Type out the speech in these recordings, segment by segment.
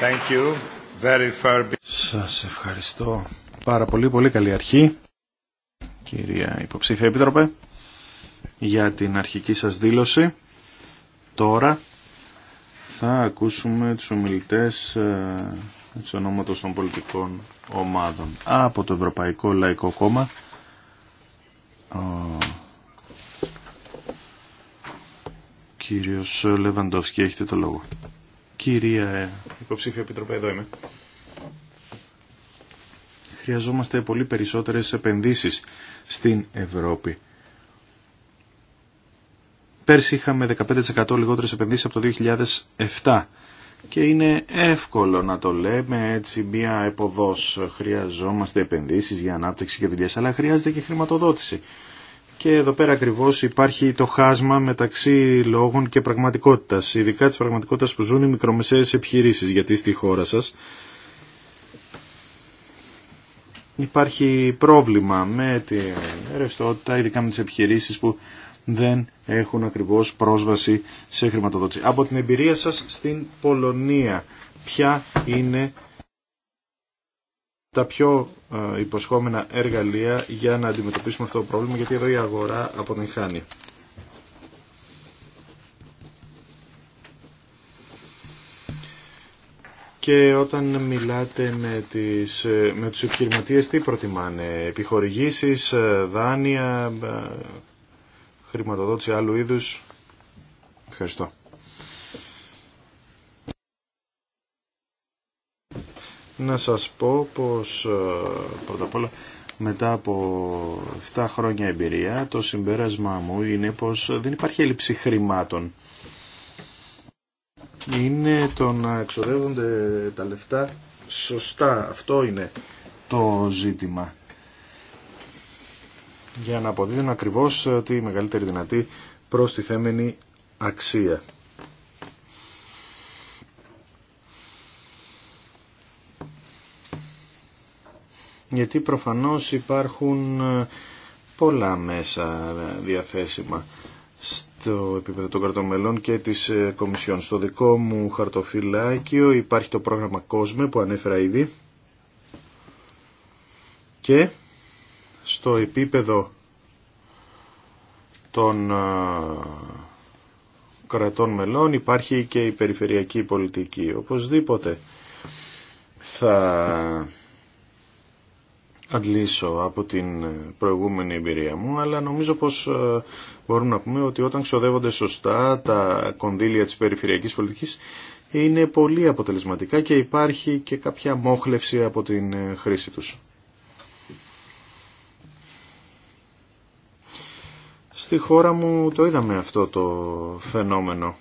Thank Σας ευχαριστώ πάρα πολύ. Πολύ καλή αρχή, κυρία Υποψήφια Επίτροπε, για την αρχική σας δήλωση. Τώρα θα ακούσουμε τους ομιλητές ε, εξ ονόματος των πολιτικών ομάδων. Από το Ευρωπαϊκό Λαϊκό Κόμμα, ο κύριος Λεβαντόφσκι, έχετε το λόγο. Κυρία Υποψήφια Επιτροπέ, εδώ είμαι. Χρειαζόμαστε πολύ περισσότερες επενδύσεις στην Ευρώπη. Πέρσι είχαμε 15% λιγότερες επενδύσεις από το 2007 και είναι εύκολο να το λέμε έτσι μία εποδός. Χρειαζόμαστε επενδύσεις για ανάπτυξη και δουλειές, αλλά χρειάζεται και χρηματοδότηση και εδώ πέρα ακριβώς υπάρχει το χάσμα μεταξύ λόγων και πραγματικότητας, ειδικά της πραγματικότητας που ζουν οι μικρομεσαίες επιχειρήσεις, γιατί στη χώρα σας υπάρχει πρόβλημα με τη ρευστότητα, ειδικά με τις επιχειρήσεις που δεν έχουν ακριβώς πρόσβαση σε χρηματοδότηση. Από την εμπειρία σας στην Πολωνία, ποια είναι τα πιο ε, υποσχόμενα εργαλεία για να αντιμετωπίσουμε αυτό το πρόβλημα γιατί εδώ η αγορά αποτυγχάνει. Και όταν μιλάτε με, τις, ε, με τους επιχειρηματίες τι προτιμάνε, επιχορηγήσεις, ε, δάνεια, χρηματοδότηση άλλου είδους. Ευχαριστώ. να σας πω πως ε, πρώτα απ' όλα μετά από 7 χρόνια εμπειρία το συμπέρασμα μου είναι πως δεν υπάρχει έλλειψη χρημάτων. Είναι το να εξοδεύονται τα λεφτά σωστά. Αυτό είναι το ζήτημα. Για να αποδίδουν ακριβώς ε, τη μεγαλύτερη δυνατή προστιθέμενη αξία. γιατί προφανώς υπάρχουν ε, πολλά μέσα διαθέσιμα στο επίπεδο των κρατομελών και της ε, Κομισιόν. Στο δικό μου χαρτοφυλάκιο υπάρχει το πρόγραμμα COSME που ανέφερα ήδη και στο επίπεδο των ε, κρατών μελών υπάρχει και η περιφερειακή πολιτική. Οπωσδήποτε θα αντλήσω από την ε, προηγούμενη εμπειρία μου, αλλά νομίζω πως ε, μπορούμε να πούμε ότι όταν ξοδεύονται σωστά τα κονδύλια της περιφερειακής πολιτικής είναι πολύ αποτελεσματικά και υπάρχει και κάποια μόχλευση από την ε, χρήση τους. Στη χώρα μου το είδαμε αυτό το φαινόμενο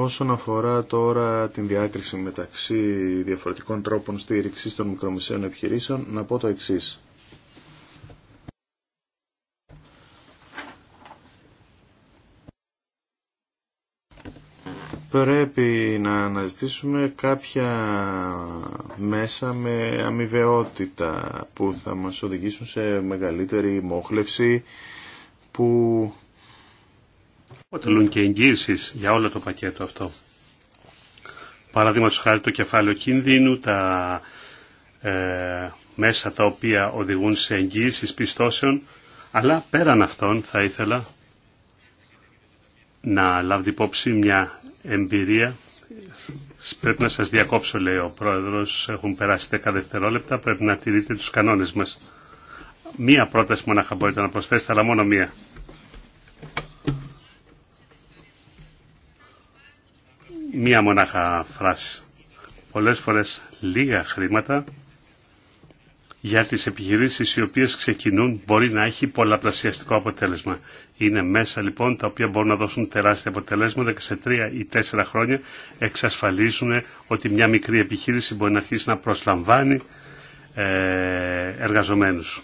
Όσον αφορά τώρα την διάκριση μεταξύ διαφορετικών τρόπων στήριξης των μικρομεσαίων επιχειρήσεων, να πω το εξής. πρέπει να αναζητήσουμε κάποια μέσα με αμοιβαιότητα που θα μας οδηγήσουν σε μεγαλύτερη μόχλευση που αποτελούν και εγγύησει για όλο το πακέτο αυτό. Παραδείγματο χάρη το κεφάλαιο κινδύνου, τα ε, μέσα τα οποία οδηγούν σε εγγύησει πιστώσεων, αλλά πέραν αυτών θα ήθελα να λάβει υπόψη μια εμπειρία. Πρέπει να σας διακόψω, λέει ο πρόεδρος, έχουν περάσει 10 δευτερόλεπτα, πρέπει να τηρείτε τους κανόνες μας. Μία πρόταση μονάχα μπορείτε να προσθέσετε, αλλά μόνο μία. μία μονάχα φράση. Πολλές φορές λίγα χρήματα για τις επιχειρήσεις οι οποίες ξεκινούν μπορεί να έχει πολλαπλασιαστικό αποτέλεσμα. Είναι μέσα λοιπόν τα οποία μπορούν να δώσουν τεράστια αποτελέσματα και σε τρία ή τέσσερα χρόνια εξασφαλίζουν ότι μια μικρή επιχείρηση μπορεί να αρχίσει να προσλαμβάνει ε, εργαζομένους.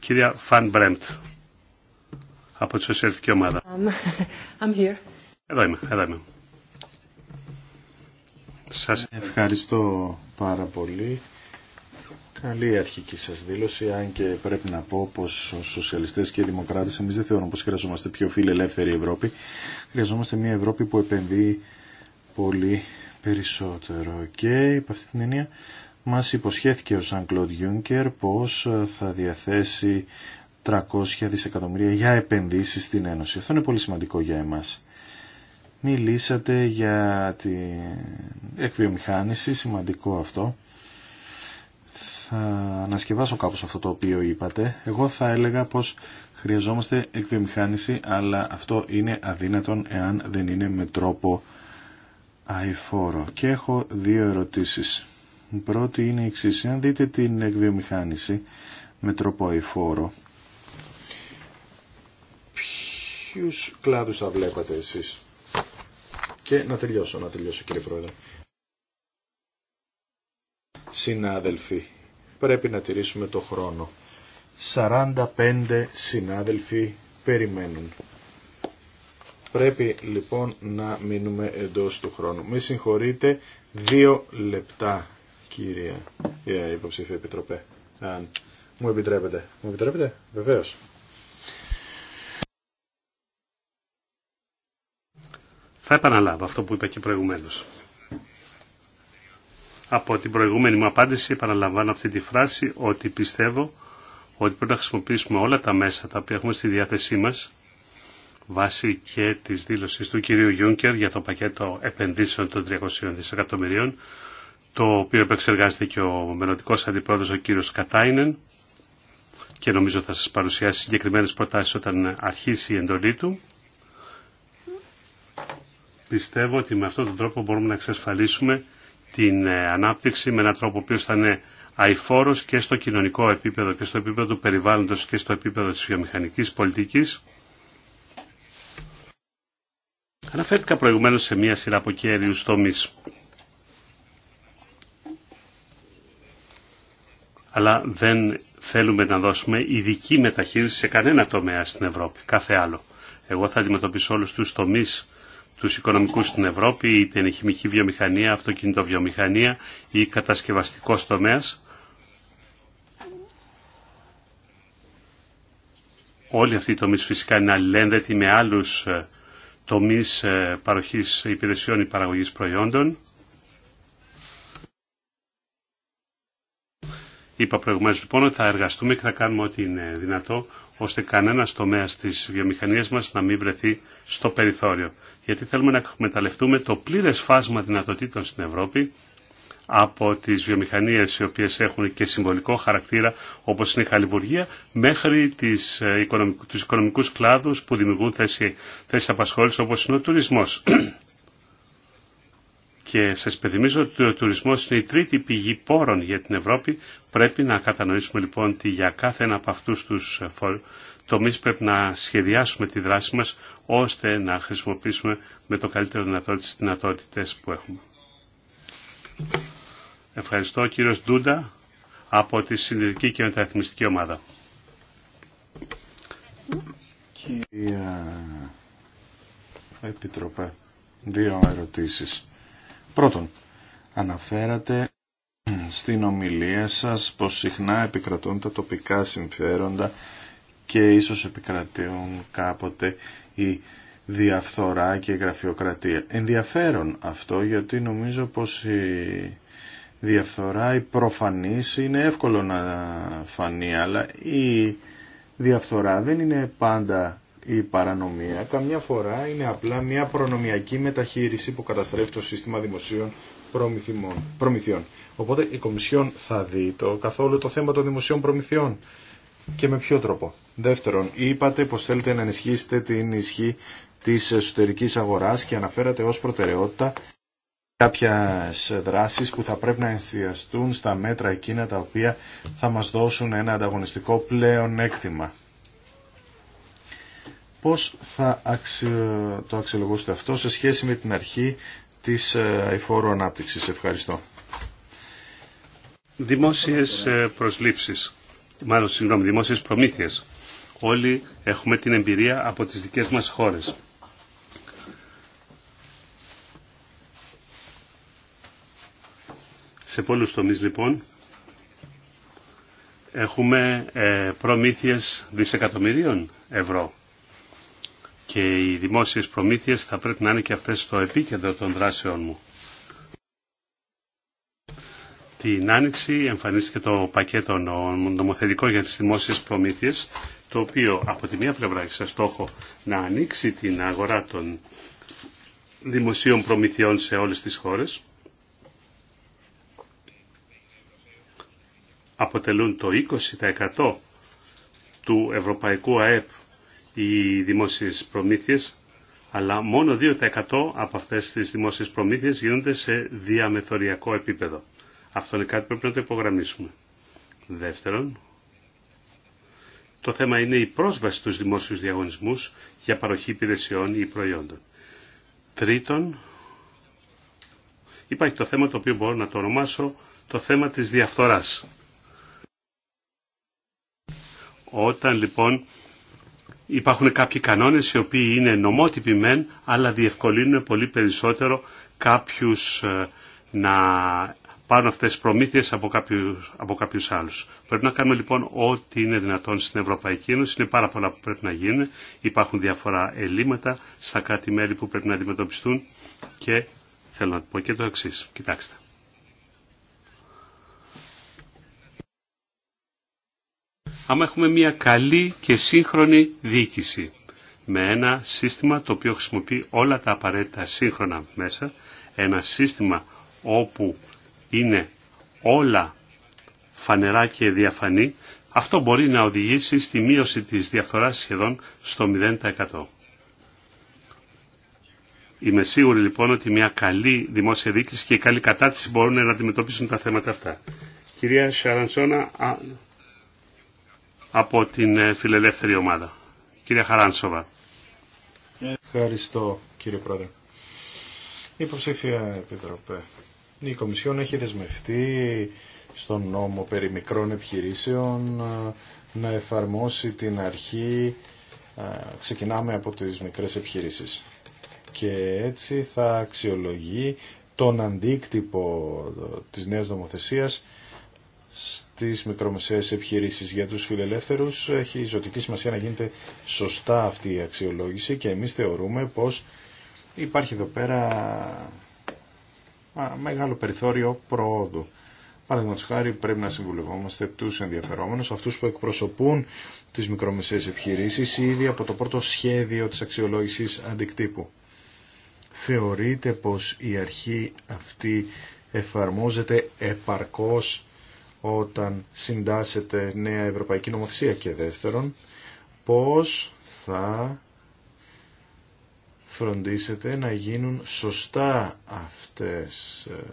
Κυρία Φαν Μπρέμπτ από τη Σοσιαλιστική Ομάδα. Um, I'm here. Εδώ είμαι, εδώ είμαι. Σας ευχαριστώ πάρα πολύ. Καλή αρχική σας δήλωση, αν και πρέπει να πω πως οι σοσιαλιστές και οι δημοκράτες εμείς δεν θεωρούμε πως χρειαζόμαστε πιο φιλελεύθερη Ευρώπη. Χρειαζόμαστε μια Ευρώπη που επενδύει πολύ περισσότερο. Και υπ' αυτή την έννοια μας υποσχέθηκε ο Σαν Κλοντ Γιούνκερ πως θα διαθέσει 300 δισεκατομμύρια για επενδύσεις στην Ένωση. Αυτό είναι πολύ σημαντικό για εμάς. Μιλήσατε για την εκβιομηχάνηση, σημαντικό αυτό. Θα ανασκευάσω κάπως αυτό το οποίο είπατε. Εγώ θα έλεγα πως χρειαζόμαστε εκβιομηχάνηση, αλλά αυτό είναι αδύνατον εάν δεν είναι με τρόπο αηφόρο. Και έχω δύο ερωτήσεις. Η πρώτη είναι η εξής. Αν δείτε την εκβιομηχάνηση με τρόπο αηφόρο, ποιους κλάδους θα βλέπατε εσείς. Και να τελειώσω, να τελειώσω κύριε Πρόεδρε. Συνάδελφοι, πρέπει να τηρήσουμε το χρόνο. 45 συνάδελφοι περιμένουν. Πρέπει λοιπόν να μείνουμε εντός του χρόνου. Με συγχωρείτε, δύο λεπτά κυρία ε, υποψήφια επιτροπέ. Αν μου επιτρέπετε. Μου επιτρέπετε, βεβαίως. Θα επαναλάβω αυτό που είπα και προηγουμένως. Από την προηγούμενη μου απάντηση επαναλαμβάνω αυτή τη φράση ότι πιστεύω ότι πρέπει να χρησιμοποιήσουμε όλα τα μέσα τα οποία έχουμε στη διάθεσή μας βάσει και της δήλωσης του κυρίου Γιούνκερ για το πακέτο επενδύσεων των 300 δισεκατομμυρίων το οποίο επεξεργάζεται και ο μελλοντικό αντιπρόεδρος ο κύριος Κατάινεν και νομίζω θα σας παρουσιάσει συγκεκριμένες προτάσεις όταν αρχίσει η εντολή του Πιστεύω ότι με αυτόν τον τρόπο μπορούμε να εξασφαλίσουμε την ε, ανάπτυξη με έναν τρόπο που θα είναι αηφόρος και στο κοινωνικό επίπεδο και στο επίπεδο του περιβάλλοντος και στο επίπεδο της βιομηχανικής πολιτικής. Αναφέρθηκα προηγουμένω σε μία σειρά από κέριους τομείς. Αλλά δεν θέλουμε να δώσουμε ειδική μεταχείριση σε κανένα τομέα στην Ευρώπη, κάθε άλλο. Εγώ θα αντιμετωπίσω όλους τους τομείς τους οικονομικούς στην Ευρώπη, είτε είναι χημική βιομηχανία, αυτοκινητοβιομηχανία ή κατασκευαστικός τομέας. Όλοι αυτοί οι τομείς φυσικά είναι αλληλένδετοι με άλλους ε, τομείς ε, παροχής υπηρεσιών ή παραγωγής προϊόντων. Είπα προηγουμένως λοιπόν ότι θα εργαστούμε και θα κάνουμε ό,τι είναι δυνατό ώστε κανένας τομέας της βιομηχανίας μας να μην βρεθεί στο περιθώριο γιατί θέλουμε να εκμεταλλευτούμε το πλήρες φάσμα δυνατοτήτων στην Ευρώπη από τις βιομηχανίες οι οποίες έχουν και συμβολικό χαρακτήρα όπως είναι η χαλιβουργία μέχρι τις, ε, οικονομικού τους οικονομικούς κλάδους που δημιουργούν θέσεις, θέσεις απασχόλησης όπως είναι ο τουρισμός. Και σα υπενθυμίζω ότι ο τουρισμό είναι η τρίτη πηγή πόρων για την Ευρώπη. Πρέπει να κατανοήσουμε λοιπόν ότι για κάθε ένα από αυτού του ε, τομεί πρέπει να σχεδιάσουμε τη δράση μα ώστε να χρησιμοποιήσουμε με το καλύτερο δυνατό τι δυνατότητε που έχουμε. Ευχαριστώ κύριο Ντούντα από τη Συντηρητική και Μεταρρυθμιστική Ομάδα. Κύριε Επιτροπέ, δύο ερωτήσεις. Πρώτον, αναφέρατε στην ομιλία σας πως συχνά επικρατούν τα τοπικά συμφέροντα και ίσως επικρατούν κάποτε η διαφθορά και η γραφειοκρατία. Ενδιαφέρον αυτό γιατί νομίζω πως η διαφθορά, η προφανής είναι εύκολο να φανεί αλλά η διαφθορά δεν είναι πάντα η παρανομία καμιά φορά είναι απλά μια προνομιακή μεταχείριση που καταστρέφει το σύστημα δημοσίων προμηθειών. Οπότε η Κομισιόν θα δει το καθόλου το θέμα των δημοσίων προμηθειών και με ποιο τρόπο. Δεύτερον, είπατε πως θέλετε να ενισχύσετε την ισχύ της εσωτερικής αγοράς και αναφέρατε ως προτεραιότητα κάποιες δράσεις που θα πρέπει να ενστιαστούν στα μέτρα εκείνα τα οποία θα μας δώσουν ένα ανταγωνιστικό πλέον έκτημα πώς θα το αξιολογούσετε αυτό σε σχέση με την αρχή της εφόρου ανάπτυξης. Ευχαριστώ. Δημόσιες ε, προσλήψεις, μάλλον συγγνώμη, δημόσιες προμήθειες. Όλοι έχουμε την εμπειρία από τις δικές μας χώρες. Σε πολλούς τομείς λοιπόν έχουμε ε, προμήθειες δισεκατομμυρίων ευρώ και οι δημόσιες προμήθειες θα πρέπει να είναι και αυτές στο επίκεντρο των δράσεών μου. Την Άνοιξη εμφανίστηκε το πακέτο νομοθετικό για τις δημόσιες προμήθειες, το οποίο από τη μία πλευρά έχει σαν στόχο να ανοίξει την αγορά των δημοσίων προμηθειών σε όλες τις χώρες. Αποτελούν το 20% του ευρωπαϊκού ΑΕΠ οι δημόσιες προμήθειες, αλλά μόνο 2% από αυτές τις δημόσιες προμήθειες γίνονται σε διαμεθοριακό επίπεδο. Αυτό είναι κάτι που πρέπει να το υπογραμμίσουμε. Δεύτερον, το θέμα είναι η πρόσβαση στους δημόσιους διαγωνισμούς για παροχή υπηρεσιών ή προϊόντων. Τρίτον, υπάρχει το θέμα το οποίο μπορώ να το ονομάσω το θέμα της διαφθοράς. Όταν λοιπόν υπάρχουν κάποιοι κανόνες οι οποίοι είναι νομότυποι αλλά διευκολύνουν πολύ περισσότερο κάποιους ε, να πάρουν αυτές τις προμήθειες από κάποιους, από κάποιους άλλους. Πρέπει να κάνουμε λοιπόν ό,τι είναι δυνατόν στην Ευρωπαϊκή Ένωση. Είναι πάρα πολλά που πρέπει να γίνουν. Υπάρχουν διαφορά ελλείμματα στα κράτη-μέλη που πρέπει να αντιμετωπιστούν και θέλω να πω και το εξή. Κοιτάξτε. άμα έχουμε μια καλή και σύγχρονη διοίκηση με ένα σύστημα το οποίο χρησιμοποιεί όλα τα απαραίτητα σύγχρονα μέσα, ένα σύστημα όπου είναι όλα φανερά και διαφανή, αυτό μπορεί να οδηγήσει στη μείωση της διαφθοράς σχεδόν στο 0%. Είμαι σίγουρη λοιπόν ότι μια καλή δημόσια διοίκηση και η καλή κατάρτιση μπορούν να αντιμετωπίσουν τα θέματα αυτά. Κυρία Σαρανσόνα, από την ε, φιλελεύθερη ομάδα. Κυρία Χαράνσοβα. Ευχαριστώ κύριε Πρόεδρε. Υποψήφια Επιτροπέ. Η Κομισιόν έχει δεσμευτεί στον νόμο περί μικρών επιχειρήσεων ε, να εφαρμόσει την αρχή ε, ξεκινάμε από τις μικρές επιχειρήσεις και έτσι θα αξιολογεί τον αντίκτυπο της νέας νομοθεσίας στις μικρομεσαίες επιχειρήσεις για τους φιλελεύθερους έχει ζωτική σημασία να γίνεται σωστά αυτή η αξιολόγηση και εμείς θεωρούμε πως υπάρχει εδώ πέρα μεγάλο περιθώριο προόδου. Παραδείγματο χάρη πρέπει να συμβουλευόμαστε του ενδιαφερόμενου, αυτού που εκπροσωπούν τι μικρομεσαίε επιχειρήσει ήδη από το πρώτο σχέδιο τη αξιολόγηση αντικτύπου. Θεωρείτε πως η αρχή αυτή εφαρμόζεται επαρκώς όταν συντάσσεται νέα ευρωπαϊκή νομοθεσία και δεύτερον πώς θα φροντίσετε να γίνουν σωστά αυτές ε,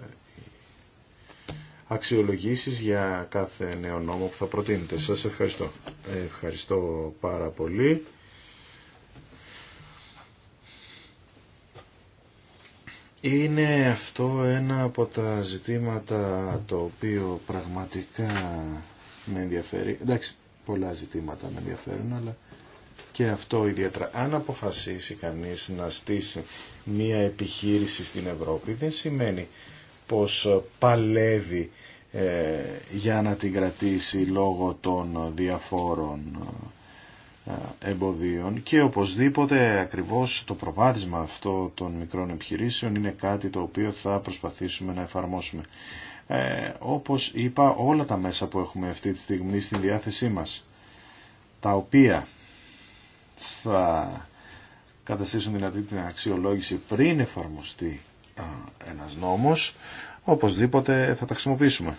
αξιολογήσεις για κάθε νέο νόμο που θα προτείνετε. Σας ευχαριστώ. Ευχαριστώ πάρα πολύ. Είναι αυτό ένα από τα ζητήματα το οποίο πραγματικά με ενδιαφέρει. Εντάξει, πολλά ζητήματα με ενδιαφέρουν, αλλά και αυτό ιδιαίτερα. Αν αποφασίσει κανείς να στήσει μία επιχείρηση στην Ευρώπη, δεν σημαίνει πως παλεύει ε, για να την κρατήσει λόγω των διαφόρων ε, εμποδίων και οπωσδήποτε ακριβώς το προβάδισμα αυτό των μικρών επιχειρήσεων είναι κάτι το οποίο θα προσπαθήσουμε να εφαρμόσουμε. Ε, όπως είπα όλα τα μέσα που έχουμε αυτή τη στιγμή στην διάθεσή μας τα οποία θα καταστήσουν δυνατή την αξιολόγηση πριν εφαρμοστεί ένας νόμος οπωσδήποτε θα τα χρησιμοποιήσουμε.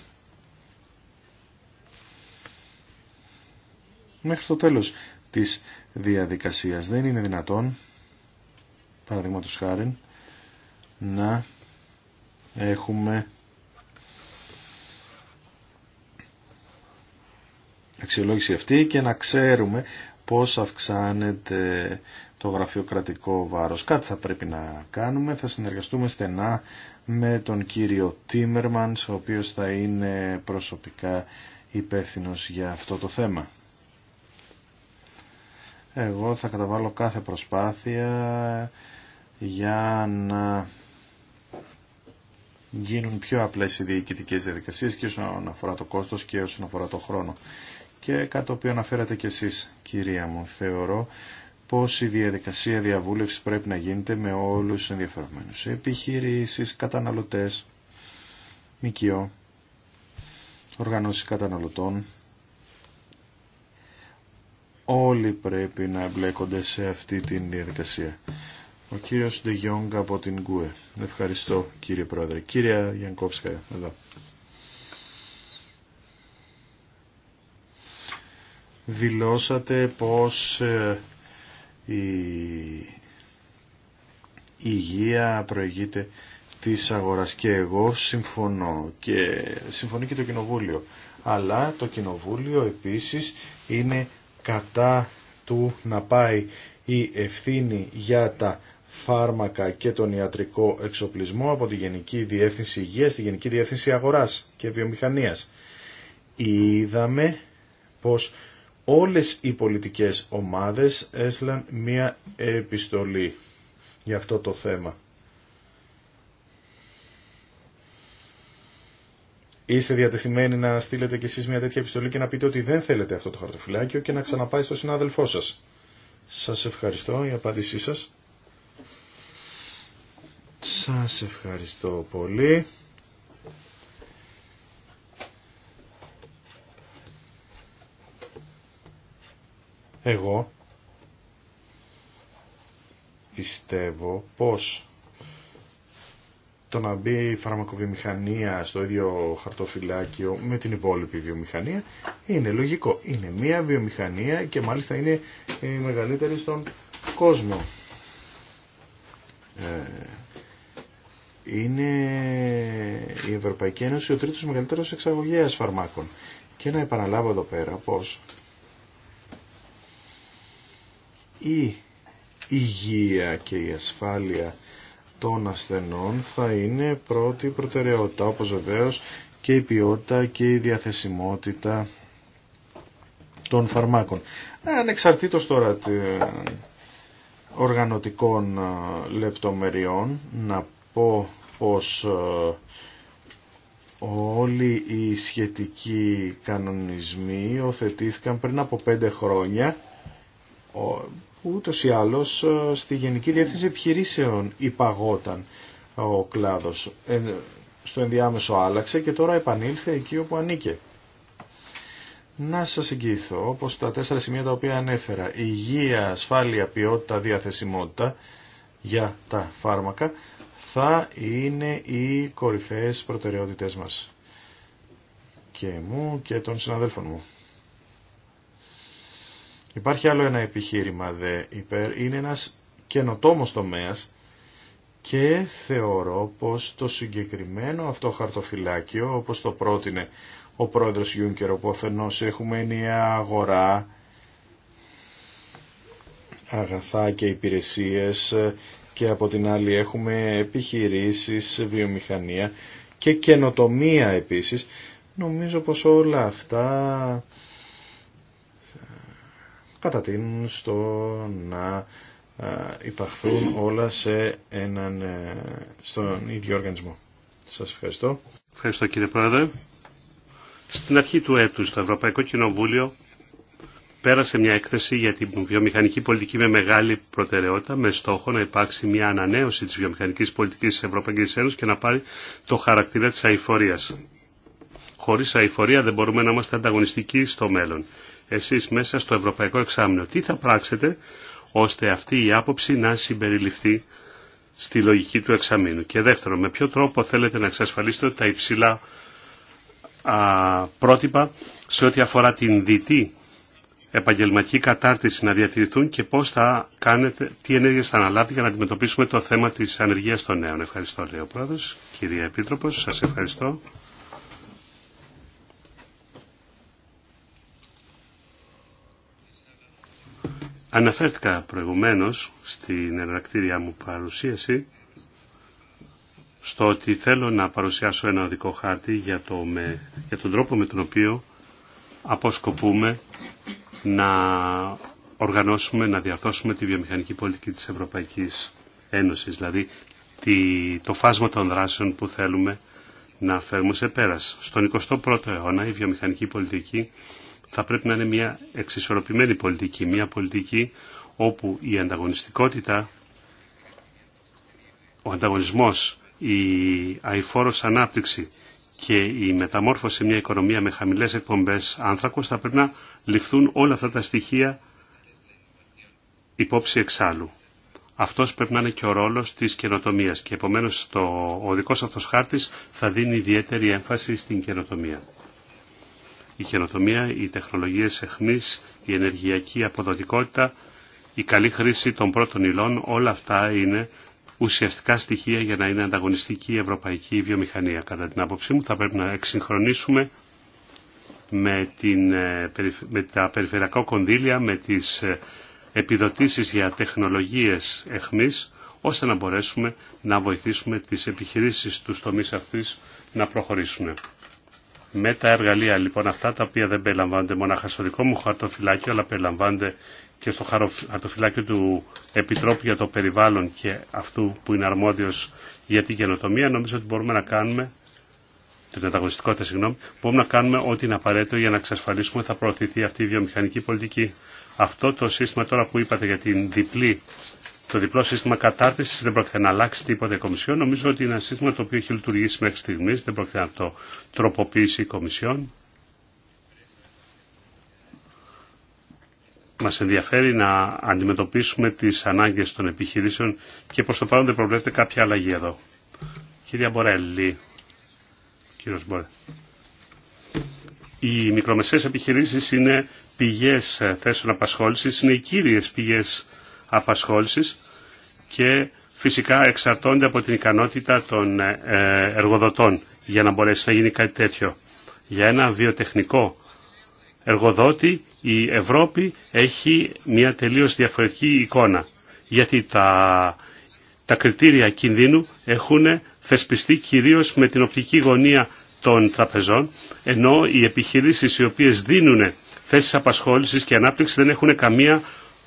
Μέχρι το τέλος της διαδικασίας. Δεν είναι δυνατόν, παραδείγματο χάρη, να έχουμε αξιολόγηση αυτή και να ξέρουμε πώς αυξάνεται το γραφειοκρατικό βάρος. Κάτι θα πρέπει να κάνουμε. Θα συνεργαστούμε στενά με τον κύριο Τίμερμανς, ο οποίος θα είναι προσωπικά υπεύθυνος για αυτό το θέμα. Εγώ θα καταβάλω κάθε προσπάθεια για να γίνουν πιο απλές οι διοικητικές διαδικασίες και όσον αφορά το κόστος και όσον αφορά το χρόνο. Και κάτι το οποίο αναφέρατε κι εσείς, κυρία μου, θεωρώ πως η διαδικασία διαβούλευσης πρέπει να γίνεται με όλους τους ενδιαφερομένους. Επιχειρήσεις, καταναλωτές, μικιό, οργανώσεις καταναλωτών, όλοι πρέπει να εμπλέκονται σε αυτή την διαδικασία. Ο κύριος Ντεγιόγκ από την ΚΟΕ. E. Ευχαριστώ κύριε Πρόεδρε. Κύρια Γιανκόψκα, εδώ. Δηλώσατε πως ε, η υγεία προηγείται της αγοράς και εγώ συμφωνώ και συμφωνεί και το Κοινοβούλιο. Αλλά το Κοινοβούλιο επίσης είναι κατά του να πάει η ευθύνη για τα φάρμακα και τον ιατρικό εξοπλισμό από τη Γενική Διεύθυνση Υγείας στη Γενική Διεύθυνση Αγοράς και Βιομηχανίας. Είδαμε πως όλες οι πολιτικές ομάδες έστειλαν μία επιστολή για αυτό το θέμα. Είστε διατεθειμένοι να στείλετε κι εσείς μια τέτοια επιστολή και να πείτε ότι δεν θέλετε αυτό το χαρτοφυλάκιο και να ξαναπάει στον συνάδελφό σας. Σας ευχαριστώ η απάντησή σας. Σας ευχαριστώ πολύ. Εγώ πιστεύω πως το να μπει η φαρμακοβιομηχανία στο ίδιο χαρτοφυλάκιο με την υπόλοιπη βιομηχανία είναι λογικό. Είναι μία βιομηχανία και μάλιστα είναι η μεγαλύτερη στον κόσμο. Ε, είναι η Ευρωπαϊκή Ένωση ο τρίτος μεγαλύτερος εξαγωγέας φαρμάκων. Και να επαναλάβω εδώ πέρα πως η υγεία και η ασφάλεια των ασθενών θα είναι πρώτη προτεραιότητα, όπως βεβαίω και η ποιότητα και η διαθεσιμότητα των φαρμάκων. Ε, ανεξαρτήτως τώρα οργανωτικών ε, λεπτομεριών, να πω πως ε, όλοι οι σχετικοί κανονισμοί οθετήθηκαν πριν από πέντε χρόνια ούτως ή άλλως ε, στη Γενική Διεύθυνση Επιχειρήσεων υπαγόταν ο κλάδος. Ε, στο ενδιάμεσο άλλαξε και τώρα επανήλθε εκεί όπου ανήκε. Να σας εγγυηθώ, όπως τα τέσσερα σημεία τα οποία ανέφερα, υγεία, ασφάλεια, ποιότητα, διαθεσιμότητα για τα φάρμακα, θα είναι οι κορυφαίες προτεραιότητες μας. Και μου και των συναδέλφων μου. Υπάρχει άλλο ένα επιχείρημα δε υπέρ, είναι ένας καινοτόμος τομέας και θεωρώ πως το συγκεκριμένο αυτό χαρτοφυλάκιο, όπως το πρότεινε ο πρόεδρος Γιούνκερ, όπου αφενός έχουμε ενιαία αγορά, αγαθά και υπηρεσίες και από την άλλη έχουμε επιχειρήσεις, βιομηχανία και καινοτομία επίσης. Νομίζω πως όλα αυτά κατατείνουν στο να ε, υπαχθούν όλα σε έναν, ε, στον ίδιο οργανισμό. Σας ευχαριστώ. Ευχαριστώ κύριε Πρόεδρε. Στην αρχή του έτους το Ευρωπαϊκό Κοινοβούλιο πέρασε μια έκθεση για την βιομηχανική πολιτική με μεγάλη προτεραιότητα, με στόχο να υπάρξει μια ανανέωση της βιομηχανικής πολιτικής της Ευρωπαϊκής Ένωσης και να πάρει το χαρακτήρα της αηφορίας. Χωρίς αηφορία δεν μπορούμε να είμαστε ανταγωνιστικοί στο μέλλον εσείς μέσα στο Ευρωπαϊκό Εξάμεινο. Τι θα πράξετε ώστε αυτή η άποψη να συμπεριληφθεί στη λογική του εξαμήνου. Και δεύτερο, με ποιο τρόπο θέλετε να εξασφαλίσετε τα υψηλά πρότυπα σε ό,τι αφορά την διτή επαγγελματική κατάρτιση να διατηρηθούν και πώς θα κάνετε, τι ενέργειες θα αναλάβετε για να αντιμετωπίσουμε το θέμα της ανεργίας των νέων. Ευχαριστώ, λέει ο Πρόεδρος. Κυρία Επίτροπος, σας ευχαριστώ. Αναφέρθηκα προηγουμένως στην εναρκτήριά μου παρουσίαση στο ότι θέλω να παρουσιάσω ένα οδικό χάρτη για, το με, για τον τρόπο με τον οποίο αποσκοπούμε να οργανώσουμε, να διαρθώσουμε τη βιομηχανική πολιτική της Ευρωπαϊκής Ένωσης, δηλαδή το φάσμα των δράσεων που θέλουμε να φέρουμε σε πέρας. Στον 21ο αιώνα η βιομηχανική πολιτική θα πρέπει να είναι μια εξισορροπημένη πολιτική, μια πολιτική όπου η ανταγωνιστικότητα, ο ανταγωνισμός, η αηφόρος ανάπτυξη και η μεταμόρφωση μια οικονομία με χαμηλές εκπομπές άνθρακος θα πρέπει να ληφθούν όλα αυτά τα στοιχεία υπόψη εξάλλου. Αυτός πρέπει να είναι και ο ρόλος της καινοτομίας και επομένως το, ο δικός αυτός χάρτης θα δίνει ιδιαίτερη έμφαση στην καινοτομία η καινοτομία, οι τεχνολογίες εχμής, η ενεργειακή αποδοτικότητα, η καλή χρήση των πρώτων υλών, όλα αυτά είναι ουσιαστικά στοιχεία για να είναι ανταγωνιστική η ευρωπαϊκή βιομηχανία. Κατά την άποψή μου θα πρέπει να εξυγχρονίσουμε με, την, ε, τα περιφερειακά κονδύλια, με τις ε, επιδοτήσεις για τεχνολογίες εχμής, ώστε να μπορέσουμε να βοηθήσουμε τις επιχειρήσεις του τομείς αυτής να προχωρήσουν με τα εργαλεία λοιπόν αυτά τα οποία δεν περιλαμβάνονται μονάχα στο δικό μου χαρτοφυλάκιο αλλά περιλαμβάνονται και στο χαρτοφυλάκιο του Επιτρόπου για το Περιβάλλον και αυτού που είναι αρμόδιος για την καινοτομία νομίζω ότι μπορούμε να κάνουμε την ανταγωνιστικότητα, συγγνώμη, μπορούμε να κάνουμε ό,τι είναι απαραίτητο για να εξασφαλίσουμε θα προωθηθεί αυτή η βιομηχανική πολιτική. Αυτό το σύστημα τώρα που είπατε για την διπλή το διπλό σύστημα κατάρτισης δεν πρόκειται να αλλάξει τίποτα η Κομισιόν. Νομίζω ότι είναι ένα σύστημα το οποίο έχει λειτουργήσει μέχρι στιγμής, δεν πρόκειται να το τροποποιήσει η Κομισιόν. Μας ενδιαφέρει να αντιμετωπίσουμε τις ανάγκες των επιχειρήσεων και προς το παρόν δεν προβλέπεται κάποια αλλαγή εδώ. Κυρία Μπορέλη, κύριος Μπορέλη. Οι μικρομεσαίες επιχειρήσεις είναι πηγές θέσεων απασχόλησης, είναι οι κύριες πηγές απασχόλησης και φυσικά εξαρτώνται από την ικανότητα των ε, εργοδοτών για να μπορέσει να γίνει κάτι τέτοιο. Για ένα βιοτεχνικό εργοδότη η Ευρώπη έχει μια τελείως διαφορετική εικόνα γιατί τα, τα κριτήρια κινδύνου έχουν θεσπιστεί κυρίως με την οπτική γωνία των τραπεζών ενώ οι επιχειρήσεις οι οποίες δίνουν θέσεις απασχόλησης και ανάπτυξης δεν έχουν καμία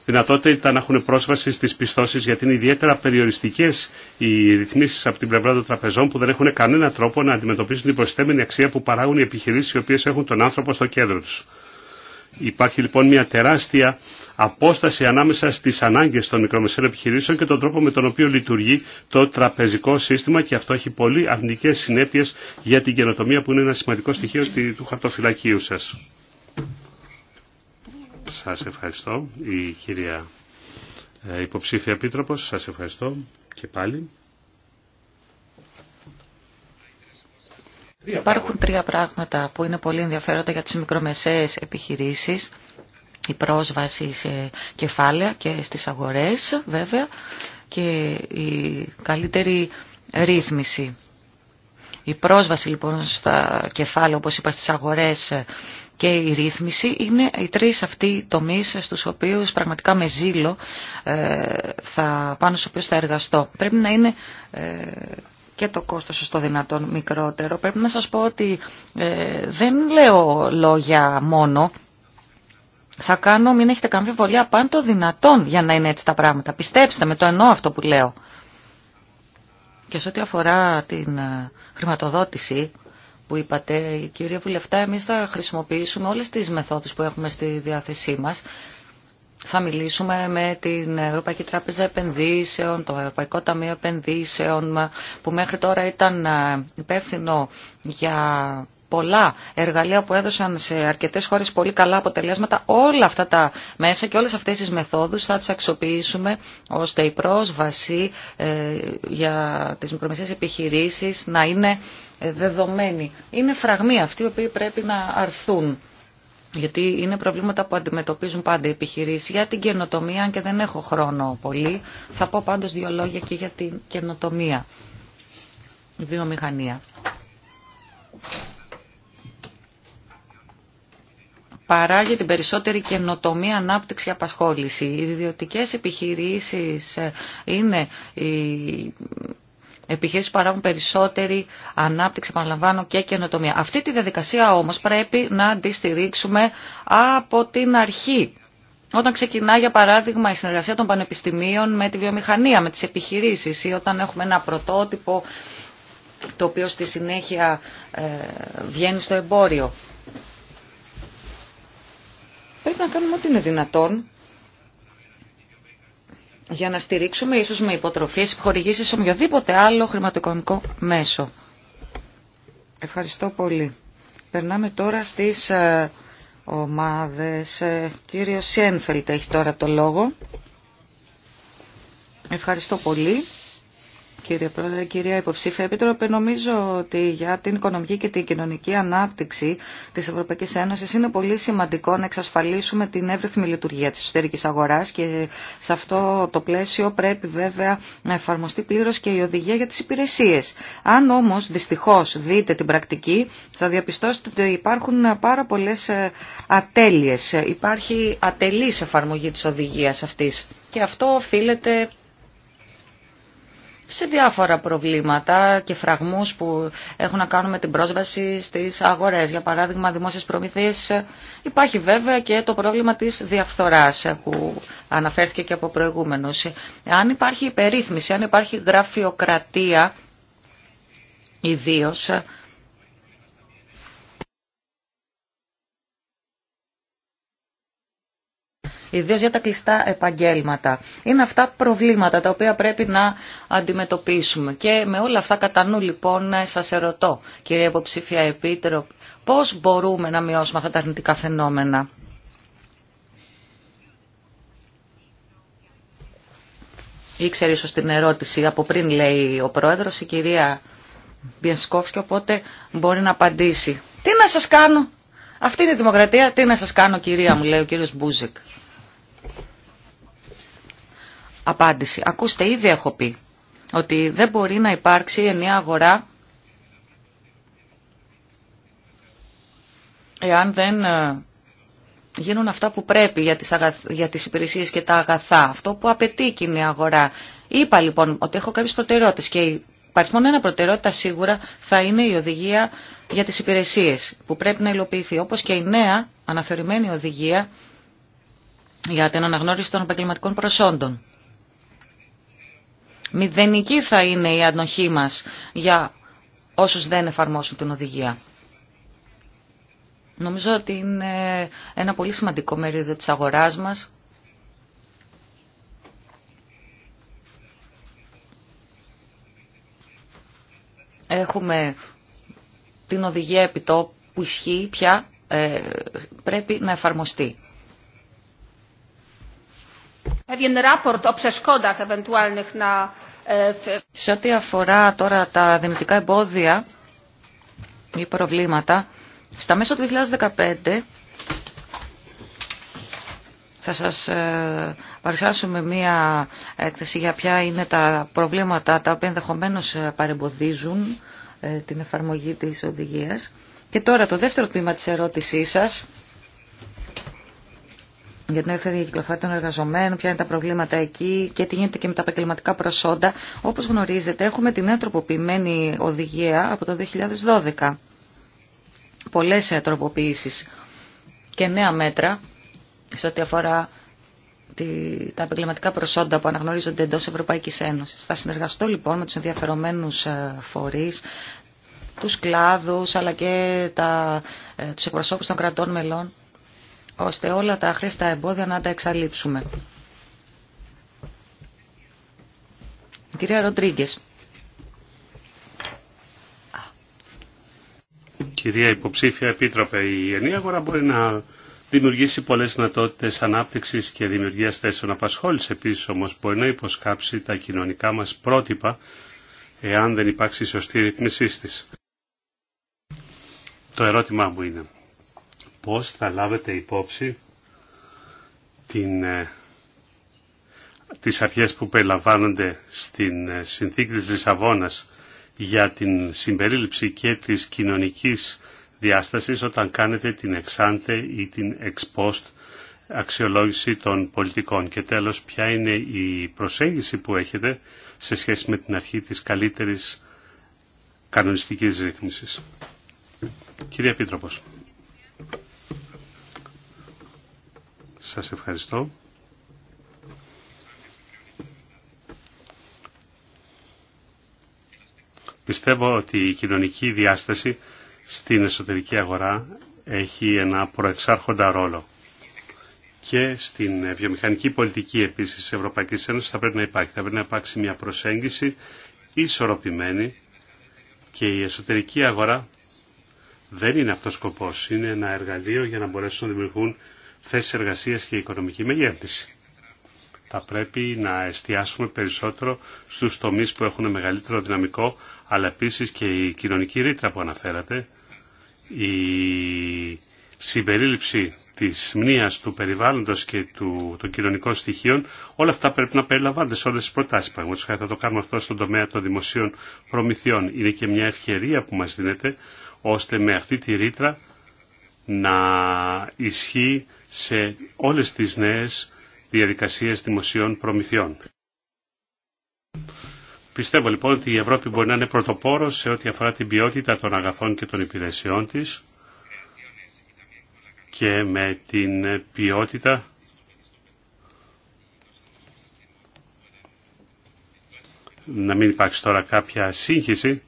δυνατότητα να έχουν πρόσβαση στις πιστώσεις γιατί είναι ιδιαίτερα περιοριστικές οι ρυθμίσεις από την πλευρά των τραπεζών που δεν έχουν κανένα τρόπο να αντιμετωπίσουν την προσθέμενη αξία που παράγουν οι επιχειρήσεις οι οποίες έχουν τον άνθρωπο στο κέντρο τους. Υπάρχει λοιπόν μια τεράστια απόσταση ανάμεσα στις ανάγκες των μικρομεσαίων επιχειρήσεων και τον τρόπο με τον οποίο λειτουργεί το τραπεζικό σύστημα και αυτό έχει πολύ αρνητικές συνέπειες για την καινοτομία που είναι ένα σημαντικό στοιχείο του χαρτοφυλακίου σας. Σας ευχαριστώ. Η κυρία ε, υποψήφια επίτροπος, σας ευχαριστώ και πάλι. Υπάρχουν τρία πράγματα που είναι πολύ ενδιαφέροντα για τις μικρομεσαίες επιχειρήσεις. Η πρόσβαση σε κεφάλαια και στις αγορές βέβαια και η καλύτερη ρύθμιση. Η πρόσβαση λοιπόν στα κεφάλαια όπως είπα στις αγορές και η ρύθμιση είναι οι τρεις αυτοί τομείς στους οποίους πραγματικά με ζήλο ε, θα, πάνω στους οποίους θα εργαστώ. Πρέπει να είναι ε, και το κόστος στο δυνατόν μικρότερο. Πρέπει να σας πω ότι ε, δεν λέω λόγια μόνο. Θα κάνω, μην έχετε καμία βολία, πάνω το δυνατόν για να είναι έτσι τα πράγματα. Πιστέψτε με, το εννοώ αυτό που λέω. Και σε ό,τι αφορά την χρηματοδότηση, που είπατε, κύριε Βουλευτά, εμείς θα χρησιμοποιήσουμε όλες τις μεθόδους που έχουμε στη διάθεσή μας. Θα μιλήσουμε με την Ευρωπαϊκή Τράπεζα Επενδύσεων, το Ευρωπαϊκό Ταμείο Επενδύσεων, που μέχρι τώρα ήταν ε, υπεύθυνο για πολλά εργαλεία που έδωσαν σε αρκετές χώρες πολύ καλά αποτελέσματα. Όλα αυτά τα μέσα και όλες αυτές τις μεθόδους θα τις αξιοποιήσουμε ώστε η πρόσβαση ε, για τις μικρομεσαίες επιχειρήσεις να είναι ε, είναι φραγμοί αυτοί οι οποίοι πρέπει να αρθούν. Γιατί είναι προβλήματα που αντιμετωπίζουν πάντα οι επιχειρήσει. Για την καινοτομία, αν και δεν έχω χρόνο πολύ, θα πω πάντως δύο λόγια και για την καινοτομία. Η βιομηχανία. παράγει την περισσότερη καινοτομία, ανάπτυξη και απασχόληση. Οι ιδιωτικές επιχειρήσεις ε, είναι οι επιχείρησεις παράγουν περισσότερη ανάπτυξη, επαναλαμβάνω, και καινοτομία. Αυτή τη διαδικασία όμως πρέπει να τη στηρίξουμε από την αρχή. Όταν ξεκινά, για παράδειγμα, η συνεργασία των πανεπιστημίων με τη βιομηχανία, με τις επιχειρήσεις ή όταν έχουμε ένα πρωτότυπο το οποίο στη συνέχεια ε, βγαίνει στο εμπόριο. Πρέπει να κάνουμε ό,τι είναι δυνατόν για να στηρίξουμε ίσως με υποτροφίες, χορηγήσεις, οποιοδήποτε άλλο χρηματοοικονομικό μέσο. Ευχαριστώ πολύ. Περνάμε τώρα στις ε, ομάδες. Ε, Κύριο Σιένφελτ έχει τώρα το λόγο. Ευχαριστώ πολύ. Κύριε Πρόεδρε, κυρία Υποψήφια Επίτροπε, νομίζω ότι για την οικονομική και την κοινωνική ανάπτυξη τη Ευρωπαϊκή Ένωση είναι πολύ σημαντικό να εξασφαλίσουμε την εύρυθμη λειτουργία τη εσωτερική αγορά και σε αυτό το πλαίσιο πρέπει βέβαια να εφαρμοστεί πλήρω και η οδηγία για τι υπηρεσίε. Αν όμω δυστυχώ δείτε την πρακτική, θα διαπιστώσετε ότι υπάρχουν πάρα πολλέ ε, ατέλειε. Υπάρχει ατελή εφαρμογή τη οδηγία αυτή και αυτό οφείλεται σε διάφορα προβλήματα και φραγμούς που έχουν να κάνουν με την πρόσβαση στις αγορές. Για παράδειγμα, δημόσιες προμηθείες υπάρχει βέβαια και το πρόβλημα της διαφθοράς που αναφέρθηκε και από προηγούμενους. Αν υπάρχει υπερίθμιση, αν υπάρχει γραφειοκρατία ιδίως, ιδίως για τα κλειστά επαγγέλματα. Είναι αυτά προβλήματα τα οποία πρέπει να αντιμετωπίσουμε. Και με όλα αυτά κατά νου λοιπόν σας ερωτώ, κύριε υποψήφια Επίτερο, πώς μπορούμε να μειώσουμε αυτά τα αρνητικά φαινόμενα. Ήξερε ίσως την ερώτηση από πριν λέει ο πρόεδρος, η κυρία και οπότε μπορεί να απαντήσει. Τι να σας κάνω, αυτή είναι η δημοκρατία, τι να σας κάνω κυρία μου λέει ο κύριος Μπούζεκ απάντηση. Ακούστε, ήδη έχω πει ότι δεν μπορεί να υπάρξει ενιαία αγορά εάν δεν ε, γίνουν αυτά που πρέπει για τις, αγαθ, για τις υπηρεσίες και τα αγαθά. Αυτό που απαιτεί η κοινή αγορά. Είπα λοιπόν ότι έχω κάποιες προτεραιότητες και η μόνο ένα προτεραιότητα σίγουρα θα είναι η οδηγία για τις υπηρεσίες που πρέπει να υλοποιηθεί. Όπως και η νέα αναθεωρημένη οδηγία για την αναγνώριση των επαγγελματικών προσόντων. Μηδενική θα είναι η ανοχή μας για όσους δεν εφαρμόσουν την οδηγία. Νομίζω ότι είναι ένα πολύ σημαντικό μερίδιο της αγοράς μας. Έχουμε την οδηγία επιτόπου που ισχύει πια ε, πρέπει να εφαρμοστεί pewien raport o przeszkodach e, Σε ό,τι αφορά τώρα τα δυνητικά εμπόδια ή προβλήματα, στα μέσα του 2015 θα σας ε, παρουσιάσουμε μία έκθεση για ποια είναι τα προβλήματα τα οποία ενδεχομένω ε, παρεμποδίζουν ε, την εφαρμογή της οδηγίας. Και τώρα το δεύτερο τμήμα της ερώτησής σας για την ελεύθερη κυκλοφορία των εργαζομένων, ποια είναι τα προβλήματα εκεί και τι γίνεται και με τα επαγγελματικά προσόντα. Όπως γνωρίζετε, έχουμε την νέα οδηγία από το 2012. Πολλές τροποποιήσεις και νέα μέτρα σε ό,τι αφορά τα επαγγελματικά προσόντα που αναγνωρίζονται εντός Ευρωπαϊκής Ένωσης. Θα συνεργαστώ λοιπόν με τους ενδιαφερομένους ε, φορείς, τους κλάδους αλλά και τα, ε, τους εκπροσώπους των κρατών μελών ώστε όλα τα χρήστα εμπόδια να τα εξαλείψουμε. Κυρία Ροντρίγκε. Κυρία Υποψήφια Επίτροπε, η ενία αγορά μπορεί να δημιουργήσει πολλές δυνατότητε ανάπτυξης και δημιουργίας θέσεων απασχόληση. Επίσης όμως μπορεί να υποσκάψει τα κοινωνικά μας πρότυπα εάν δεν υπάρξει σωστή ρυθμισή τη. Το ερώτημά μου είναι πώς θα λάβετε υπόψη την, ε, τις αρχές που περιλαμβάνονται στην ε, συνθήκη της Λισαβόνας για την συμπερίληψη και της κοινωνικής διάστασης όταν κάνετε την εξάντε ή την εξπόστ αξιολόγηση των πολιτικών. Και τέλος, ποια είναι η προσέγγιση που έχετε σε σχέση με την αρχή της καλύτερης κανονιστικής ρύθμισης. Κύριε Επίτροπος. Σας ευχαριστώ. Πιστεύω ότι η κοινωνική διάσταση στην εσωτερική αγορά έχει ένα προεξάρχοντα ρόλο. Και στην βιομηχανική πολιτική επίσης της Ευρωπαϊκής Ένωσης θα πρέπει να υπάρχει. Θα πρέπει να υπάρξει μια προσέγγιση ισορροπημένη και η εσωτερική αγορά δεν είναι αυτός ο σκοπός. Είναι ένα εργαλείο για να μπορέσουν να δημιουργούν Θέσει εργασία και οικονομική μεγέθυνση. Θα πρέπει να εστιάσουμε περισσότερο στου τομεί που έχουν μεγαλύτερο δυναμικό, αλλά επίση και η κοινωνική ρήτρα που αναφέρατε, η συμπερίληψη τη μνήας του περιβάλλοντο και του, των κοινωνικών στοιχείων, όλα αυτά πρέπει να περιλαμβάνονται σε όλες τις προτάσεις. Πραγματικά θα το κάνουμε αυτό στον τομέα των δημοσίων προμηθειών. Είναι και μια ευκαιρία που μας δίνεται, ώστε με αυτή τη ρήτρα να ισχύει σε όλες τις νέες διαδικασίες δημοσίων προμηθειών. Πιστεύω λοιπόν ότι η Ευρώπη μπορεί να είναι πρωτοπόρος σε ό,τι αφορά την ποιότητα των αγαθών και των υπηρεσιών της και με την ποιότητα να μην υπάρξει τώρα κάποια σύγχυση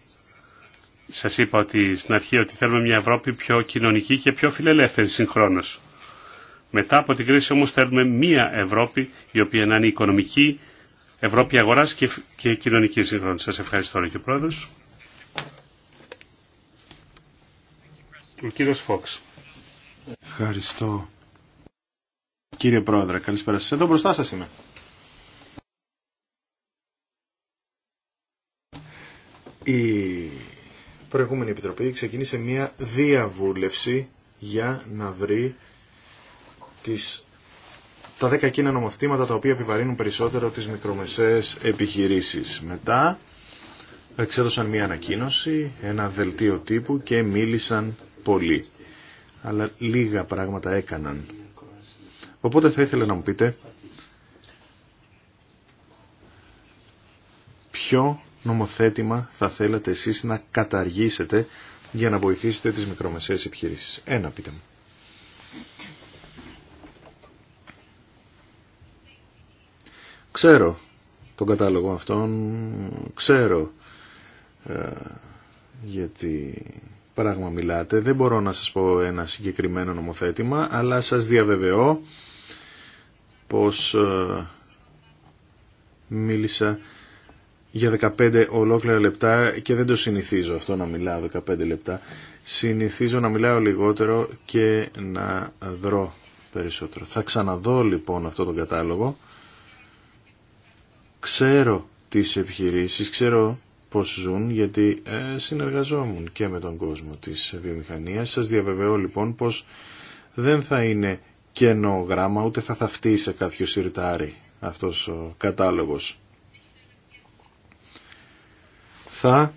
σας είπα ότι στην αρχή ότι θέλουμε μια Ευρώπη πιο κοινωνική και πιο φιλελεύθερη συγχρόνως. Μετά από την κρίση όμως θέλουμε μια Ευρώπη η οποία να είναι οικονομική, Ευρώπη αγοράς και, και κοινωνική συγχρόνως. Σας ευχαριστώ κύριε πρόεδρος. Ο κύριος Φόξ. Ευχαριστώ. Κύριε Πρόεδρε, καλησπέρα σας. Εδώ μπροστά σας είμαι προηγούμενη επιτροπή ξεκίνησε μια διαβούλευση για να βρει τις, τα δέκα εκείνα νομοθετήματα τα οποία επιβαρύνουν περισσότερο τις μικρομεσαίες επιχειρήσεις. Μετά εξέδωσαν μια ανακοίνωση, ένα δελτίο τύπου και μίλησαν πολύ. Αλλά λίγα πράγματα έκαναν. Οπότε θα ήθελα να μου πείτε ποιο νομοθέτημα θα θέλατε εσείς να καταργήσετε για να βοηθήσετε τις μικρομεσαίες επιχειρήσεις. Ένα πείτε μου. Ξέρω τον κατάλογο αυτόν, ξέρω ε, γιατί πράγμα μιλάτε. Δεν μπορώ να σας πω ένα συγκεκριμένο νομοθέτημα, αλλά σας διαβεβαιώ πως ε, μίλησα για 15 ολόκληρα λεπτά και δεν το συνηθίζω αυτό να μιλάω 15 λεπτά. Συνηθίζω να μιλάω λιγότερο και να δρώ περισσότερο. Θα ξαναδώ λοιπόν αυτό τον κατάλογο. Ξέρω τις επιχειρήσεις, ξέρω πώς ζουν γιατί ε, συνεργαζόμουν και με τον κόσμο της βιομηχανίας. Σας διαβεβαιώ λοιπόν πως δεν θα είναι κενό γράμμα ούτε θα θαυτεί σε κάποιο σιρτάρι αυτός ο κατάλογος θα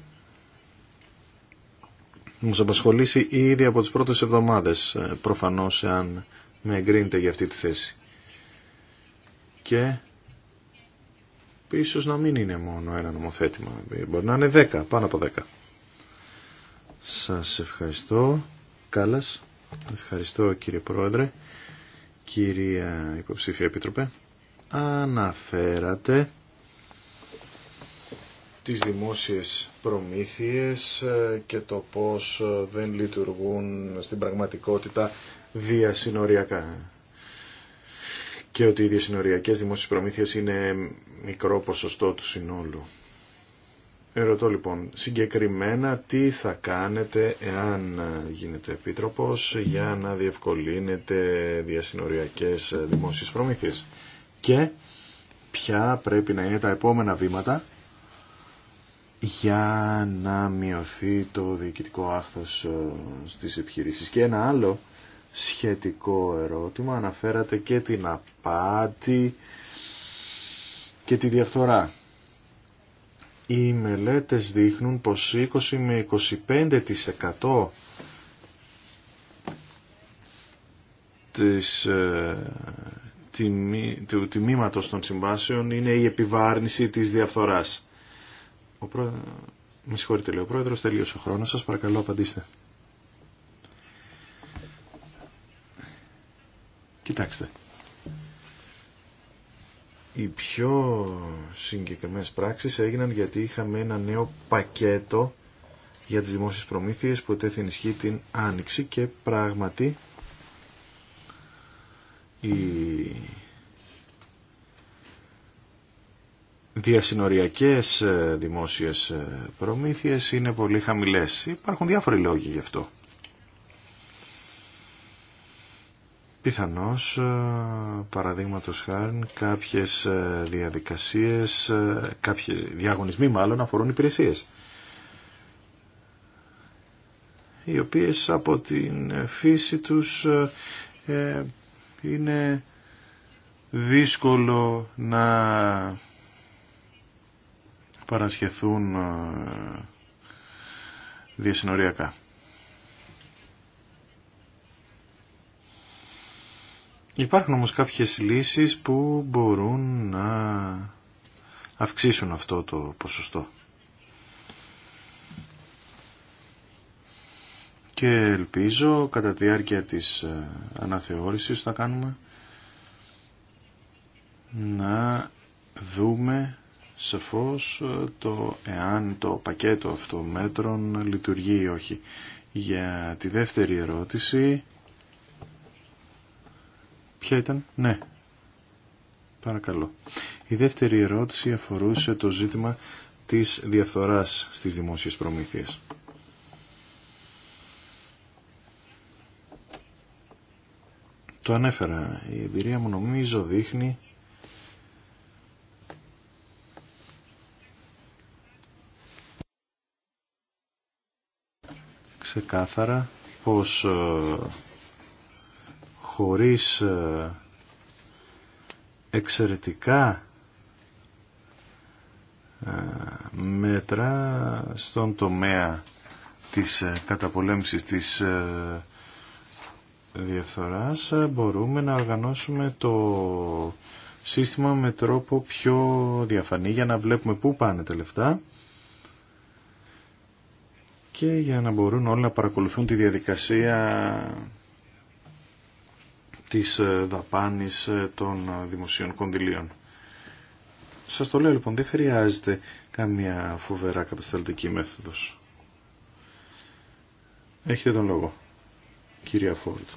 μας απασχολήσει ήδη από τις πρώτες εβδομάδες, ε, προφανώς αν με εγκρίνετε για αυτή τη θέση. Και ίσως να μην είναι μόνο ένα νομοθέτημα, μπορεί να είναι δέκα, πάνω από δέκα. Σας ευχαριστώ. Κάλλας, ευχαριστώ κύριε Πρόεδρε, κυρία Υποψήφια Επίτροπε. Αναφέρατε τις δημόσιες προμήθειες ε, και το πώς ε, δεν λειτουργούν στην πραγματικότητα διασυνοριακά. Και ότι οι διασυνοριακές δημόσιες προμήθειες είναι μικρό ποσοστό του συνόλου. Ερωτώ λοιπόν συγκεκριμένα τι θα κάνετε εάν ε, γίνετε επίτροπος για να διευκολύνετε διασυνοριακές δημόσιες προμήθειες και ποια πρέπει να είναι τα επόμενα βήματα για να μειωθεί το διοικητικό άχθος ε, στις επιχειρήσεις. Και ένα άλλο σχετικό ερώτημα αναφέρατε και την απάτη και τη διαφθορά. Οι μελέτες δείχνουν πως 20 με 25% της, ε, του τιμήματος των συμβάσεων είναι η επιβάρνηση της διαφθοράς. Ο πρόεδρος... Με συγχωρείτε λέει ο πρόεδρος, τελείωσε ο χρόνος σας, παρακαλώ απαντήστε. Κοιτάξτε. Οι πιο συγκεκριμένες πράξεις έγιναν γιατί είχαμε ένα νέο πακέτο για τις δημόσιες προμήθειες που τέθει ενισχύ την Άνοιξη και πράγματι η διασυνοριακές ε, δημόσιες ε, προμήθειες είναι πολύ χαμηλές. Υπάρχουν διάφοροι λόγοι γι' αυτό. Πιθανώς, ε, παραδείγματος χάρη, κάποιες διαδικασίες, κάποιοι διαγωνισμοί μάλλον αφορούν υπηρεσίες. Οι οποίες από την φύση τους είναι δύσκολο να παρασχεθούν ε, διασυνοριακά. Υπάρχουν όμως κάποιες λύσεις που μπορούν να αυξήσουν αυτό το ποσοστό. Και ελπίζω κατά τη διάρκεια της ε, αναθεώρησης θα κάνουμε να δούμε σαφώς ε, το εάν το πακέτο αυτό λειτουργεί ή όχι. Για τη δεύτερη ερώτηση... Ποια ήταν? Ναι. Παρακαλώ. Η δεύτερη ερώτηση αφορούσε το ζήτημα της διαφθοράς στις δημόσιες προμήθειες. Το ανέφερα. Η εμπειρία μου νομίζω δείχνει ξεκάθαρα πως ε, χωρίς ε, εξαιρετικά ε, μέτρα στον τομέα της καταπολέμησης της διαφθοράς μπορούμε να οργανώσουμε το σύστημα με τρόπο πιο διαφανή για να βλέπουμε πού πάνε τα λεφτά και για να μπορούν όλοι να παρακολουθούν τη διαδικασία της δαπάνης των δημοσίων κονδυλίων. Σας το λέω λοιπόν, δεν χρειάζεται καμία φοβερά κατασταλτική μέθοδος. Έχετε τον λόγο, κυρία Φόρτ.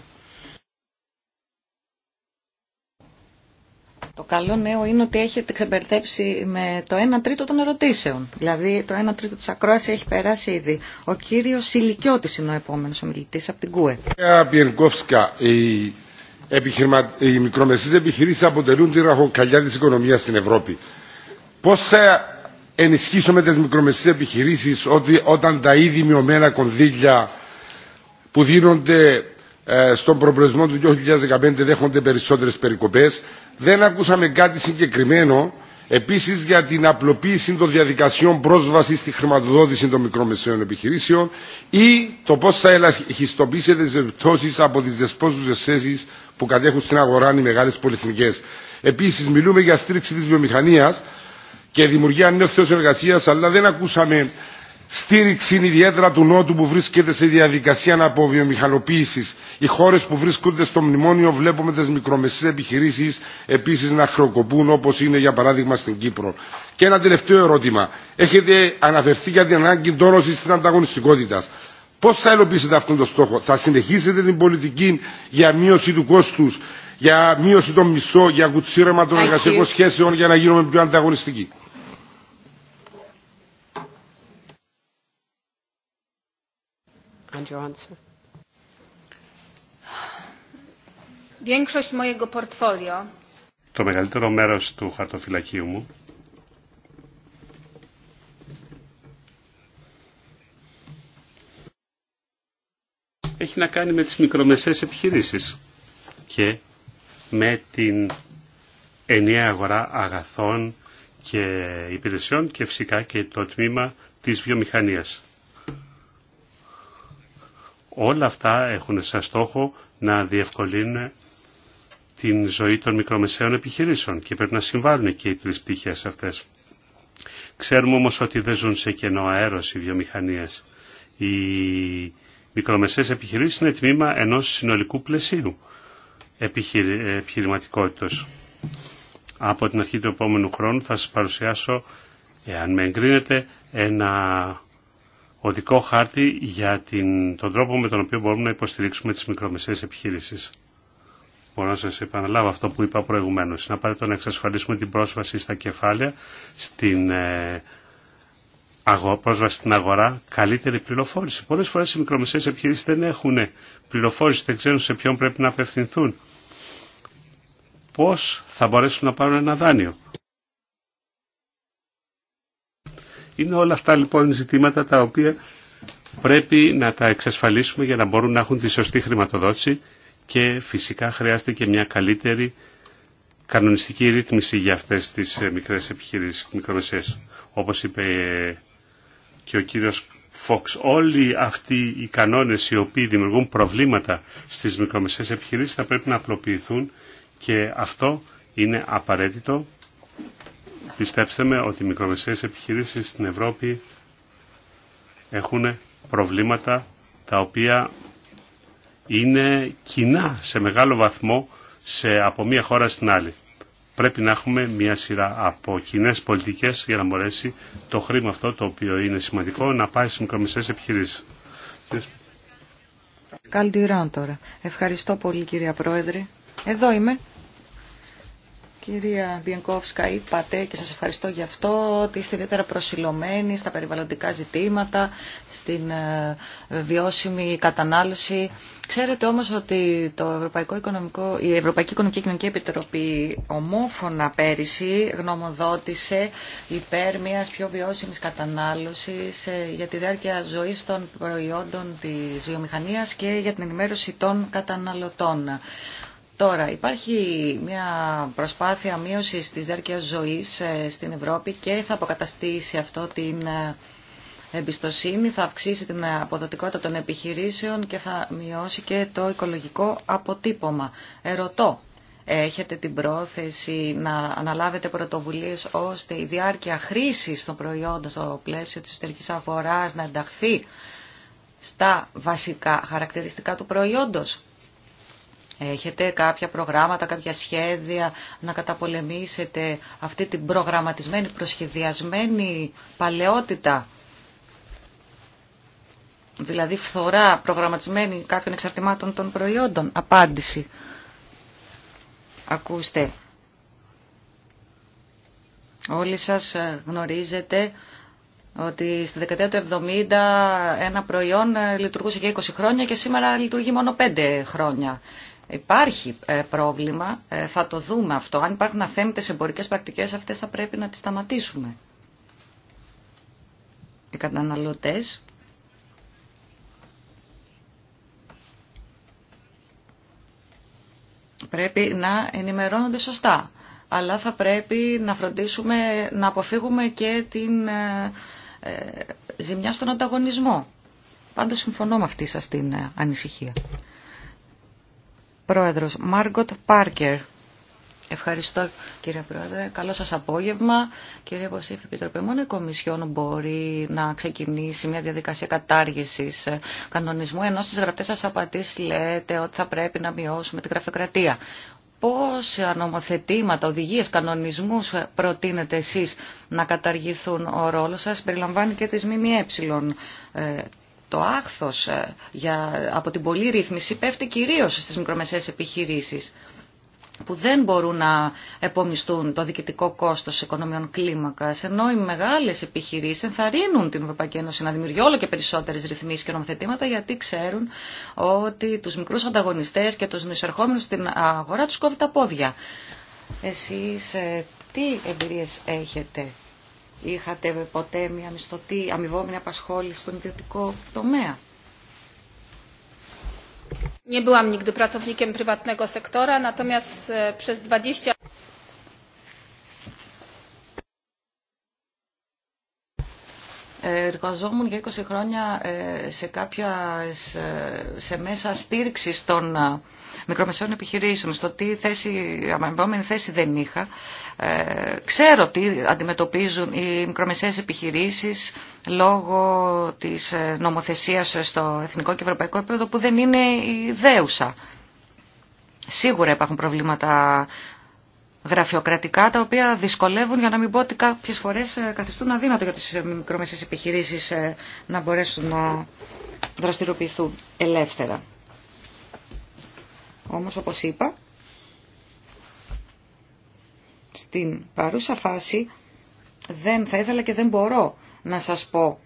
Το καλό νέο είναι ότι έχετε ξεμπερδέψει με το 1 τρίτο των ερωτήσεων. Δηλαδή το 1 τρίτο της ακρόασης έχει περάσει ήδη. Ο κύριος Σιλικιώτης είναι ο επόμενος ομιλητής από την ΚΟΕ. οι, επιχειρημα... οι μικρομεσαίες επιχειρήσεις αποτελούν τη ραχοκαλιά της οικονομίας στην Ευρώπη. Πώς θα ενισχύσουμε τις μικρομεσαίες επιχειρήσεις ότι όταν τα ήδη μειωμένα κονδύλια που δίνονται ε, στον προπλεσμό του 2015 δέχονται περισσότερες περικοπές δεν ακούσαμε κάτι συγκεκριμένο επίσης για την απλοποίηση των διαδικασιών πρόσβασης στη χρηματοδότηση των μικρομεσαίων επιχειρήσεων ή το πώς θα ελαχιστοποιήσετε τις επιπτώσεις από τις δεσπόζουσες θέσεις που κατέχουν στην αγορά οι μεγάλες πολυεθνικές. Επίσης μιλούμε για στήριξη της βιομηχανίας και δημιουργία νέου θέσεων εργασία, αλλά δεν ακούσαμε στήριξη είναι ιδιαίτερα του Νότου που βρίσκεται σε διαδικασία αναποβιομηχανοποίηση. Οι χώρε που βρίσκονται στο μνημόνιο βλέπουμε τι μικρομεσαίε επιχειρήσει επίση να χρεοκοπούν όπω είναι για παράδειγμα στην Κύπρο. Και ένα τελευταίο ερώτημα. Έχετε αναφερθεί για την ανάγκη τόνωση τη ανταγωνιστικότητα. Πώ θα ελοπίσετε αυτόν τον στόχο, θα συνεχίσετε την πολιτική για μείωση του κόστου, για μείωση των μισθών, για κουτσίρεμα των εργασιακών σχέσεων για να γίνουμε πιο ανταγωνιστικοί. Το μεγαλύτερο μέρος του χαρτοφυλακίου μου έχει να κάνει με τις μικρομεσαίες επιχειρήσεις και με την ενιαία αγορά αγαθών και υπηρεσιών και φυσικά και το τμήμα της βιομηχανίας. Όλα αυτά έχουν σαν στόχο να διευκολύνουν την ζωή των μικρομεσαίων επιχειρήσεων και πρέπει να συμβάλλουν και οι τρεις πτυχές αυτές. Ξέρουμε όμως ότι δεν ζουν σε κενό αέρος οι βιομηχανίες. Οι μικρομεσαίες επιχειρήσεις είναι τμήμα ενός συνολικού πλαισίου επιχειρηματικότητα. Από την αρχή του επόμενου χρόνου θα σας παρουσιάσω, εάν με εγκρίνετε, ένα οδικό χάρτη για την, τον τρόπο με τον οποίο μπορούμε να υποστηρίξουμε τις μικρομεσαίες επιχείρησεις. Μπορώ να σας επαναλάβω αυτό που είπα προηγουμένως. Είναι απαραίτητο να εξασφαλίσουμε την πρόσβαση στα κεφάλαια, στην ε, πρόσβαση στην αγορά, καλύτερη πληροφόρηση. Πολλές φορές οι μικρομεσαίες επιχειρήσεις δεν έχουν πληροφόρηση, δεν ξέρουν σε ποιον πρέπει να απευθυνθούν. Πώς θα μπορέσουν να πάρουν ένα δάνειο. Είναι όλα αυτά λοιπόν ζητήματα τα οποία πρέπει να τα εξασφαλίσουμε για να μπορούν να έχουν τη σωστή χρηματοδότηση και φυσικά χρειάζεται και μια καλύτερη κανονιστική ρύθμιση για αυτές τις ε, μικρές επιχειρήσεις, μικρομεσαίες. Όπως είπε ε, και ο κύριος Φόξ, όλοι αυτοί οι κανόνες οι οποίοι δημιουργούν προβλήματα στις μικρομεσαίες επιχειρήσεις θα πρέπει να απλοποιηθούν και αυτό είναι απαραίτητο Πιστέψτε με ότι οι μικρομεσαίες επιχειρήσεις στην Ευρώπη έχουν προβλήματα τα οποία είναι κοινά σε μεγάλο βαθμό σε, από μία χώρα στην άλλη. Πρέπει να έχουμε μία σειρά από κοινέ πολιτικές για να μπορέσει το χρήμα αυτό το οποίο είναι σημαντικό να πάει στις μικρομεσαίες επιχειρήσεις. τώρα. Ευχαριστώ πολύ κυρία Πρόεδρε. Εδώ είμαι. Κυρία Μπιενκόφσκα, είπατε και σας ευχαριστώ για αυτό ότι είστε ιδιαίτερα προσιλωμένοι στα περιβαλλοντικά ζητήματα, στην ε, βιώσιμη κατανάλωση. Ξέρετε όμως ότι το Ευρωπαϊκό Οικονομικό, η Ευρωπαϊκή Οικονομική Κοινωνική Επιτροπή ομόφωνα πέρυσι γνωμοδότησε υπέρ μιας πιο βιώσιμης κατανάλωσης ε, για τη διάρκεια ζωής των προϊόντων της βιομηχανίας και για την ενημέρωση των καταναλωτών. Τώρα, υπάρχει μια προσπάθεια μείωσης της διάρκεια ζωής ε, στην Ευρώπη και θα αποκαταστήσει αυτό την ε, εμπιστοσύνη, θα αυξήσει την αποδοτικότητα των επιχειρήσεων και θα μειώσει και το οικολογικό αποτύπωμα. Ερωτώ, έχετε την πρόθεση να αναλάβετε πρωτοβουλίες ώστε η διάρκεια χρήσης των προϊόντων στο πλαίσιο της εσωτερικής αγοράς να ενταχθεί στα βασικά χαρακτηριστικά του προϊόντος. Έχετε κάποια προγράμματα, κάποια σχέδια να καταπολεμήσετε αυτή την προγραμματισμένη, προσχεδιασμένη παλαιότητα. Δηλαδή φθορά προγραμματισμένη κάποιων εξαρτημάτων των προϊόντων. Απάντηση. Ακούστε. Όλοι σας ε, γνωρίζετε ότι στη δεκαετία του 70 ένα προϊόν ε, λειτουργούσε για 20 χρόνια και σήμερα λειτουργεί μόνο 5 χρόνια. Υπάρχει ε, πρόβλημα, ε, θα το δούμε αυτό. Αν υπάρχουν αθέμητες εμπορικές πρακτικές, αυτές θα πρέπει να τις σταματήσουμε. Οι καταναλωτές πρέπει να ενημερώνονται σωστά. Αλλά θα πρέπει να φροντίσουμε να αποφύγουμε και την ε, ζημιά στον ανταγωνισμό. Πάντως συμφωνώ με αυτή σας την ανησυχία. Πρόεδρος Μάργκοτ Πάρκερ. Ευχαριστώ κύριε Πρόεδρε. Καλό σας απόγευμα. Κύριε Ποσήφη Επιτροπή, μόνο η Κομισιόν μπορεί να ξεκινήσει μια διαδικασία κατάργησης ε, κανονισμού, ενώ στις γραπτές σας απαντήσεις λέτε ότι θα πρέπει να μειώσουμε την γραφειοκρατία. Πόσα νομοθετήματα, οδηγίες, κανονισμούς ε, προτείνετε εσείς να καταργηθούν ο ρόλος σας, περιλαμβάνει και τις ΜΜΕ. Ε, το άχθος ε, για, από την πολλή ρύθμιση πέφτει κυρίως στις μικρομεσαίες επιχειρήσεις που δεν μπορούν να επομιστούν το διοικητικό κόστος οικονομιών κλίμακας, ενώ οι μεγάλες επιχειρήσεις ενθαρρύνουν την Ευρωπαϊκή Ένωση να δημιουργεί όλο και περισσότερες ρυθμίσεις και νομοθετήματα, γιατί ξέρουν ότι τους μικρούς ανταγωνιστές και τους νησερχόμενους στην αγορά τους κόβει τα πόδια. Εσείς ε, τι εμπειρίες έχετε είχατε ποτέ μια μισθωτή αμοιβόμενη απασχόληση στον ιδιωτικό τομέα. Nie byłam nigdy pracownikiem prywatnego sektora, natomiast e, przez 20 e, Εργαζόμουν για 20 χρόνια ε, σε κάποια σε μέσα στήριξη των μικρομεσαίων επιχειρήσεων, στο τι θέση, επόμενη θέση δεν είχα. Ε, ξέρω τι αντιμετωπίζουν οι μικρομεσαίες επιχειρήσεις λόγω της ε, νομοθεσίας στο εθνικό και ευρωπαϊκό επίπεδο που δεν είναι η δέουσα. Σίγουρα υπάρχουν προβλήματα γραφειοκρατικά τα οποία δυσκολεύουν για να μην πω ότι κάποιες φορές ε, καθιστούν αδύνατο για τις μικρομεσαίες επιχειρήσεις να μπορέσουν να δραστηριοποιηθούν ελεύθερα. Όμως όπως είπα, στην παρούσα φάση δεν θα ήθελα και δεν μπορώ να σας πω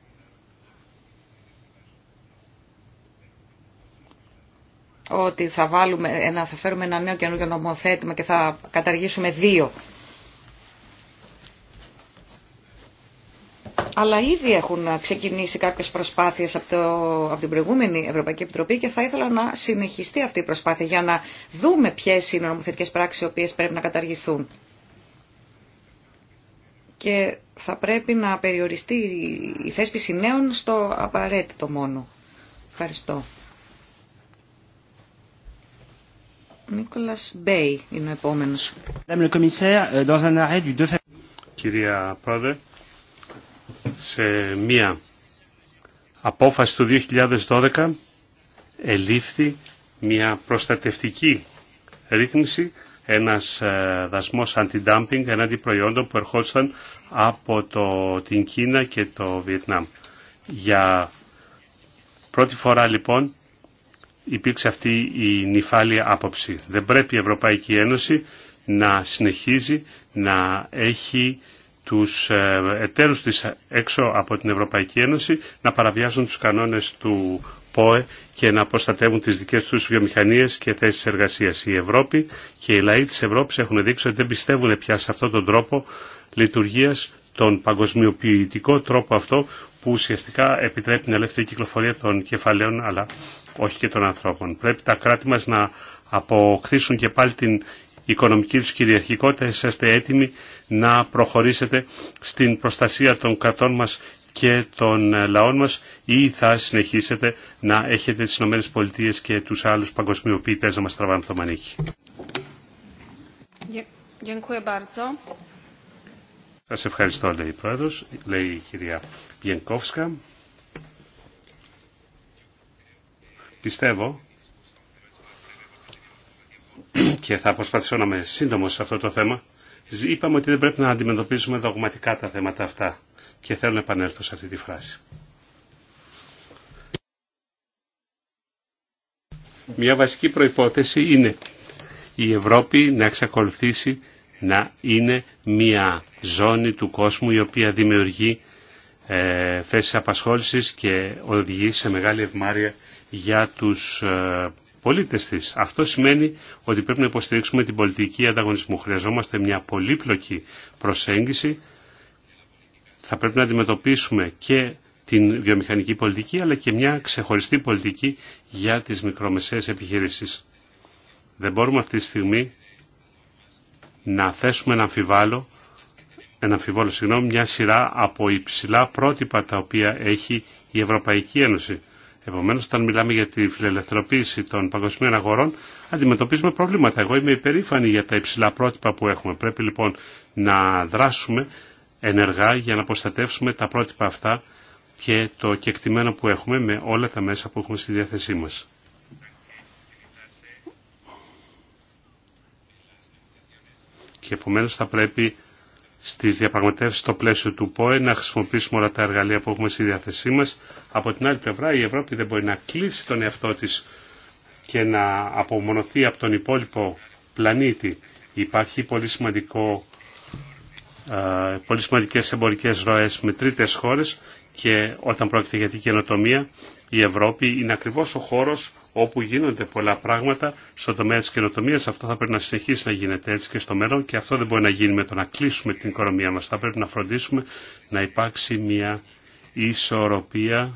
ότι θα, βάλουμε, θα φέρουμε ένα νέο καινούργιο νομοθέτημα και θα καταργήσουμε δύο αλλά ήδη έχουν ξεκινήσει κάποιες προσπάθειες από, το, από την προηγούμενη Ευρωπαϊκή Επιτροπή και θα ήθελα να συνεχιστεί αυτή η προσπάθεια για να δούμε ποιες είναι οι νομοθετικές πράξεις οι οποίες πρέπει να καταργηθούν. Και θα πρέπει να περιοριστεί η θέσπιση νέων στο απαραίτητο μόνο. Ευχαριστώ. Νίκολας Μπέι είναι ο επόμενος. Euh, Κυρία Πρόεδρε, σε μία απόφαση του 2012 ελήφθη μία προστατευτική ρύθμιση ένας ε, δασμός αντι-dumping εναντί προϊόντων που ερχόντουσαν από το, την Κίνα και το Βιετνάμ. Για πρώτη φορά λοιπόν υπήρξε αυτή η νυφάλια άποψη. Δεν πρέπει η Ευρωπαϊκή Ένωση να συνεχίζει να έχει τους ε, εταίρους της έξω από την Ευρωπαϊκή Ένωση να παραβιάζουν τους κανόνες του ΠΟΕ και να προστατεύουν τις δικές τους βιομηχανίες και θέσεις εργασίας. Η Ευρώπη και οι λαοί της Ευρώπης έχουν δείξει ότι δεν πιστεύουν πια σε αυτόν τον τρόπο λειτουργίας, τον παγκοσμιοποιητικό τρόπο αυτό που ουσιαστικά επιτρέπει την ελεύθερη κυκλοφορία των κεφαλαίων αλλά όχι και των ανθρώπων. Πρέπει τα κράτη μας να αποκτήσουν και πάλι την οικονομική του κυριαρχικότητα, είσαστε έτοιμοι να προχωρήσετε στην προστασία των κρατών μας και των ε, λαών μας ή θα συνεχίσετε να έχετε τις ΗΠΑ και τους άλλους παγκοσμιοποιητές να μας τραβάνε το μανίκι. Σας ευχαριστώ, λέει η πρόεδρο, λέει η κυρία Πιενκόφσκα. Πιστεύω και θα προσπαθήσω να είμαι σύντομο σε αυτό το θέμα. Είπαμε ότι δεν πρέπει να αντιμετωπίζουμε δογματικά τα θέματα αυτά και θέλω να επανέλθω σε αυτή τη φράση. Μια βασική προϋπόθεση είναι η Ευρώπη να εξακολουθήσει να είναι μια ζώνη του κόσμου η οποία δημιουργεί ε, θέσεις απασχόλησης και οδηγεί σε μεγάλη ευμάρεια για τους ε, αυτό σημαίνει ότι πρέπει να υποστηρίξουμε την πολιτική ανταγωνισμού. Χρειαζόμαστε μια πολύπλοκη προσέγγιση. Θα πρέπει να αντιμετωπίσουμε και την βιομηχανική πολιτική, αλλά και μια ξεχωριστή πολιτική για τις μικρομεσαίες επιχειρήσεις. Δεν μπορούμε αυτή τη στιγμή να θέσουμε ένα αμφιβάλλο, ένα αμφιβόλο, μια σειρά από υψηλά πρότυπα τα οποία έχει η Ευρωπαϊκή Ένωση. Επομένως, όταν μιλάμε για τη φιλελευθερωποίηση των παγκοσμίων αγορών, αντιμετωπίζουμε προβλήματα. Εγώ είμαι υπερήφανη για τα υψηλά πρότυπα που έχουμε. Πρέπει λοιπόν να δράσουμε ενεργά για να προστατεύσουμε τα πρότυπα αυτά και το κεκτημένο που έχουμε με όλα τα μέσα που έχουμε στη διάθεσή μας. Και επομένως θα πρέπει στις διαπραγματεύσεις στο πλαίσιο του ΠΟΕ, να χρησιμοποιήσουμε όλα τα εργαλεία που έχουμε στη διάθεσή μας. Από την άλλη πλευρά η Ευρώπη δεν μπορεί να κλείσει τον εαυτό της και να απομονωθεί από τον υπόλοιπο πλανήτη. Υπάρχει πολύ σημαντικό ε, πολύ σημαντικές εμπορικές ροές με τρίτες χώρες και όταν πρόκειται για την καινοτομία η Ευρώπη είναι ακριβώς ο χώρος όπου γίνονται πολλά πράγματα στον τομέα της καινοτομίας. Αυτό θα πρέπει να συνεχίσει να γίνεται έτσι και στο μέλλον και αυτό δεν μπορεί να γίνει με το να κλείσουμε την οικονομία μας. Θα πρέπει να φροντίσουμε να υπάρξει μια ισορροπία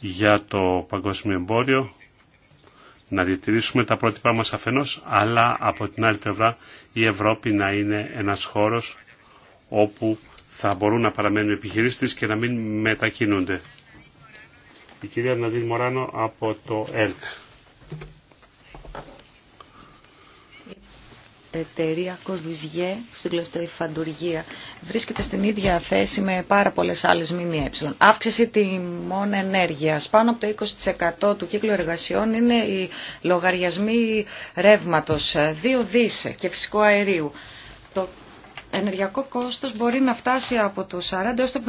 για το παγκόσμιο εμπόριο, να διατηρήσουμε τα πρότυπά μας αφενός, αλλά από την άλλη πλευρά η Ευρώπη να είναι ένας χώρος όπου θα μπορούν να παραμένουν επιχειρήσεις και να μην μετακινούνται. Η κυρία Ναδίν Μωράνο από το ΕΛΚ. εταιρεία Κορβιζιέ στην κλωστοϊφαντουργία βρίσκεται στην ίδια θέση με πάρα πολλές άλλες ΜΜΕ. Αύξηση τιμών ενέργεια. Πάνω από το 20% του κύκλου εργασιών είναι οι λογαριασμοί ρεύματος, δύο δις και φυσικού αερίου. Το ενεργειακό κόστος μπορεί να φτάσει από το 40% έως το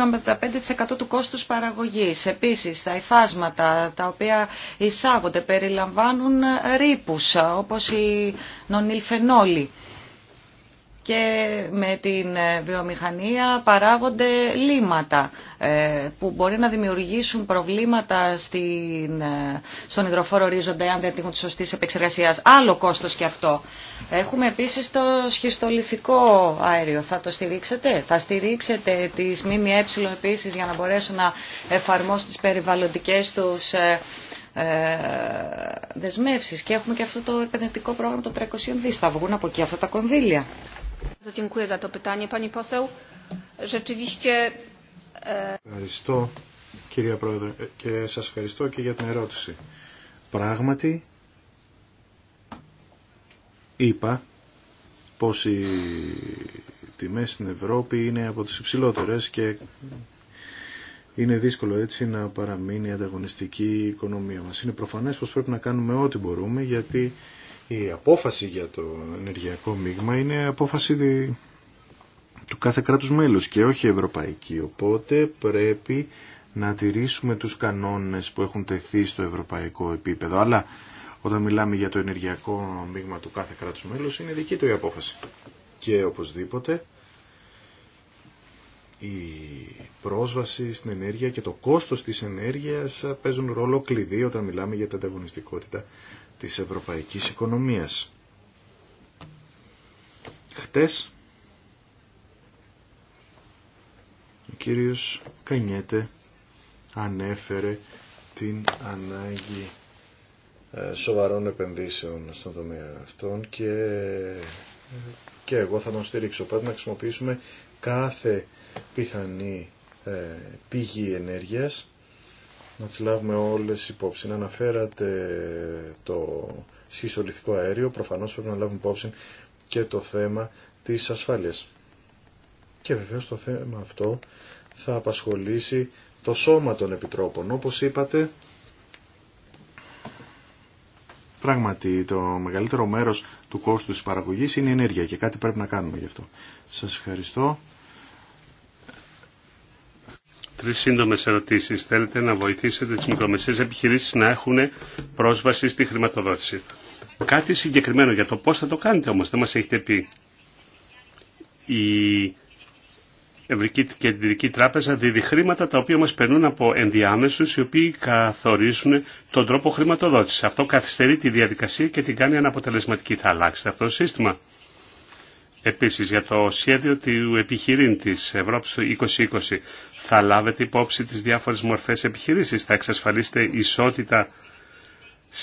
75% του κόστους παραγωγής. Επίσης, τα υφάσματα τα οποία εισάγονται περιλαμβάνουν ρήπους, όπως η νονιλφενόλη και με την ε, βιομηχανία παράγονται λίματα ε, που μπορεί να δημιουργήσουν προβλήματα στην, ε, στον υδροφόρο ορίζοντα αν δεν τύχουν τη σωστή επεξεργασία. Άλλο κόστο και αυτό. Έχουμε επίση το σχιστολιθικό αέριο. Θα το στηρίξετε? Θα στηρίξετε τι ΜΜΕ επίση για να μπορέσουν να εφαρμόσουν τι περιβαλλοντικέ του δεσμεύσεις και έχουμε και αυτό το επενδυτικό πρόγραμμα των 300 δις. Θα βγουν από εκεί αυτά τα κονδύλια. E, ευχαριστώ κυρία Πρόεδρε ε, και σας ευχαριστώ και για την ερώτηση. Πράγματι είπα πως οι τιμές στην Ευρώπη είναι από τις υψηλότερες και είναι δύσκολο έτσι να παραμείνει η ανταγωνιστική οικονομία μας. Είναι προφανές πως πρέπει να κάνουμε ό,τι μπορούμε γιατί η απόφαση για το ενεργειακό μείγμα είναι απόφαση του κάθε κράτους μέλους και όχι ευρωπαϊκή. Οπότε πρέπει να τηρήσουμε τους κανόνες που έχουν τεθεί στο ευρωπαϊκό επίπεδο. Αλλά όταν μιλάμε για το ενεργειακό μείγμα του κάθε κράτους μέλους είναι δική του η απόφαση. Και οπωσδήποτε η πρόσβαση στην ενέργεια και το κόστος της ενέργειας παίζουν ρόλο κλειδί όταν μιλάμε για την ανταγωνιστικότητα της ευρωπαϊκής οικονομίας. Χτες ο κύριος Κανιέτε ανέφερε την ανάγκη ε, σοβαρών επενδύσεων στον τομέα αυτών και, και εγώ θα τον στηρίξω. Πρέπει να χρησιμοποιήσουμε κάθε πιθανή ε, πηγή ενέργειας να τις λάβουμε όλες υπόψη. Να αναφέρατε το σχιστολιθικό αέριο, προφανώς πρέπει να λάβουμε υπόψη και το θέμα της ασφάλειας. Και βεβαίως το θέμα αυτό θα απασχολήσει το σώμα των επιτρόπων. Όπως είπατε, πράγματι το μεγαλύτερο μέρος του κόστου της παραγωγής είναι η ενέργεια και κάτι πρέπει να κάνουμε γι' αυτό. Σας ευχαριστώ τρεις σύντομες ερωτήσεις. Θέλετε να βοηθήσετε τις μικρομεσαίες επιχειρήσεις να έχουν πρόσβαση στη χρηματοδότηση. Κάτι συγκεκριμένο για το πώς θα το κάνετε όμως, δεν μας έχετε πει. Η Ευρική Κεντρική Τράπεζα δίδει χρήματα τα οποία μας περνούν από ενδιάμεσους οι οποίοι καθορίζουν τον τρόπο χρηματοδότησης. Αυτό καθυστερεί τη διαδικασία και την κάνει αναποτελεσματική. Θα αλλάξετε αυτό το σύστημα. Επίσης για το σχέδιο του επιχειρήν της Ευρώπης 2020 θα λάβετε υπόψη τις διάφορες μορφές επιχειρήσεις, θα εξασφαλίσετε ισότητα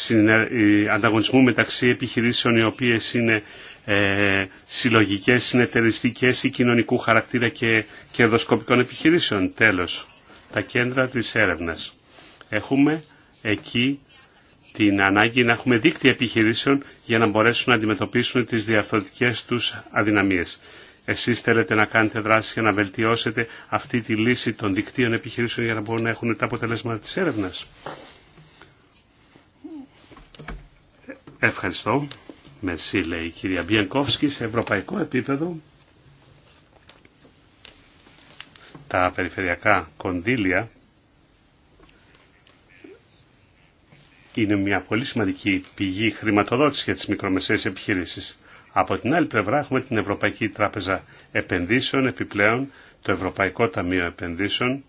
ε, ανταγωνισμού μεταξύ επιχειρήσεων οι οποίες είναι ε, συλλογικές, συνεταιριστικές ή κοινωνικού χαρακτήρα και κερδοσκοπικών επιχειρήσεων. Τέλος, τα κέντρα της έρευνας. Έχουμε εκεί την ανάγκη να έχουμε δίκτυα επιχειρήσεων για να μπορέσουν να αντιμετωπίσουν τις διαφορετικές τους αδυναμίες. Εσείς θέλετε να κάνετε δράση για να βελτιώσετε αυτή τη λύση των δικτύων επιχειρήσεων για να μπορούν να έχουν τα αποτελέσματα της έρευνας. Ευχαριστώ. Μερσή λέει η κυρία Μπιενκόφσκη σε ευρωπαϊκό επίπεδο. Τα περιφερειακά κονδύλια είναι μια πολύ σημαντική πηγή χρηματοδότηση για τις μικρομεσαίες επιχειρήσεις. Από την άλλη πλευρά έχουμε την Ευρωπαϊκή Τράπεζα Επενδύσεων, επιπλέον το Ευρωπαϊκό Ταμείο Επενδύσεων,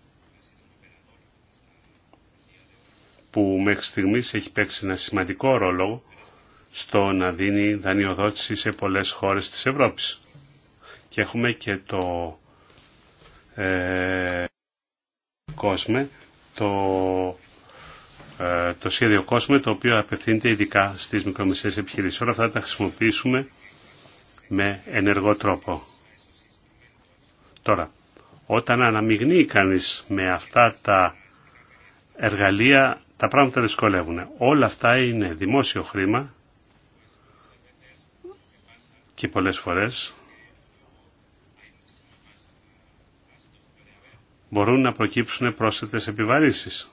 που μέχρι στιγμής έχει παίξει ένα σημαντικό ρόλο στο να δίνει δανειοδότηση σε πολλές χώρες της Ευρώπης. Και έχουμε και το ε, κόσμο, το ε, το σχέδιο κόσμο το οποίο απευθύνεται ειδικά στις μικρομεσαίες επιχειρήσεις. Όλα αυτά τα χρησιμοποιήσουμε με ενεργό τρόπο. Τώρα, όταν αναμειγνύει κανείς με αυτά τα εργαλεία, τα πράγματα δυσκολεύουν. Όλα αυτά είναι δημόσιο χρήμα και πολλές φορές μπορούν να προκύψουν πρόσθετες επιβαρύσεις.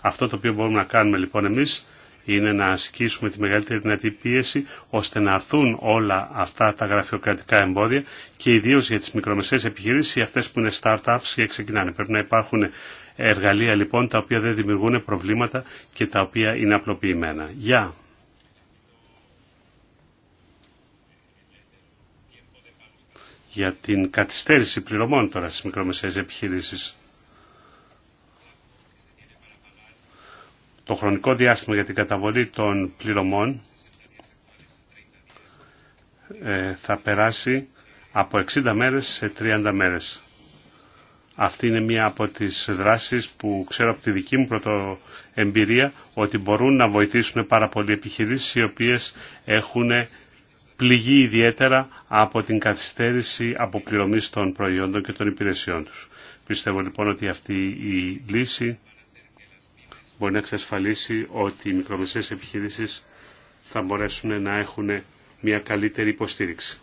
Αυτό το οποίο μπορούμε να κάνουμε λοιπόν εμείς είναι να ασκήσουμε τη μεγαλύτερη δυνατή πίεση ώστε να αρθούν όλα αυτά τα γραφειοκρατικά εμπόδια και ιδίως για τις μικρομεσαίες επιχειρήσεις ή αυτές που είναι startups και ξεκινάνε. Πρέπει να υπάρχουν εργαλεία λοιπόν τα οποία δεν δημιουργούν προβλήματα και τα οποία είναι απλοποιημένα. Γεια! για την καθυστέρηση πληρωμών τώρα στις μικρομεσαίες επιχειρήσεις. το χρονικό διάστημα για την καταβολή των πληρωμών ε, θα περάσει από 60 μέρες σε 30 μέρες. Αυτή είναι μία από τις δράσεις που ξέρω από τη δική μου πρωτοεμπειρία ότι μπορούν να βοηθήσουν πάρα πολλοί επιχειρήσεις οι οποίες έχουν πληγεί ιδιαίτερα από την καθυστέρηση αποπληρωμής των προϊόντων και των υπηρεσιών τους. Πιστεύω λοιπόν ότι αυτή η λύση μπορεί να εξασφαλίσει ότι οι μικρομεσαίες επιχειρήσεις θα μπορέσουν να έχουν μια καλύτερη υποστήριξη.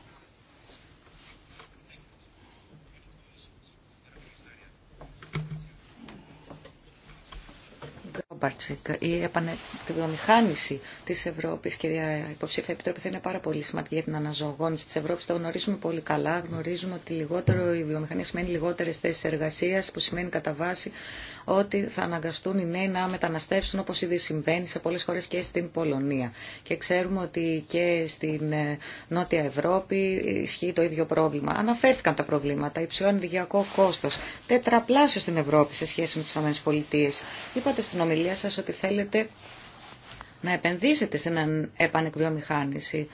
Η επανεκδομηχάνηση τη Ευρώπη, κυρία Υποψήφια Επιτροπή, θα είναι πάρα πολύ σημαντική για την αναζωογόνηση τη Ευρώπη. Το γνωρίζουμε πολύ καλά. Γνωρίζουμε ότι λιγότερο η βιομηχανία σημαίνει λιγότερε θέσει εργασία, που σημαίνει κατά βάση ότι θα αναγκαστούν οι νέοι να μεταναστεύσουν όπω ήδη συμβαίνει σε πολλέ χώρε και στην Πολωνία. Και ξέρουμε ότι και στην ε, Νότια Ευρώπη ισχύει το ίδιο πρόβλημα. Αναφέρθηκαν τα προβλήματα. Υψηλό ενεργειακό κόστο. Τετραπλάσιο στην Ευρώπη σε σχέση με τι ΗΠΑ. Είπατε στην ομιλία σας ότι θέλετε να επενδύσετε σε έναν επανεκβιομηχάνηση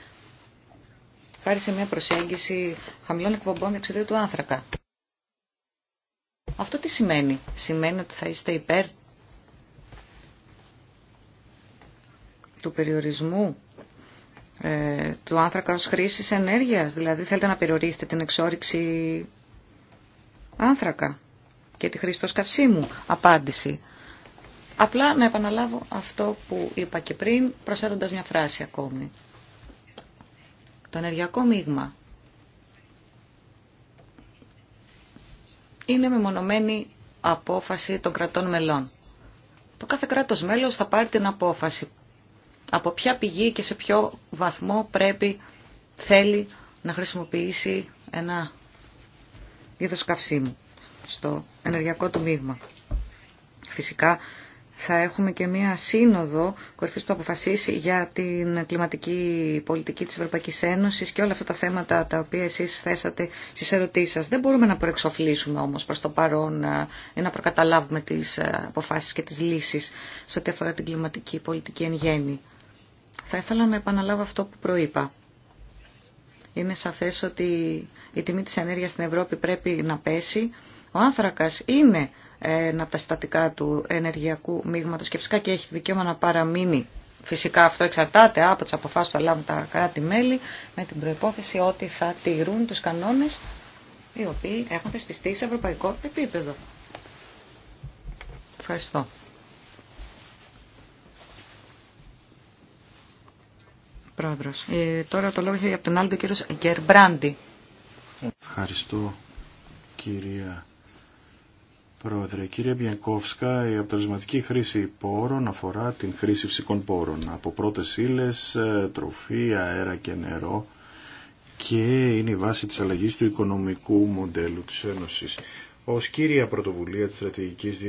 χάρη σε μια προσέγγιση χαμηλών εκπομπών εξαιτία του άνθρακα. Αυτό τι σημαίνει. Σημαίνει ότι θα είστε υπέρ του περιορισμού ε, του άνθρακα ως χρήσης ενέργειας. Δηλαδή θέλετε να περιορίσετε την εξόριξη άνθρακα και τη χρήση του καυσίμου. Απάντηση. Απλά να επαναλάβω αυτό που είπα και πριν, προσέροντας μια φράση ακόμη. Το ενεργειακό μείγμα είναι μεμονωμένη απόφαση των κρατών μελών. Το κάθε κράτος μέλος θα πάρει την απόφαση από ποια πηγή και σε ποιο βαθμό πρέπει, θέλει να χρησιμοποιήσει ένα είδος καυσίμου στο ενεργειακό του μείγμα. Φυσικά θα έχουμε και μία σύνοδο κορυφή που αποφασίσει για την κλιματική πολιτική της Ευρωπαϊκής Ένωσης και όλα αυτά τα θέματα τα οποία εσείς θέσατε στι ερωτήσεις σα. Δεν μπορούμε να προεξοφλήσουμε όμως προς το παρόν ε, ή να προκαταλάβουμε τις ε, αποφάσεις και τις λύσεις σε ό,τι αφορά την κλιματική πολιτική εν γέννη. Θα ήθελα να επαναλάβω αυτό που προείπα. Είναι σαφές ότι η τιμή της ενέργειας στην Ευρώπη πρέπει να πέσει ο άνθρακας είναι ένα από τα συστατικά του ενεργειακού μείγματος και φυσικά και έχει δικαίωμα να παραμείνει. Φυσικά αυτό εξαρτάται από τις αποφάσεις που θα λάβουν τα κράτη-μέλη με την προϋπόθεση ότι θα τηρούν τους κανόνες οι οποίοι έχουν θεσπιστεί σε ευρωπαϊκό επίπεδο. Ευχαριστώ. Πρόεδρος. Ε, τώρα το λόγο έχει από τον άλλο κύριο Ευχαριστώ κυρία Πρόεδρε, κύριε Μπιανκόφσκα, η αποτελεσματική χρήση πόρων αφορά την χρήση φυσικών πόρων από πρώτες ύλες, ε, τροφή, αέρα και νερό και είναι η βάση της αλλαγής του οικονομικού μοντέλου της Ένωσης. Ως κύρια πρωτοβουλία της στρατηγικής 2020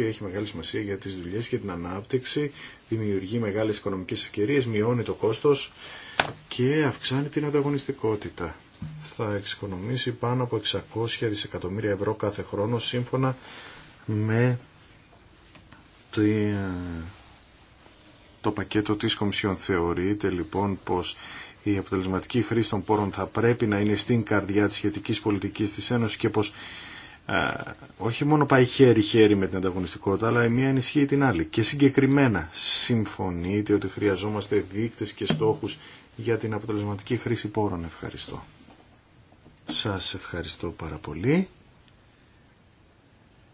έχει μεγάλη σημασία για τις δουλειές και την ανάπτυξη, δημιουργεί μεγάλες οικονομικές ευκαιρίες, μειώνει το κόστος και αυξάνει την ανταγωνιστικότητα θα εξοικονομήσει πάνω από 600 δισεκατομμύρια ευρώ κάθε χρόνο σύμφωνα με ε, το πακέτο της Κομισιόν. Θεωρείται λοιπόν πως η αποτελεσματική χρήση των πόρων θα πρέπει να είναι στην καρδιά της σχετικής πολιτικής της Ένωσης και πως ε, όχι μόνο πάει χέρι-χέρι με την ανταγωνιστικότητα, αλλά η μία ενισχύει την άλλη. Και συγκεκριμένα συμφωνείτε ότι χρειαζόμαστε δείκτες και στόχους για την αποτελεσματική χρήση πόρων. Ευχαριστώ. Σας ευχαριστώ πάρα πολύ.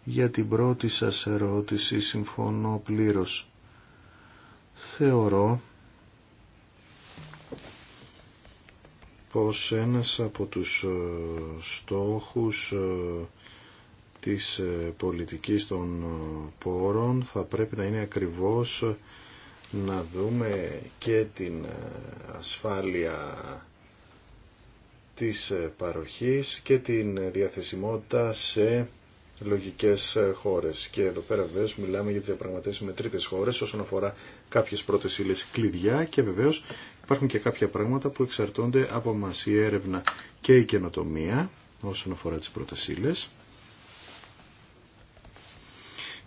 Για την πρώτη σας ερώτηση συμφωνώ πλήρως. Θεωρώ πως ένας από τους ε, στόχους ε, της ε, πολιτικής των πόρων θα πρέπει να είναι ακριβώς να δούμε και την ασφάλεια της ε, παροχής και την ε, διαθεσιμότητα σε λογικές ε, χώρες. Και εδώ πέρα βεβαίως μιλάμε για τις διαπραγματεύσεις με τρίτες χώρες όσον αφορά κάποιες πρώτες ύλες κλειδιά και βεβαίως υπάρχουν και κάποια πράγματα που εξαρτώνται από μας η έρευνα και η καινοτομία όσον αφορά τις πρώτες ύλες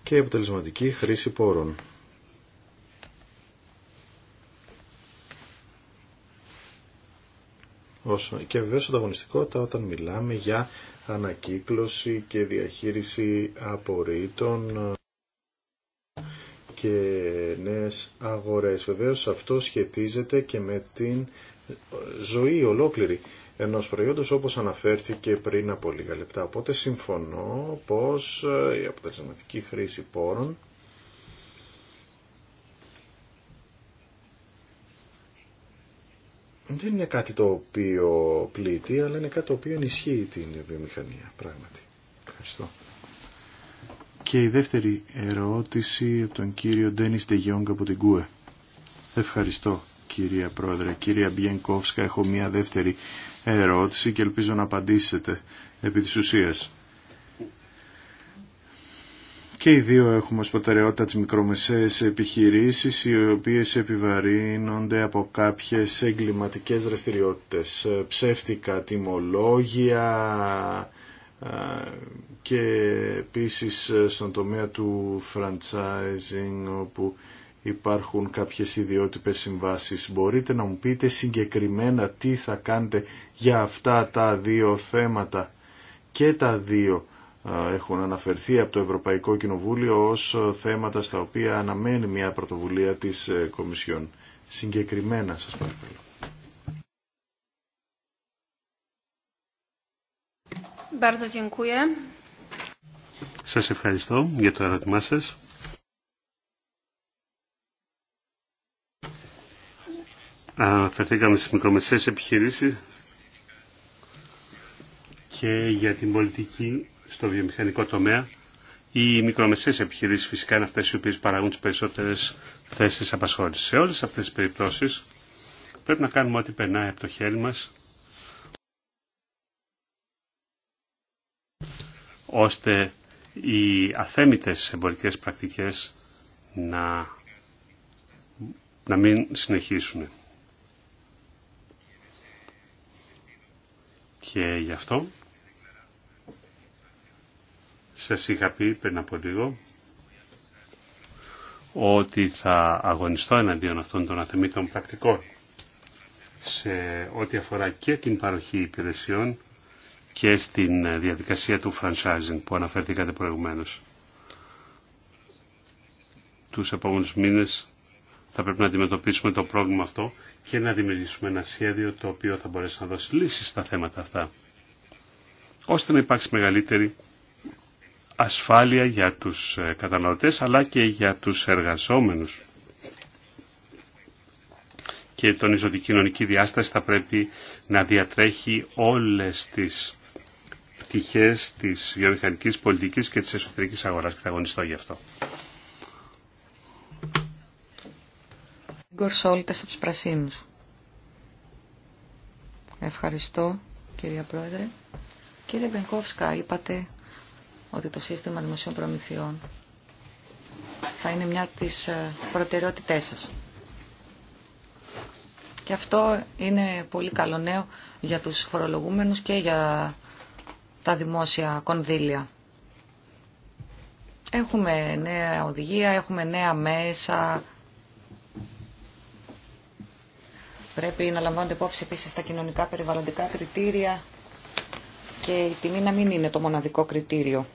και η αποτελεσματική χρήση πόρων. Και βεβαίως ανταγωνιστικότητα όταν μιλάμε για ανακύκλωση και διαχείριση απορρίτων και νέες αγορές. Βεβαίως αυτό σχετίζεται και με την ζωή ολόκληρη ενός προϊόντος όπως αναφέρθηκε πριν από λίγα λεπτά. Οπότε συμφωνώ πως η αποτελεσματική χρήση πόρων δεν είναι κάτι το οποίο πλήττει, αλλά είναι κάτι το οποίο ενισχύει την βιομηχανία, πράγματι. Ευχαριστώ. Και η δεύτερη ερώτηση από τον κύριο Ντένις Τεγιόγκ από την ΚΟΕ. Ευχαριστώ κυρία Πρόεδρε. Κυρία Μπιενκόφσκα, έχω μία δεύτερη ερώτηση και ελπίζω να απαντήσετε επί της ουσίας. Και οι δύο έχουμε ως προτεραιότητα τις μικρομεσαίες επιχειρήσεις οι οποίες επιβαρύνονται από κάποιες εγκληματικές δραστηριότητες, ε, ψεύτικα τιμολόγια ε, και επίσης ε, στον τομέα του franchising όπου υπάρχουν κάποιες ιδιότυπες συμβάσεις. Μπορείτε να μου πείτε συγκεκριμένα τι θα κάνετε για αυτά τα δύο θέματα και τα δύο έχουν αναφερθεί από το Ευρωπαϊκό Κοινοβούλιο ως θέματα στα οποία αναμένει μια πρωτοβουλία της ε, Κομισιόν. Συγκεκριμένα σας παρακαλώ. Σας ευχαριστώ για το ερώτημά σας. Αναφερθήκαμε στις μικρομεσαίες επιχειρήσεις και για την πολιτική στο βιομηχανικό τομέα. Οι μικρομεσαίες επιχειρήσεις φυσικά είναι αυτέ οι οποίε παράγουν τι περισσότερες θέσεις απασχόλησης. Σε όλες αυτές τις περιπτώσεις πρέπει να κάνουμε ό,τι περνάει από το χέρι μα, ώστε οι αθέμητες εμπορικές πρακτικές να, να μην συνεχίσουν. Και γι' αυτό σας είχα πει πριν από λίγο ότι θα αγωνιστώ εναντίον αυτών των αθεμήτων πρακτικών σε ό,τι αφορά και την παροχή υπηρεσιών και στην ε, διαδικασία του franchising που αναφέρθηκατε προηγουμένως. Τους επόμενους μήνες θα πρέπει να αντιμετωπίσουμε το πρόβλημα αυτό και να δημιουργήσουμε ένα σχέδιο το οποίο θα μπορέσει να δώσει λύσεις στα θέματα αυτά, ώστε να υπάρξει μεγαλύτερη ασφάλεια για τους ε, καταναλωτές αλλά και για τους εργαζόμενους. Και τονίζω ότι η κοινωνική διάσταση θα πρέπει να διατρέχει όλες τις πτυχές της βιομηχανικής πολιτικής και της εσωτερικής αγοράς και θα αγωνιστώ γι' αυτό. Ευχαριστώ κυρία Πρόεδρε. Κύριε Μπενκόφσκα, είπατε ότι το σύστημα δημοσίων προμηθειών θα είναι μια τις ε, προτεραιότητές σας. Και αυτό είναι πολύ καλό νέο για τους φορολογούμενους και για τα δημόσια κονδύλια. Έχουμε νέα οδηγία, έχουμε νέα μέσα. Πρέπει να λαμβάνονται υπόψη επίσης τα κοινωνικά περιβαλλοντικά κριτήρια και η τιμή να μην είναι το μοναδικό κριτήριο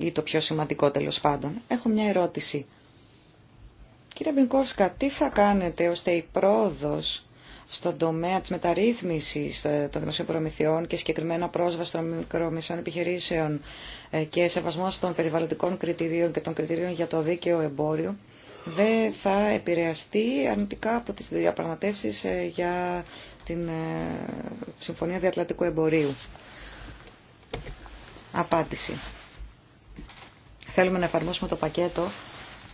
ή το πιο σημαντικό τέλο πάντων. Έχω μια ερώτηση. Κύριε Μπινκόφσκα, τι θα κάνετε ώστε η πρόοδος στον τομέα της μεταρρύθμισης ε, των δημοσίων προμηθειών και συγκεκριμένα πρόσβαση των μικρομεσαίων επιχειρήσεων ε, και σεβασμό των περιβαλλοντικών κριτηρίων και των κριτηρίων για το δίκαιο εμπόριο δεν θα επηρεαστεί αρνητικά από τις διαπραγματεύσεις ε, για την ε, Συμφωνία Διατλαντικού Εμπορίου. Απάντηση. Θέλουμε να εφαρμόσουμε το πακέτο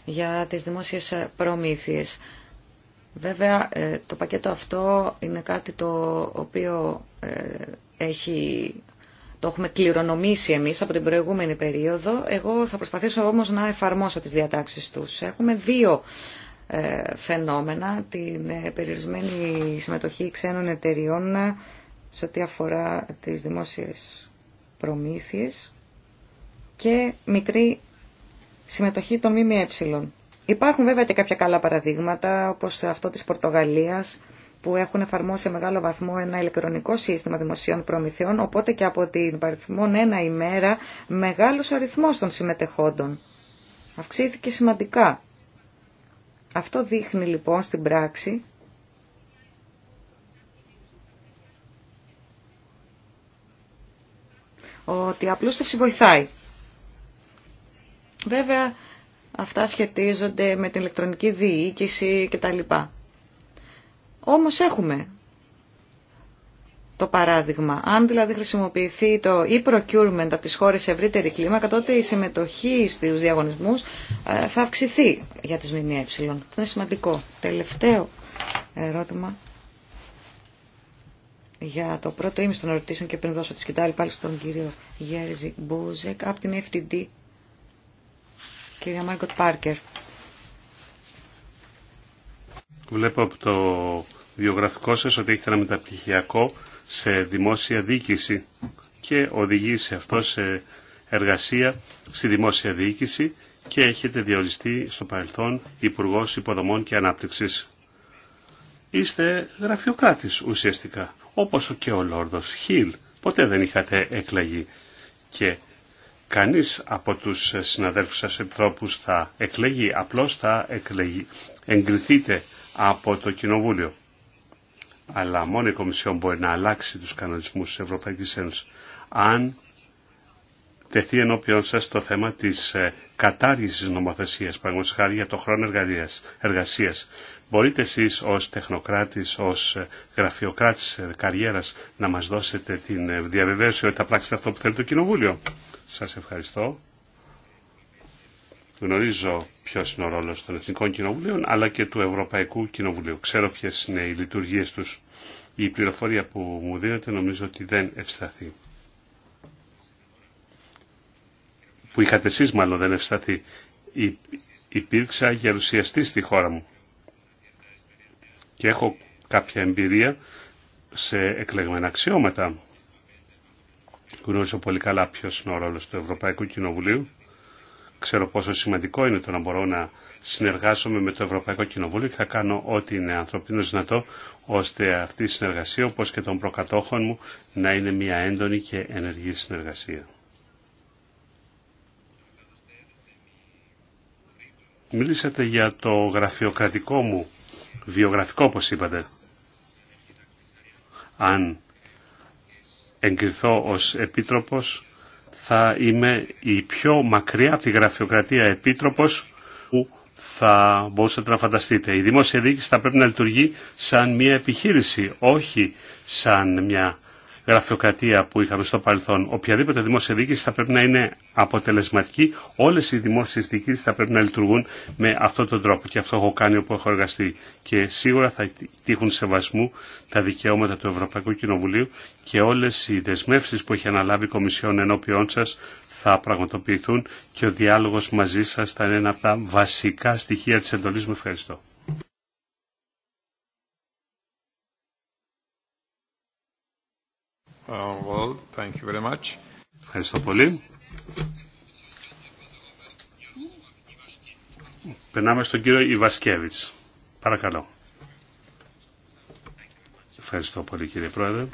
για τις δημόσιες προμήθειες. Βέβαια, ε, το πακέτο αυτό είναι κάτι το οποίο ε, έχει, το έχουμε κληρονομήσει εμείς από την προηγούμενη περίοδο. Εγώ θα προσπαθήσω όμως να εφαρμόσω τις διατάξεις τους. Έχουμε δύο ε, φαινόμενα, την ε, περιορισμένη συμμετοχή ξένων εταιριών ε, σε ό,τι αφορά τις δημόσιες προμήθειες και μικρή συμμετοχή των ΜΜΕ. Υπάρχουν βέβαια και κάποια καλά παραδείγματα, όπως αυτό της Πορτογαλίας, που έχουν εφαρμόσει σε μεγάλο βαθμό ένα ηλεκτρονικό σύστημα δημοσίων προμηθειών, οπότε και από την παριθμόν ένα ημέρα μεγάλος αριθμός των συμμετεχόντων. Αυξήθηκε σημαντικά αυτό δείχνει λοιπόν στην πράξη ότι η απλούστευση βοηθάει. Βέβαια, αυτά σχετίζονται με την ηλεκτρονική διοίκηση κτλ. Όμως έχουμε το παράδειγμα. Αν δηλαδή χρησιμοποιηθεί το e-procurement από τις χώρες σε ευρύτερη κλίμακα, τότε η συμμετοχή στους διαγωνισμούς ε, θα αυξηθεί για τις ΜΜΕ. Αυτό είναι σημαντικό. Τελευταίο ερώτημα για το πρώτο ήμιση των ερωτήσεων και πριν δώσω τη σκητάλη πάλι στον κύριο Γέρζη Μπούζεκ από την FTD, κυρία Μάρκοτ Πάρκερ. Βλέπω από το βιογραφικό σας ότι έχετε ένα μεταπτυχιακό σε δημόσια διοίκηση και οδηγεί σε αυτό σε εργασία στη δημόσια διοίκηση και έχετε διοριστεί στο παρελθόν υπουργό Υποδομών και Ανάπτυξης. Είστε γραφειοκράτης ουσιαστικά, όπως και ο Λόρδος Χιλ. Ποτέ δεν είχατε εκλεγεί και κανείς από τους συναδέλφους σας επιτρόπους θα εκλεγεί, απλώς θα εκλεγεί. Εγκριθείτε από το Κοινοβούλιο αλλά μόνο η Κομισιόν μπορεί να αλλάξει τους κανονισμούς της Ευρωπαϊκής Ένωσης αν τεθεί ενώπιον σας το θέμα της ε, κατάργησης νομοθεσίας, παραγωγής χάρη για το χρόνο εργασίας. Μπορείτε εσείς ως τεχνοκράτης, ως ε, γραφειοκράτης ε, καριέρας να μας δώσετε την διαβεβαίωση ότι θα πράξετε αυτό που θέλει το Κοινοβούλιο. Σας ευχαριστώ. Γνωρίζω ποιο είναι ο ρόλο των Εθνικών Κοινοβουλίων αλλά και του Ευρωπαϊκού Κοινοβουλίου. Ξέρω ποιε είναι οι λειτουργίε του. Η πληροφορία που μου δίνεται νομίζω ότι δεν ευσταθεί. Που είχατε εσεί μάλλον δεν ευσταθεί. Υπήρξα γερουσιαστή στη χώρα μου και έχω κάποια εμπειρία σε εκλεγμένα αξιώματα. Γνωρίζω πολύ καλά ποιο είναι ο ρόλο του Ευρωπαϊκού Κοινοβουλίου Ξέρω πόσο σημαντικό είναι το να μπορώ να συνεργάσω με το Ευρωπαϊκό Κοινοβούλιο και θα κάνω ό,τι είναι ανθρωπίνως δυνατό ώστε αυτή η συνεργασία όπως και των προκατόχων μου να είναι μια έντονη και ενεργή συνεργασία. Μίλησατε για το γραφειοκρατικό μου βιογραφικό όπως είπατε. Αν εγκριθώ ως επίτροπος θα είμαι η πιο μακριά από τη γραφειοκρατία επίτροπος που θα μπορούσατε να φανταστείτε. Η δημόσια διοίκηση θα πρέπει να λειτουργεί σαν μια επιχείρηση, όχι σαν μια γραφειοκρατία που είχαμε στο παρελθόν. Οποιαδήποτε δημόσια διοίκηση θα πρέπει να είναι αποτελεσματική. Όλες οι δημόσιες διοίκησεις θα πρέπει να λειτουργούν με αυτόν τον τρόπο. Και αυτό έχω κάνει όπου έχω εργαστεί. Και σίγουρα θα τύχουν σεβασμού τα δικαιώματα του Ευρωπαϊκού Κοινοβουλίου και όλες οι δεσμεύσεις που έχει αναλάβει η Κομισιόν ενώπιόν σας θα πραγματοποιηθούν και ο διάλογος μαζί σας θα είναι ένα από τα βασικά στοιχεία της εντολής μου. Ευχαριστώ. Ευχαριστώ πολύ. Περνάμε στον κύριο Ιβασκέβιτς. Παρακαλώ. Ευχαριστώ πολύ κύριε Πρόεδρε.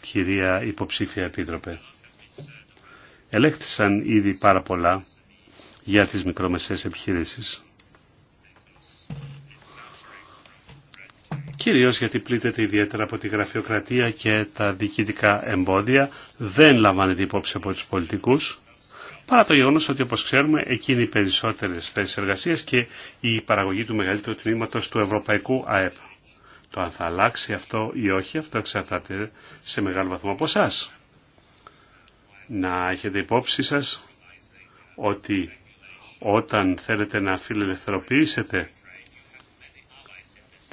Κυρία Υποψήφια Επίτροπε. Ελέγχθησαν ήδη πάρα πολλά για τις μικρομεσαίες επιχειρήσεις. κυρίως γιατί πλήττεται ιδιαίτερα από τη γραφειοκρατία και τα διοικητικά εμπόδια, δεν λαμβάνεται υπόψη από τους πολιτικούς, παρά το γεγονός ότι όπως ξέρουμε εκείνη οι περισσότερες θέσεις εργασίας και η παραγωγή του μεγαλύτερου τμήματος του Ευρωπαϊκού ΑΕΠ. Το αν θα αλλάξει αυτό ή όχι, αυτό εξαρτάται σε μεγάλο βαθμό από εσά. Να έχετε υπόψη σας ότι όταν θέλετε να φιλελευθερωποιήσετε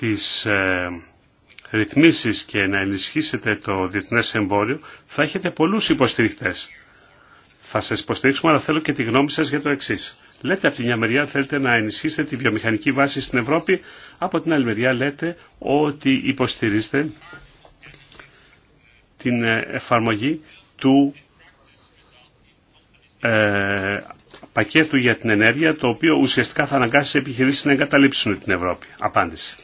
τις ε, ρυθμίσεις και να ενισχύσετε το διεθνές εμπόριο, θα έχετε πολλούς υποστηριχτές. Θα σας υποστηρίξουμε, αλλά θέλω και τη γνώμη σας για το εξή. Λέτε από τη μια μεριά θέλετε να ενισχύσετε τη βιομηχανική βάση στην Ευρώπη, από την άλλη μεριά λέτε ότι υποστηρίζετε την ε, εφαρμογή του ε, πακέτου για την ενέργεια, το οποίο ουσιαστικά θα αναγκάσει επιχειρήσεις να εγκαταλείψουν την Ευρώπη. Απάντηση.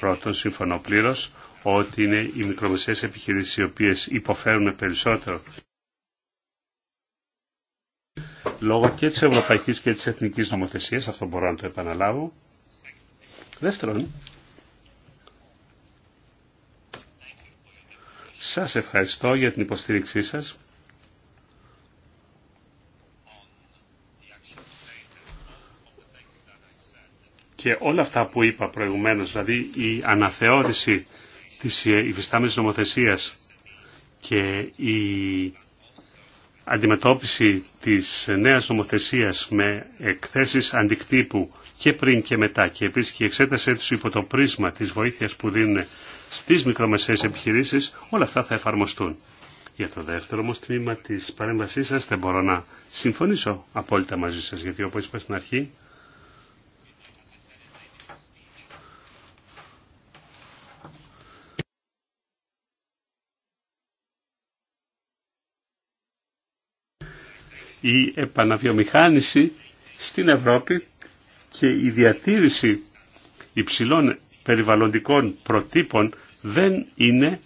Πρώτον, συμφωνώ πλήρω ότι είναι οι μικρομεσαίες επιχειρήσεις οι οποίες υποφέρουν περισσότερο λόγω και της ευρωπαϊκής και της εθνικής νομοθεσίας, αυτό μπορώ να το επαναλάβω. Δεύτερον, σας ευχαριστώ για την υποστήριξή σας. και όλα αυτά που είπα προηγουμένως, δηλαδή η αναθεώρηση της υφιστάμενης νομοθεσίας και η αντιμετώπιση της νέας νομοθεσίας με εκθέσεις αντικτύπου και πριν και μετά και επίσης και η εξέτασή τους υπό το πρίσμα της βοήθειας που δίνουν στις μικρομεσαίες επιχειρήσεις, όλα αυτά θα εφαρμοστούν. Για το δεύτερο όμως τμήμα της παρέμβασής σας δεν μπορώ να συμφωνήσω απόλυτα μαζί σας, γιατί όπως είπα στην αρχή, η επαναβιομηχάνηση στην Ευρώπη και η διατήρηση υψηλών περιβαλλοντικών προτύπων δεν είναι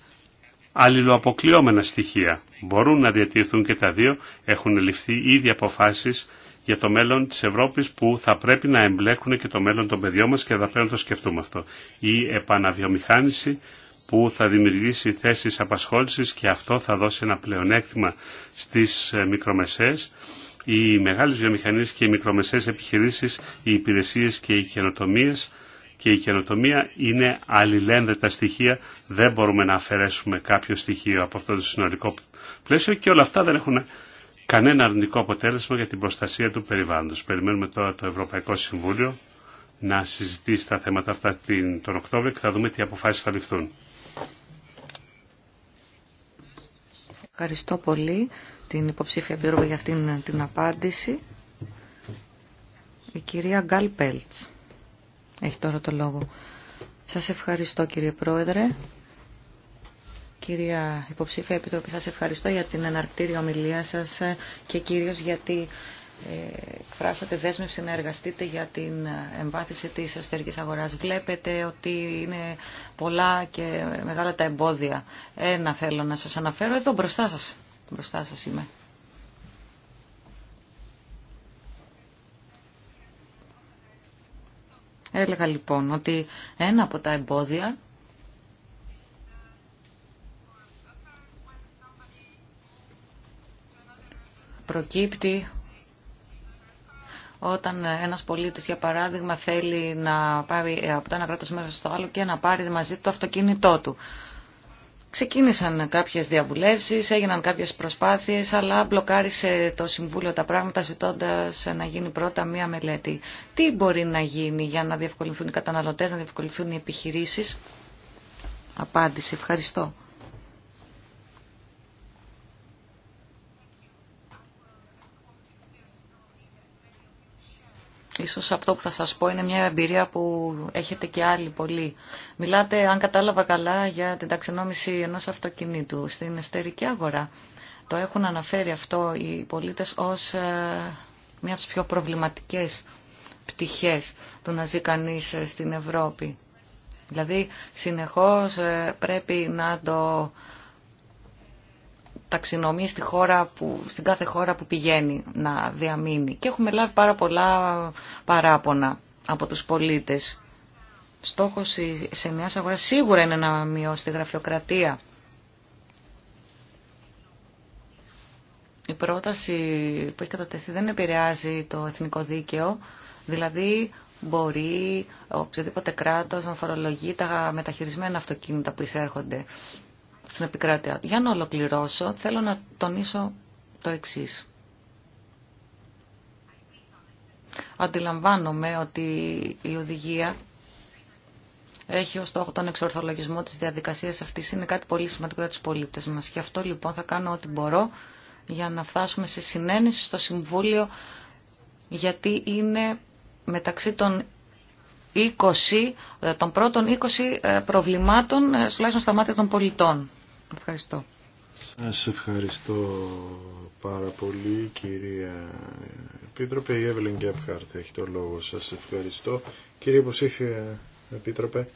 αλληλοαποκλειόμενα στοιχεία. Μπορούν να διατηρηθούν και τα δύο. Έχουν ληφθεί ήδη αποφάσεις για το μέλλον της Ευρώπης που θα πρέπει να εμπλέκουν και το μέλλον των παιδιών μας και θα πρέπει να το σκεφτούμε αυτό. Η επαναβιομηχάνηση που θα δημιουργήσει θέσεις απασχόλησης και αυτό θα δώσει ένα πλεονέκτημα στις ε, μικρομεσαίες. Οι μεγάλες βιομηχανίες και οι μικρομεσαίες επιχειρήσεις, οι υπηρεσίες και οι καινοτομίες και η καινοτομία είναι αλληλένδετα στοιχεία. Δεν μπορούμε να αφαιρέσουμε κάποιο στοιχείο από αυτό το συνολικό πλαίσιο και όλα αυτά δεν έχουν κανένα αρνητικό αποτέλεσμα για την προστασία του περιβάλλοντος. Περιμένουμε τώρα το Ευρωπαϊκό Συμβούλιο να συζητήσει τα θέματα αυτά τον Οκτώβριο και θα δούμε τι αποφάσεις θα ληφθούν. Ευχαριστώ πολύ την υποψήφια πίτροπο για αυτήν την απάντηση. Η κυρία Γκάλ Πέλτς έχει τώρα το λόγο. Σας ευχαριστώ κύριε Πρόεδρε. Κυρία Υποψήφια Επιτροπή, σας ευχαριστώ για την εναρκτήρια ομιλία σας και κυρίως γιατί εκφράσατε δέσμευση να εργαστείτε για την εμβάθυνση της εσωτερικής αγοράς. Βλέπετε ότι είναι πολλά και μεγάλα τα εμπόδια. Ένα θέλω να σας αναφέρω εδώ μπροστά σας. Μπροστά σας είμαι. Έλεγα λοιπόν ότι ένα από τα εμπόδια προκύπτει όταν ένας πολίτης, για παράδειγμα, θέλει να πάρει από το ένα κράτο μέσα στο άλλο και να πάρει μαζί το αυτοκίνητό του. Ξεκίνησαν κάποιες διαβουλεύσεις, έγιναν κάποιες προσπάθειες, αλλά μπλοκάρισε το Συμβούλιο τα πράγματα ζητώντα να γίνει πρώτα μία μελέτη. Τι μπορεί να γίνει για να διευκολυνθούν οι καταναλωτές, να διευκολυνθούν οι επιχειρήσει. Απάντηση. Ευχαριστώ. Ίσως αυτό που θα σας πω είναι μια εμπειρία που έχετε και άλλοι πολλοί. Μιλάτε, αν κατάλαβα καλά, για την ταξινόμηση ενός αυτοκινήτου στην εσωτερική αγορά. Το έχουν αναφέρει αυτό οι πολίτες ως ε, μια από τις πιο προβληματικές πτυχές του να ζει κανείς ε, στην Ευρώπη. Δηλαδή συνεχώς ε, πρέπει να το ταξινομεί στη χώρα που, στην κάθε χώρα που πηγαίνει να διαμείνει. Και έχουμε λάβει πάρα πολλά παράπονα από τους πολίτες. Στόχος σε μια αγορά σίγουρα είναι να μειώσει τη γραφειοκρατία. Η πρόταση που έχει κατατεθεί δεν επηρεάζει το εθνικό δίκαιο, δηλαδή μπορεί οποιοδήποτε κράτος να φορολογεί τα μεταχειρισμένα αυτοκίνητα που εισέρχονται στην επικράτεια. Για να ολοκληρώσω, θέλω να τονίσω το εξής. Αντιλαμβάνομαι ότι η οδηγία έχει ως στόχο τον εξορθολογισμό της διαδικασίας αυτής. Είναι κάτι πολύ σημαντικό για τους πολίτες μας. Γι' αυτό λοιπόν θα κάνω ό,τι μπορώ για να φτάσουμε σε συνένεση στο Συμβούλιο γιατί είναι μεταξύ των 20, των πρώτων 20 ε, προβλημάτων, ε, τουλάχιστον στα μάτια των πολιτών. Ευχαριστώ. Σας ευχαριστώ πάρα πολύ κυρία Επίτροπε. Η Εύελιν Γκέπχαρτ έχει το λόγο. Σας ευχαριστώ. Κύριε Υποψήφια Επίτροπε,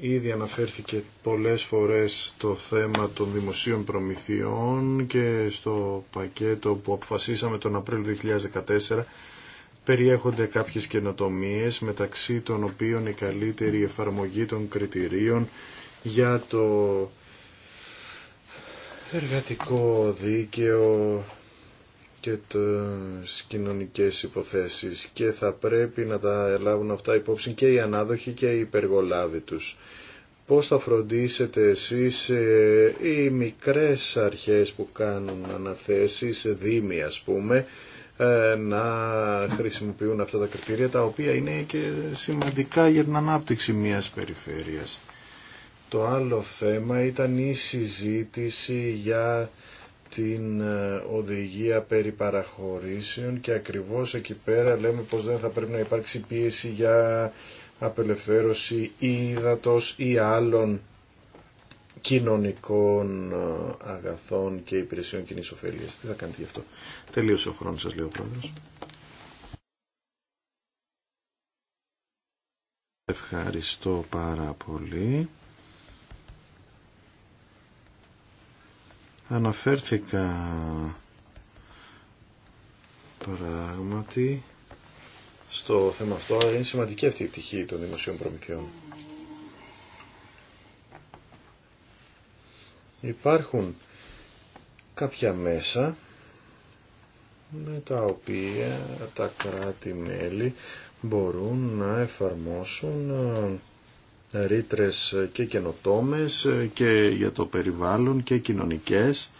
ήδη αναφέρθηκε πολλές φορές το θέμα των δημοσίων προμηθειών και στο πακέτο που αποφασίσαμε τον Απρίλιο 2014 περιέχονται κάποιες καινοτομίες μεταξύ των οποίων η καλύτερη εφαρμογή των κριτηρίων για το εργατικό δίκαιο και τις κοινωνικές υποθέσεις και θα πρέπει να τα λάβουν αυτά υπόψη και οι ανάδοχοι και οι υπεργολάβοι τους. Πώς θα φροντίσετε εσείς ε, οι μικρές αρχές που κάνουν αναθέσεις, δήμοι ας πούμε, ε, να χρησιμοποιούν αυτά τα κριτήρια τα οποία είναι και σημαντικά για την ανάπτυξη μιας περιφέρειας. Το άλλο θέμα ήταν η συζήτηση για την ε, οδηγία περί παραχωρήσεων και ακριβώς εκεί πέρα λέμε πως δεν θα πρέπει να υπάρξει πίεση για απελευθέρωση ή ή άλλων κοινωνικών ε, αγαθών και υπηρεσιών κοινή ωφέλεια. Τι θα κάνετε γι' αυτό. Τελείωσε ο χρόνος σας λέει ο πρόεδρος. Ευχαριστώ πάρα πολύ. Αναφέρθηκα πράγματι στο θέμα αυτό. Είναι σημαντική αυτή η πτυχή των δημοσίων προμηθειών. Υπάρχουν κάποια μέσα με τα οποία τα κράτη-μέλη μπορούν να εφαρμόσουν ε, ρήτρε και καινοτόμες ε, και για το περιβάλλον και κοινωνικές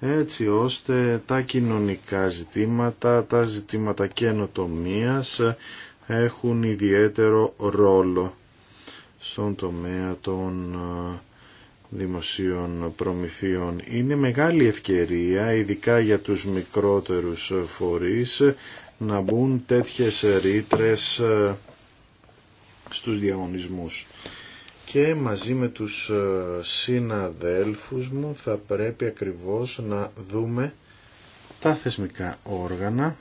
έτσι ώστε τα κοινωνικά ζητήματα, τα ζητήματα καινοτομίας ε, έχουν ιδιαίτερο ρόλο στον τομέα των δημοσίων προμηθείων. Είναι μεγάλη ευκαιρία, ειδικά για τους μικρότερους φορείς, να μπουν τέτοιες ρήτρε ε, στους διαγωνισμούς. Και μαζί με τους ε, συναδέλφους μου θα πρέπει ακριβώς να δούμε τα θεσμικά όργανα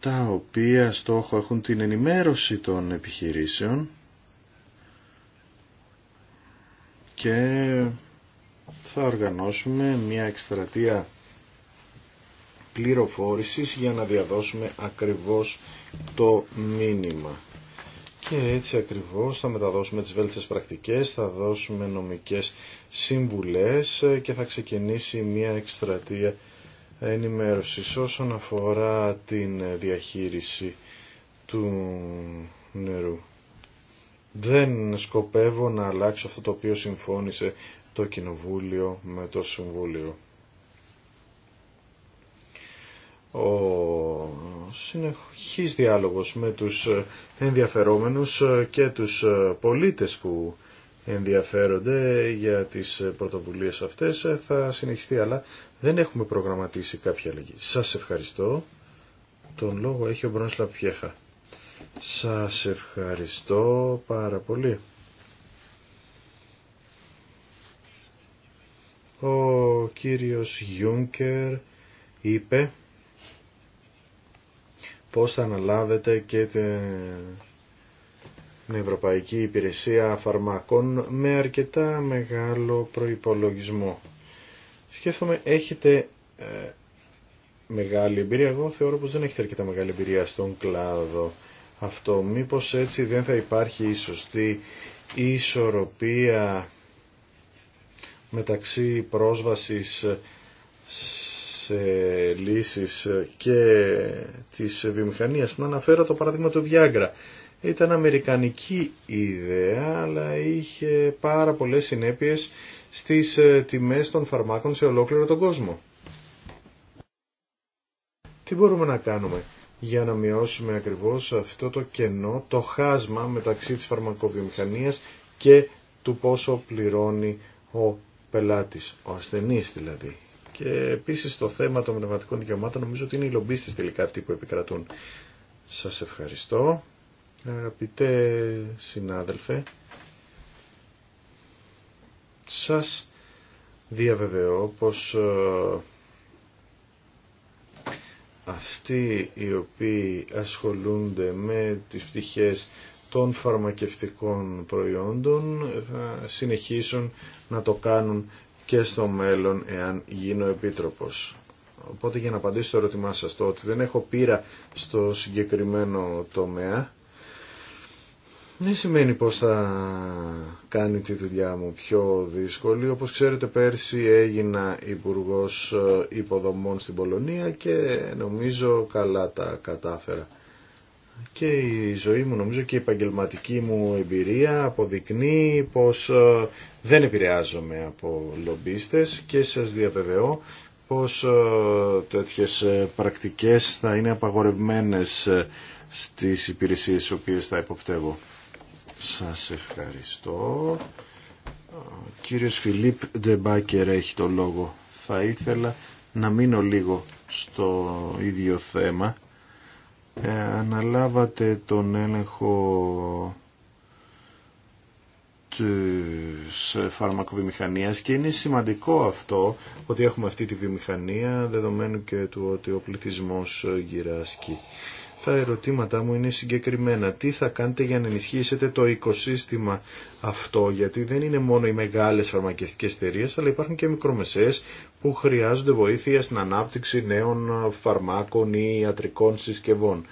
τα οποία στόχο έχουν την ενημέρωση των επιχειρήσεων και θα οργανώσουμε μια εκστρατεία πληροφόρησης για να διαδώσουμε ακριβώς το μήνυμα. Και έτσι ακριβώς θα μεταδώσουμε τις βέλτιστες πρακτικές, θα δώσουμε νομικές συμβουλές και θα ξεκινήσει μια εκστρατεία ενημέρωσης όσον αφορά την διαχείριση του νερού. Δεν σκοπεύω να αλλάξω αυτό το οποίο συμφώνησε το Κοινοβούλιο με το Συμβούλιο. Ο συνεχής διάλογος με τους ενδιαφερόμενους και τους πολίτες που ενδιαφέρονται για τις πρωτοβουλίες αυτές θα συνεχιστεί, αλλά δεν έχουμε προγραμματίσει κάποια αλλαγή. Σας ευχαριστώ. Τον λόγο έχει ο Μπρόνσλα Πιέχα. Σας ευχαριστώ πάρα πολύ. Ο κύριος Γιούνκερ είπε πώς θα αναλάβετε και την Ευρωπαϊκή Υπηρεσία Φαρμακών με αρκετά μεγάλο προϋπολογισμό. Σκέφτομαι, έχετε ε, μεγάλη εμπειρία. Εγώ θεωρώ πως δεν έχετε αρκετά μεγάλη εμπειρία στον κλάδο αυτό. Μήπως έτσι δεν θα υπάρχει η σωστή ισορροπία μεταξύ πρόσβασης σε λύσεις και της βιομηχανίας. Να αναφέρω το παράδειγμα του Viagra. Ήταν αμερικανική ιδέα, αλλά είχε πάρα πολλές συνέπειες στις ε, τιμές των φαρμάκων σε ολόκληρο τον κόσμο. Τι μπορούμε να κάνουμε για να μειώσουμε ακριβώς αυτό το κενό, το χάσμα μεταξύ της φαρμακοβιομηχανίας και του πόσο πληρώνει ο πελάτης, ο ασθενής δηλαδή. Και επίσης το θέμα των πνευματικών δικαιωμάτων νομίζω ότι είναι οι λομπίστες τελικά αυτοί που επικρατούν. Σας ευχαριστώ. Αγαπητέ συνάδελφε, σας διαβεβαιώ πως ε, αυτοί οι οποίοι ασχολούνται με τις πτυχές των φαρμακευτικών προϊόντων θα συνεχίσουν να το κάνουν και στο μέλλον εάν γίνω επίτροπος. Οπότε για να απαντήσω στο ερώτημά σας το ότι δεν έχω πείρα στο συγκεκριμένο τομέα δεν σημαίνει πως θα κάνει τη δουλειά μου πιο δύσκολη. Όπως ξέρετε πέρσι έγινα υπουργό ε, υποδομών στην Πολωνία και νομίζω καλά τα κατάφερα. Και η ζωή μου νομίζω και η επαγγελματική μου εμπειρία αποδεικνύει πως ε, δεν επηρεάζομαι από λομπίστες και σας διαβεβαιώ πως ε, τέτοιες πρακτικές θα είναι απαγορευμένες στις υπηρεσίες τις οποίες θα υποπτεύω. Σας ευχαριστώ. Ο κύριος Φιλίπ Ντεμπάκερ έχει το λόγο. Θα ήθελα να μείνω λίγο στο ίδιο θέμα. Ε, αναλάβατε τον έλεγχο της φαρμακοβιομηχανίας και είναι σημαντικό αυτό ότι έχουμε αυτή τη βιομηχανία δεδομένου και του ότι ο πληθυσμός γυράσκει τα ερωτήματά μου είναι συγκεκριμένα. Τι θα κάνετε για να ενισχύσετε το οικοσύστημα αυτό, γιατί δεν είναι μόνο οι μεγάλες φαρμακευτικές εταιρείε, αλλά υπάρχουν και μικρομεσαίες που χρειάζονται βοήθεια στην ανάπτυξη νέων φαρμάκων ή ιατρικών συσκευών.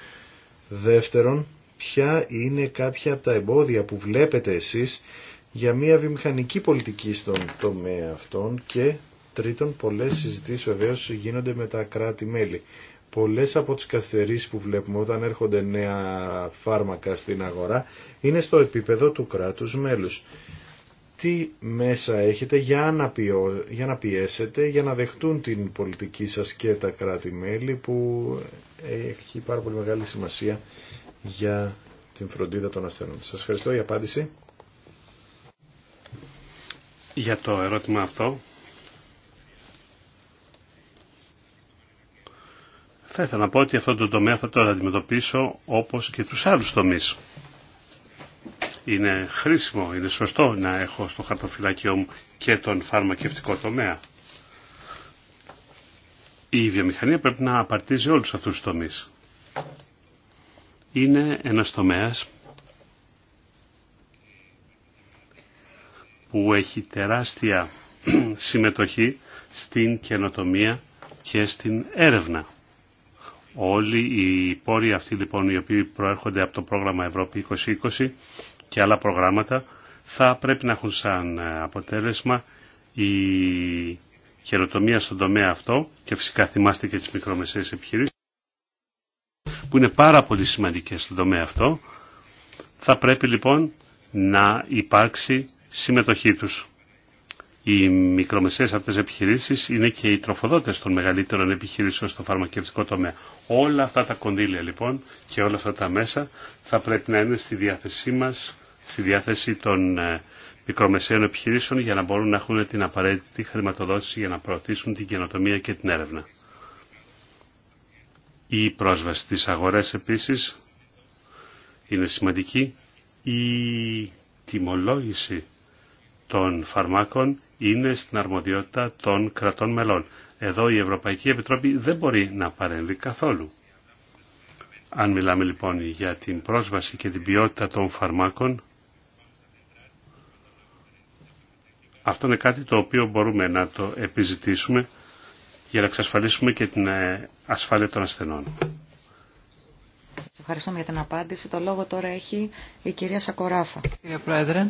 Δεύτερον, ποια είναι κάποια από τα εμπόδια που βλέπετε εσείς για μια βιομηχανική πολιτική στον τομέα αυτών και τρίτον πολλές συζητήσεις βεβαίως γίνονται με τα κράτη-μέλη πολλές από τις καθυστερήσεις που βλέπουμε όταν έρχονται νέα φάρμακα στην αγορά είναι στο επίπεδο του κράτους μέλους. Τι μέσα έχετε για να, πιω... για να πιέσετε, για να δεχτούν την πολιτική σας και τα κράτη-μέλη που έχει πάρα πολύ μεγάλη σημασία για την φροντίδα των ασθενών. Σας ευχαριστώ για απάντηση. Για το ερώτημα αυτό Θα ήθελα να πω ότι αυτό το τομέα θα το αντιμετωπίσω όπως και τους άλλους τομείς. Είναι χρήσιμο, είναι σωστό να έχω στο χαρτοφυλάκιό μου και τον φαρμακευτικό τομέα. Η βιομηχανία πρέπει να απαρτίζει όλους αυτούς τους τομείς. Είναι ένας τομέας που έχει τεράστια συμμετοχή στην καινοτομία και στην έρευνα. Όλοι οι πόροι αυτοί λοιπόν οι οποίοι προέρχονται από το πρόγραμμα Ευρώπη 2020 και άλλα προγράμματα θα πρέπει να έχουν σαν ε, αποτέλεσμα η χειροτομία στον τομέα αυτό και φυσικά θυμάστε και τις μικρομεσαίες επιχειρήσεις που είναι πάρα πολύ σημαντικές στον τομέα αυτό. Θα πρέπει λοιπόν να υπάρξει συμμετοχή τους οι μικρομεσαίες αυτές επιχειρήσεις είναι και οι τροφοδότες των μεγαλύτερων επιχειρήσεων στο φαρμακευτικό τομέα. Όλα αυτά τα κονδύλια λοιπόν και όλα αυτά τα μέσα θα πρέπει να είναι στη διάθεσή μας, στη διάθεση των ε, μικρομεσαίων επιχειρήσεων για να μπορούν να έχουν την απαραίτητη χρηματοδότηση για να προωθήσουν την καινοτομία και την έρευνα. Η πρόσβαση στις αγορές επίσης είναι σημαντική. Η τιμολόγηση των φαρμάκων είναι στην αρμοδιότητα των κρατών μελών. Εδώ η Ευρωπαϊκή Επιτροπή δεν μπορεί να παρέμβει καθόλου. Αν μιλάμε λοιπόν για την πρόσβαση και την ποιότητα των φαρμάκων, αυτό είναι κάτι το οποίο μπορούμε να το επιζητήσουμε για να εξασφαλίσουμε και την ε, ασφάλεια των ασθενών. Σας ευχαριστούμε για την απάντηση. Το λόγο τώρα έχει η κυρία Σακοράφα. Κύριε Πρόεδρε,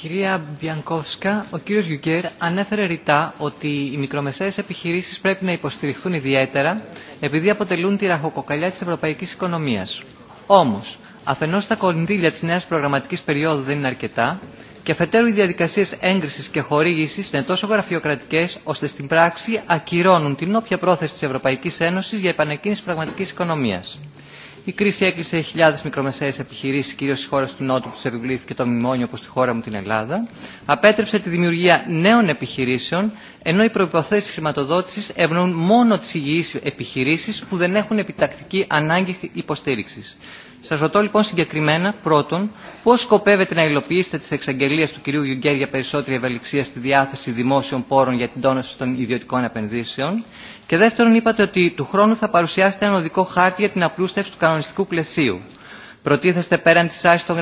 Κυρία Μπιανκόφσκα, ο κύριος Γιουγκέρ ανέφερε ρητά ότι οι μικρομεσαίες επιχειρήσεις πρέπει να υποστηριχθούν ιδιαίτερα επειδή αποτελούν τη ραχοκοκαλιά της ευρωπαϊκής οικονομίας. Όμως, αφενός τα κονδύλια της νέας προγραμματικής περίοδου δεν είναι αρκετά και αφετέρου οι διαδικασίες έγκρισης και χορήγησης είναι τόσο γραφειοκρατικές ώστε στην πράξη ακυρώνουν την όποια πρόθεση της Ευρωπαϊκής Ένωσης για επανεκκίνηση πραγματικής οικονομίας. Η κρίση έκλεισε χιλιάδε μικρομεσαίε επιχειρήσει, κυρίω στι χώρε του Νότου, που του επιβλήθηκε το μνημόνιο, όπω στη χώρα μου την Ελλάδα. Απέτρεψε τη δημιουργία νέων επιχειρήσεων, ενώ οι προποθέσει χρηματοδότηση ευνοούν μόνο τι υγιεί επιχειρήσει που δεν έχουν επιτακτική ανάγκη υποστήριξη. Σα ρωτώ λοιπόν συγκεκριμένα, πρώτον, πώ σκοπεύετε να υλοποιήσετε τι εξαγγελίε του κυρίου Γιουγκέρ για περισσότερη ευελιξία στη διάθεση δημόσιων πόρων για την τόνωση των ιδιωτικών επενδύσεων. Και δεύτερον, είπατε ότι του χρόνου θα παρουσιάσετε ένα οδικό χάρτη για την απλούστευση του κανονιστικού πλαισίου. Προτίθεστε πέραν τη άρση των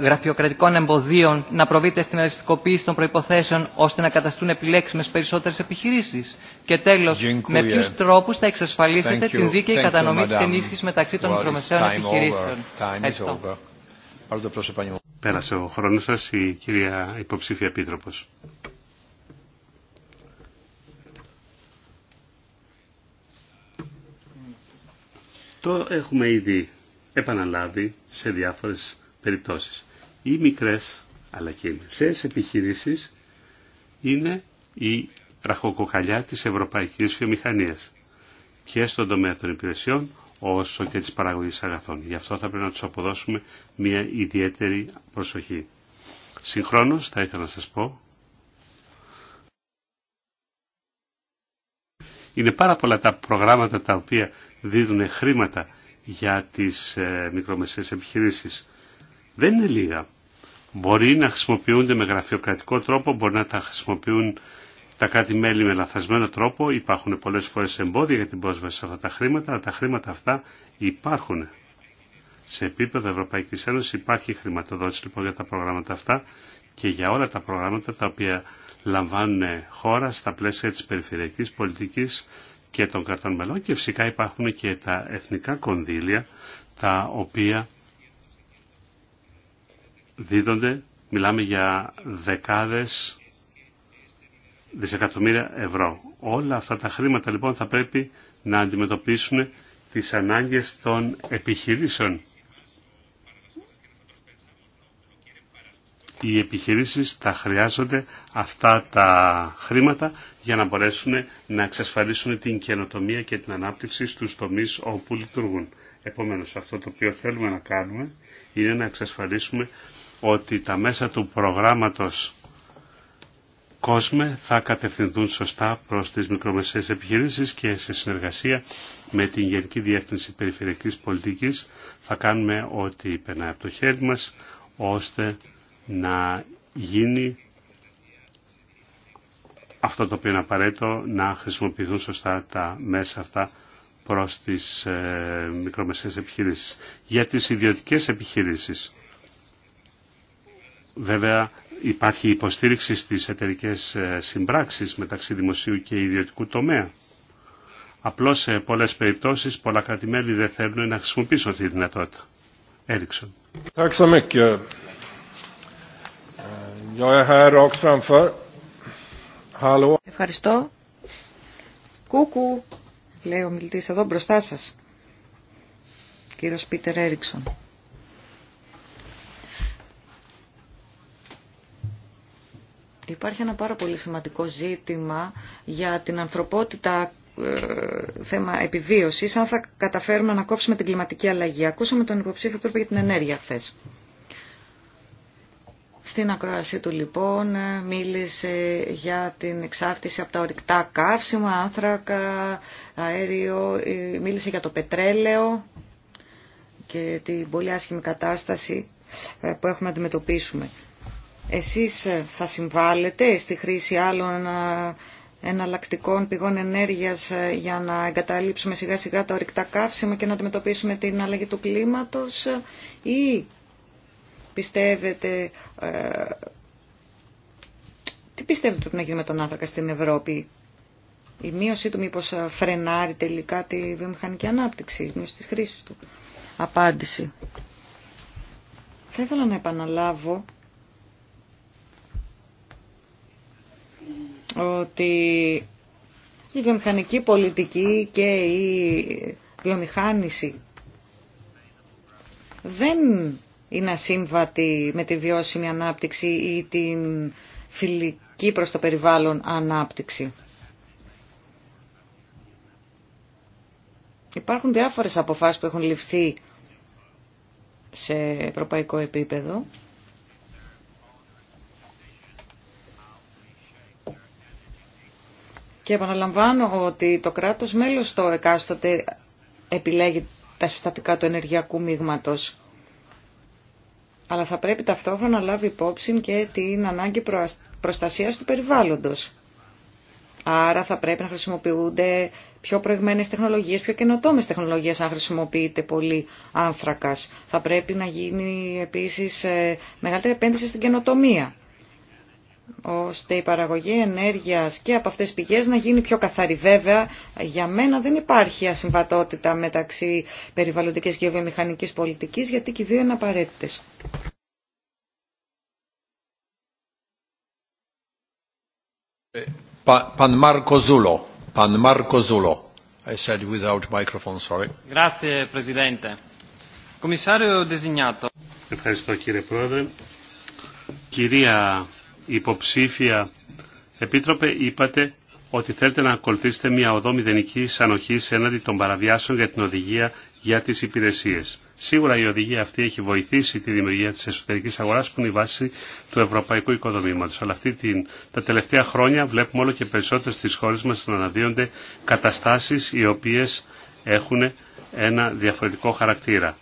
γραφειοκρατικών εμποδίων να προβείτε στην αριστικοποίηση των προποθέσεων ώστε να καταστούν επιλέξιμε περισσότερε επιχειρήσει. Και τέλο, με ποιου τρόπου θα εξασφαλίσετε την δίκαιη κατανομή τη ενίσχυση μεταξύ των μικρομεσαίων επιχειρήσεων. Ευχαριστώ. Πέρασε ο χρόνο σα, η κυρία υποψήφια επίτροπο. Το έχουμε ήδη επαναλάβει σε διάφορες περιπτώσεις. Οι μικρές αλλά και οι μεσαίες επιχειρήσεις είναι η ραχοκοκαλιά της ευρωπαϊκής βιομηχανίας και στον τομέα των υπηρεσιών όσο και της παραγωγής αγαθών. Γι' αυτό θα πρέπει να τους αποδώσουμε μια ιδιαίτερη προσοχή. Συγχρόνως θα ήθελα να σας πω είναι πάρα πολλά τα προγράμματα τα οποία δίδουν χρήματα για τις ε, μικρομεσαίες επιχειρήσεις. Δεν είναι λίγα. Μπορεί να χρησιμοποιούνται με γραφειοκρατικό τρόπο, μπορεί να τα χρησιμοποιούν τα κάτι μελη με λαθασμένο τρόπο. Υπάρχουν πολλές φορές εμπόδια για την πρόσβαση σε αυτά τα χρήματα, αλλά τα χρήματα αυτά υπάρχουν. Σε επίπεδο Ευρωπαϊκής Ένωσης υπάρχει χρηματοδότηση λοιπόν για τα προγράμματα αυτά και για όλα τα προγράμματα τα οποία λαμβάνουν χώρα στα πλαίσια της περιφερειακής πολιτικής και των κρατών μελών και φυσικά υπάρχουν και τα εθνικά κονδύλια τα οποία δίδονται, μιλάμε για δεκάδες δισεκατομμύρια ευρώ. Όλα αυτά τα χρήματα λοιπόν θα πρέπει να αντιμετωπίσουν τις ανάγκες των επιχειρήσεων οι επιχειρήσεις θα χρειάζονται αυτά τα χρήματα για να μπορέσουν να εξασφαλίσουν την καινοτομία και την ανάπτυξη στους τομείς όπου λειτουργούν. Επομένως, αυτό το οποίο θέλουμε να κάνουμε είναι να εξασφαλίσουμε ότι τα μέσα του προγράμματος κόσμε θα κατευθυνθούν σωστά προς τις μικρομεσαίες επιχειρήσεις και σε συνεργασία με την Γενική Διεύθυνση Περιφερειακής Πολιτικής θα κάνουμε ό,τι περνάει από το χέρι μας ώστε να γίνει αυτό το οποίο είναι απαραίτητο να χρησιμοποιηθούν σωστά τα μέσα αυτά προς τις ε, μικρομεσαίες επιχειρήσεις. Για τις ιδιωτικές επιχειρήσεις, βέβαια υπάρχει υποστήριξη στις εταιρικέ ε, συμπράξεις μεταξύ δημοσίου και ιδιωτικού τομέα. Απλώς σε πολλές περιπτώσεις πολλά κρατημέλη δεν θέλουν να χρησιμοποιήσουν αυτή τη δυνατότητα. Έριξον. Ευχαριστώ. Κούκου, λέει ο μιλητής εδώ μπροστά σας. Κύριος Πίτερ Έριξον. Υπάρχει ένα πάρα πολύ σημαντικό ζήτημα για την ανθρωπότητα ε, θέμα επιβίωσης, αν θα καταφέρουμε να κόψουμε την κλιματική αλλαγή. Ακούσαμε τον υποψήφιο που για την ενέργεια χθε. Στην ακρόασή του λοιπόν μίλησε για την εξάρτηση από τα ορυκτά καύσιμα, άνθρακα, αέριο, ε, μίλησε για το πετρέλαιο και την πολύ άσχημη κατάσταση ε, που έχουμε να αντιμετωπίσουμε. Εσείς ε, θα συμβάλλετε στη χρήση άλλων εναλλακτικών πηγών ενέργειας για να εγκαταλείψουμε σιγά σιγά τα ορυκτά καύσιμα και να αντιμετωπίσουμε την αλλαγή του κλίματος ή πιστεύετε, ε, τι πιστεύετε πρέπει να γίνει με τον άνθρακα στην Ευρώπη. Η μείωσή του μήπως φρενάρει τελικά τη βιομηχανική ανάπτυξη, η μείωση της χρήσης του. Απάντηση. Θα ήθελα να επαναλάβω ότι η βιομηχανική πολιτική και η βιομηχάνηση δεν είναι ασύμβατη με τη βιώσιμη ανάπτυξη ή την φιλική προς το περιβάλλον ανάπτυξη. Υπάρχουν διάφορες αποφάσεις που έχουν ληφθεί σε ευρωπαϊκό επίπεδο. Και επαναλαμβάνω ότι το κράτος μέλος το εκάστοτε επιλέγει τα συστατικά του ενεργειακού μείγματος αλλά θα πρέπει ταυτόχρονα να λάβει υπόψη και την ανάγκη προστασίας του περιβάλλοντος. Άρα θα πρέπει να χρησιμοποιούνται πιο προηγμένες τεχνολογίες, πιο καινοτόμες τεχνολογίες αν χρησιμοποιείται πολύ άνθρακας. Θα πρέπει να γίνει επίσης ε, μεγαλύτερη επένδυση στην καινοτομία ώστε η παραγωγή ενέργειας και από αυτές τις πηγές να γίνει πιο καθαρή. Βέβαια, για μένα δεν υπάρχει ασυμβατότητα μεταξύ περιβαλλοντικής και βιομηχανικής πολιτικής, γιατί και οι δύο είναι απαραίτητες. Ευχαριστώ, κύριε Πρόεδρε. Κυρία υποψήφια επίτροπε, είπατε ότι θέλετε να ακολουθήσετε μια οδό μηδενική ανοχή έναντι των παραβιάσεων για την οδηγία για τι υπηρεσίε. Σίγουρα η οδηγία αυτή έχει βοηθήσει τη δημιουργία τη εσωτερική αγορά που είναι η βάση του ευρωπαϊκού οικοδομήματο. Αλλά αυτή την, τα τελευταία χρόνια βλέπουμε όλο και περισσότερε στι χώρε μα να αναδύονται καταστάσει οι οποίε έχουν ένα διαφορετικό χαρακτήρα.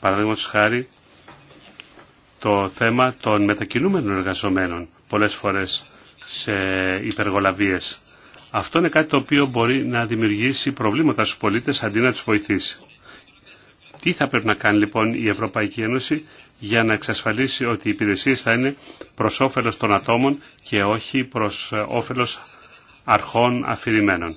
Παραδείγματο χάρη το θέμα των μετακινούμενων εργαζομένων πολλές φορές σε υπεργολαβίες. Αυτό είναι κάτι το οποίο μπορεί να δημιουργήσει προβλήματα στους πολίτες αντί να τους βοηθήσει. Τι θα πρέπει να κάνει λοιπόν η Ευρωπαϊκή Ένωση για να εξασφαλίσει ότι οι υπηρεσίες θα είναι προς όφελος των ατόμων και όχι προς ε, όφελος αρχών αφηρημένων.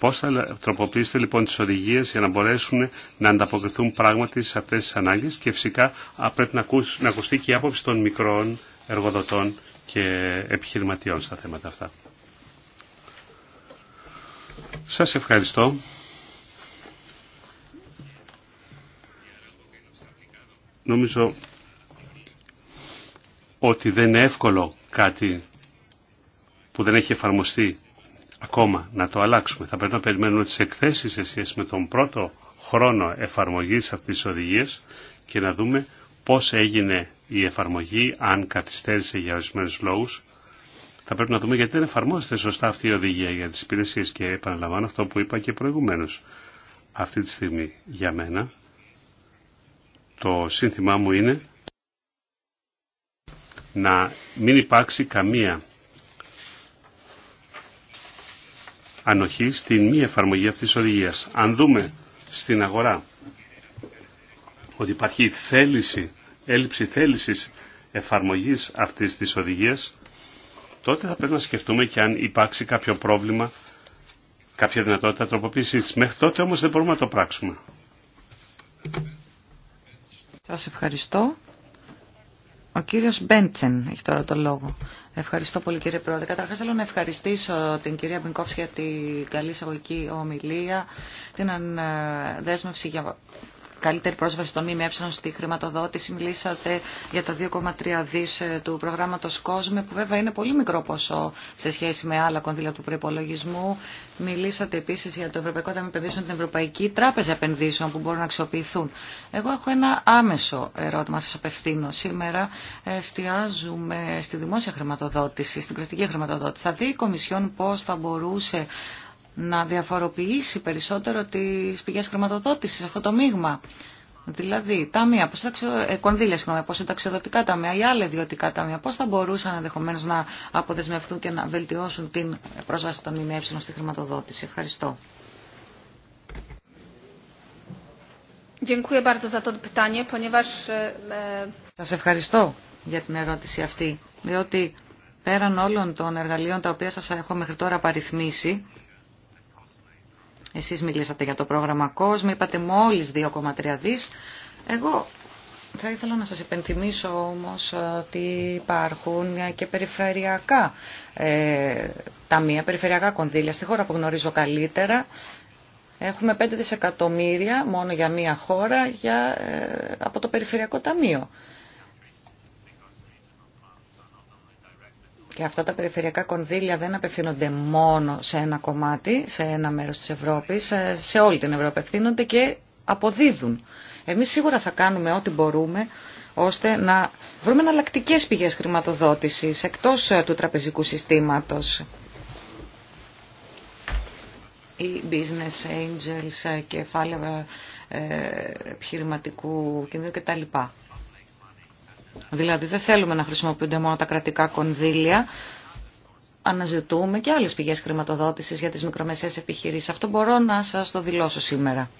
Πώς θα τροποποιήσετε λοιπόν τις οδηγίες για να μπορέσουν να ανταποκριθούν πράγματι σε αυτές τις ανάγκες και φυσικά πρέπει να, ακουστεί, να ακουστεί και η άποψη των μικρών εργοδοτών και επιχειρηματιών στα θέματα αυτά. Σας ευχαριστώ. Νομίζω ότι δεν είναι εύκολο κάτι που δεν έχει εφαρμοστεί ακόμα να το αλλάξουμε. Θα πρέπει να περιμένουμε τις εκθέσεις σε σχέση με τον πρώτο χρόνο εφαρμογής αυτής της οδηγίας και να δούμε πώς έγινε η εφαρμογή, αν καθυστέρησε για ορισμένου λόγους. Θα πρέπει να δούμε γιατί δεν εφαρμόζεται σωστά αυτή η οδηγία για τις υπηρεσίες και επαναλαμβάνω αυτό που είπα και προηγουμένως. Αυτή τη στιγμή για μένα το σύνθημά μου είναι να μην υπάρξει καμία ανοχή στην μη εφαρμογή αυτής της οδηγίας. Αν δούμε στην αγορά ότι υπάρχει θέληση, έλλειψη θέλησης εφαρμογής αυτής της οδηγίας, τότε θα πρέπει να σκεφτούμε και αν υπάρξει κάποιο πρόβλημα, κάποια δυνατότητα τροποποίησης Μέχρι τότε όμως δεν μπορούμε να το πράξουμε. Σας ευχαριστώ. Ο κύριος Μπέντσεν έχει τώρα το λόγο. Ευχαριστώ πολύ κύριε Πρόεδρε. Καταρχάς θέλω να ευχαριστήσω την κυρία Μπινκόφς για την καλή εισαγωγική ομιλία, την ε, δέσμευση για καλύτερη πρόσβαση των ΜΜΕ στη χρηματοδότηση. Μιλήσατε για τα 2,3 δις ε, του προγράμματος COSME που βέβαια είναι πολύ μικρό ποσό σε σχέση με άλλα κονδύλια του προπολογισμού. Μιλήσατε επίσης για το Ευρωπαϊκό Ταμείο Επενδύσεων, την Ευρωπαϊκή Τράπεζα Επενδύσεων που μπορούν να αξιοποιηθούν. Εγώ έχω ένα άμεσο ερώτημα σας απευθύνω. Σήμερα ε, εστιάζουμε στη δημόσια χρηματοδότηση, στην κρατική χρηματοδότηση. Θα δει η Κομισιόν πώς θα μπορούσε να διαφοροποιήσει περισσότερο τις πηγές χρηματοδότησης, αυτό το μείγμα. Δηλαδή, ταμεία, πώς θα, ε, κονδύλια, συγγνώμη, πώς συνταξιοδοτικά ταμεία ή άλλα ιδιωτικά ταμεία, πώς θα μπορούσαν ενδεχομένω να αποδεσμευτούν και να βελτιώσουν την πρόσβαση των ΜΜΕ στη χρηματοδότηση. Ευχαριστώ. E, e, σας ευχαριστώ για την ερώτηση αυτή, διότι πέραν όλων των εργαλείων τα οποία σας έχω μέχρι τώρα παριθμίσει, εσείς μιλήσατε για το πρόγραμμα COSME, είπατε μόλις 2,3 δις. Εγώ θα ήθελα να σας υπενθυμίσω όμως ε, ότι υπάρχουν και περιφερειακά ε, ταμεία, περιφερειακά κονδύλια. Στη χώρα που γνωρίζω καλύτερα έχουμε 5 δισεκατομμύρια μόνο για μία χώρα για, ε, από το Περιφερειακό Ταμείο. Και αυτά τα περιφερειακά κονδύλια δεν απευθύνονται μόνο σε ένα κομμάτι, σε ένα μέρος της Ευρώπης, ε, σε όλη την Ευρώπη απευθύνονται και αποδίδουν. Εμείς σίγουρα θα κάνουμε ό,τι μπορούμε ώστε να βρούμε εναλλακτικέ πηγές χρηματοδότησης εκτός ε, του τραπεζικού συστήματος. Οι business angels, ε, κεφάλαια επιχειρηματικού κινδύνου κτλ. Δηλαδή δεν θέλουμε να χρησιμοποιούνται μόνο τα κρατικά κονδύλια, αναζητούμε και άλλες πηγές χρηματοδότησης για τις μικρομεσαίες επιχειρήσεις. Αυτό μπορώ να σας το δηλώσω σήμερα.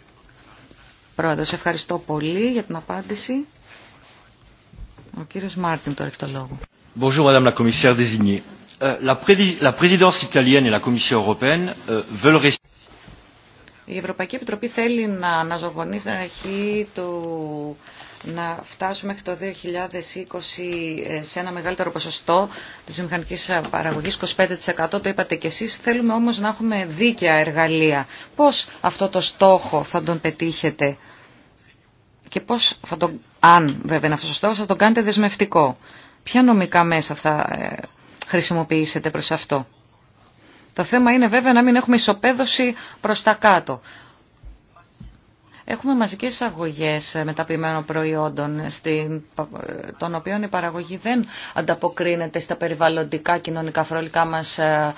Πρόεδρος, ευχαριστώ πολύ για την απάντηση. Ο κύριος Μάρτιν τώρα έχει το λόγο. Bonjour Madame la Commissaire désignée. Euh, la présidence italienne et la Commission européenne euh, veulent Η Ευρωπαϊκή Επιτροπή θέλει να αναζωογονήσει την αρχή του να φτάσουμε μέχρι το 2020 σε ένα μεγαλύτερο ποσοστό της μηχανικής παραγωγής, 25% το είπατε και εσείς. Θέλουμε όμως να έχουμε δίκαια εργαλεία. Πώς αυτό το στόχο θα τον πετύχετε και πώς θα τον, αν βέβαια αυτό αυτός ο θα τον κάνετε δεσμευτικό. Ποια νομικά μέσα θα ε, χρησιμοποιήσετε προς αυτό. Το θέμα είναι βέβαια να μην έχουμε ισοπαίδωση προς τα κάτω. Έχουμε μαζικές εισαγωγέ μεταποιημένων προϊόντων, στην, των οποίων η παραγωγή δεν ανταποκρίνεται στα περιβαλλοντικά, κοινωνικά, φρολικά μας ε,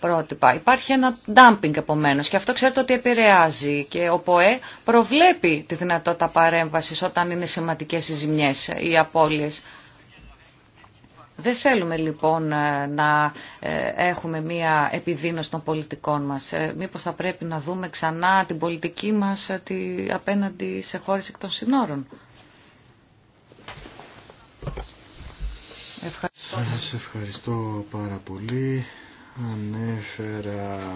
πρότυπα. Υπάρχει ένα dumping επομένω και αυτό ξέρετε ότι επηρεάζει και ο ΠΟΕ προβλέπει τη δυνατότητα παρέμβασης όταν είναι σημαντικές οι ζημιές ή οι απώλειες. Δεν θέλουμε λοιπόν ε, να ε, έχουμε μία επιδείνωση των πολιτικών μας. Ε, μήπως θα πρέπει να δούμε ξανά την πολιτική μας απέναντι σε χώρες εκ των συνόρων. Ευχαριστώ. Σας ευχαριστώ πάρα πολύ. Ανέφερα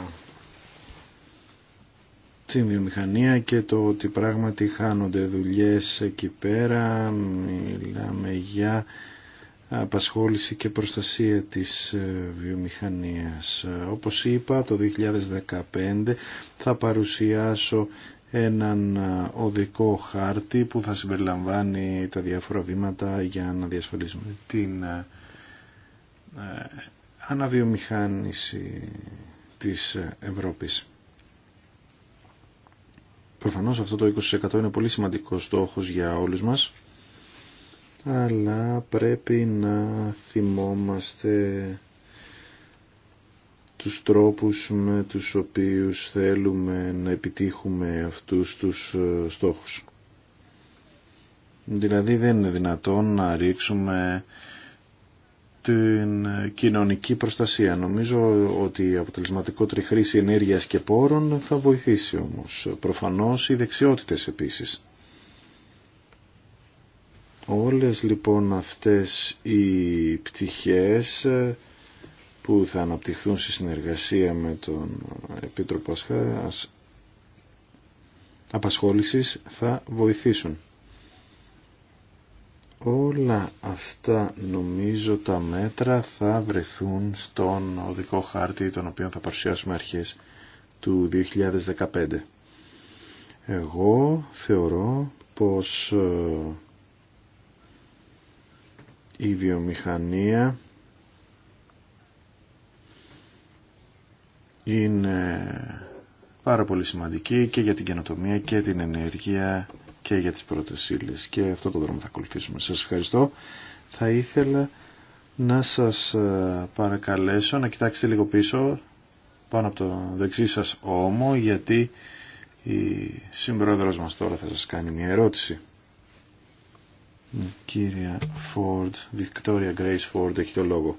τη βιομηχανία και το ότι πράγματι χάνονται δουλειές εκεί πέρα. Μιλάμε για απασχόληση και προστασία της ε, βιομηχανίας. Όπως είπα, το 2015 θα παρουσιάσω έναν ε, οδικό χάρτη που θα συμπεριλαμβάνει τα διάφορα βήματα για να διασφαλίσουμε την ε, αναβιομηχάνηση της Ευρώπης. Προφανώς αυτό το 20% είναι πολύ σημαντικό στόχος για όλους μας αλλά πρέπει να θυμόμαστε τους τρόπους με τους οποίους θέλουμε να επιτύχουμε αυτούς τους ε, στόχους. Δηλαδή δεν είναι δυνατόν να ρίξουμε την κοινωνική προστασία. Νομίζω ότι η αποτελεσματικότερη χρήση ενέργειας και πόρων θα βοηθήσει όμως. Προφανώς οι δεξιότητες επίσης. Όλες λοιπόν αυτές οι πτυχές ε, που θα αναπτυχθούν στη συνεργασία με τον ε, Επίτροπο Απασχόλησης θα βοηθήσουν. Όλα αυτά νομίζω τα μέτρα θα βρεθούν στον οδικό χάρτη τον οποίο θα παρουσιάσουμε αρχές του 2015. Εγώ θεωρώ πως ε, η βιομηχανία είναι πάρα πολύ σημαντική και για την καινοτομία και την ενέργεια και για τις πρώτες ύλες και αυτό το δρόμο θα ακολουθήσουμε. Σας ευχαριστώ. Θα ήθελα να σας ε, παρακαλέσω να κοιτάξετε λίγο πίσω πάνω από το δεξί σας όμο γιατί η συμπρόεδρος μας τώρα θα σας κάνει μια ερώτηση. Κύρια Φόρντ, Βικτόρια Γκρέις Φόρντ έχει το λόγο.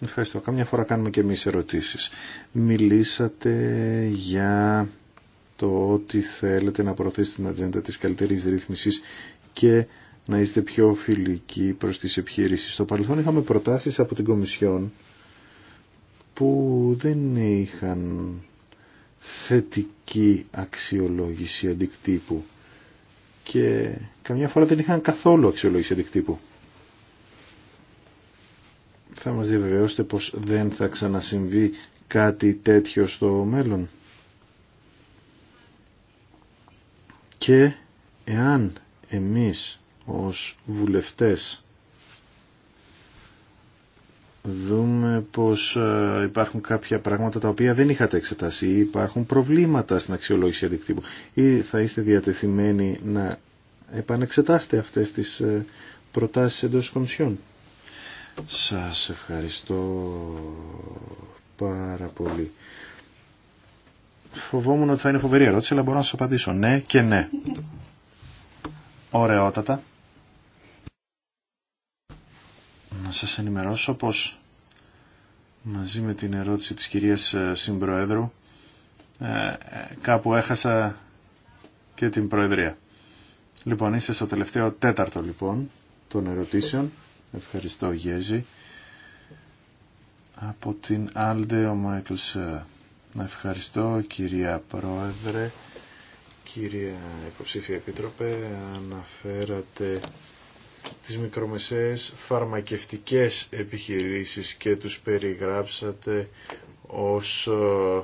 Ευχαριστώ. Καμιά φορά κάνουμε και εμείς ερωτήσεις. Μιλήσατε για το ότι θέλετε να προωθήσετε την ατζέντα της καλύτερης ρύθμισης και να είστε πιο φιλικοί προς τις επιχειρήσεις. Στο παρελθόν είχαμε προτάσεις από την Κομισιόν που δεν είχαν θετική αξιολόγηση αντικτύπου και καμιά φορά δεν είχαν καθόλου αξιολόγηση αντικτύπου. Θα μας διαβεβαιώσετε πως δεν θα ξανασυμβεί κάτι τέτοιο στο μέλλον. Και εάν εμείς ως βουλευτές δούμε πως ε, υπάρχουν κάποια πράγματα τα οποία δεν είχατε εξετάσει ή υπάρχουν προβλήματα στην αξιολόγηση αντικτύπου ή θα είστε διατεθειμένοι να επανεξετάσετε αυτές τις ε, προτάσεις εντός κομισιών. Σας ευχαριστώ πάρα πολύ. Φοβόμουν ότι θα είναι φοβερή ερώτηση, αλλά μπορώ να σας απαντήσω ναι και ναι. Ωραιότατα. να σας ενημερώσω πως μαζί με την ερώτηση της κυρίας ε, Συμπροέδρου ε, ε, κάπου έχασα και την Προεδρία. Λοιπόν, είστε στο τελευταίο τέταρτο λοιπόν των ερωτήσεων. Ευχαριστώ Γέζη. Από την Άλντε ο Μάικλς. Ευχαριστώ κυρία Πρόεδρε, κυρία Υποψήφια Επίτροπε. Αναφέρατε τις μικρομεσαίες φαρμακευτικές επιχειρήσεις και τους περιγράψατε ως ε,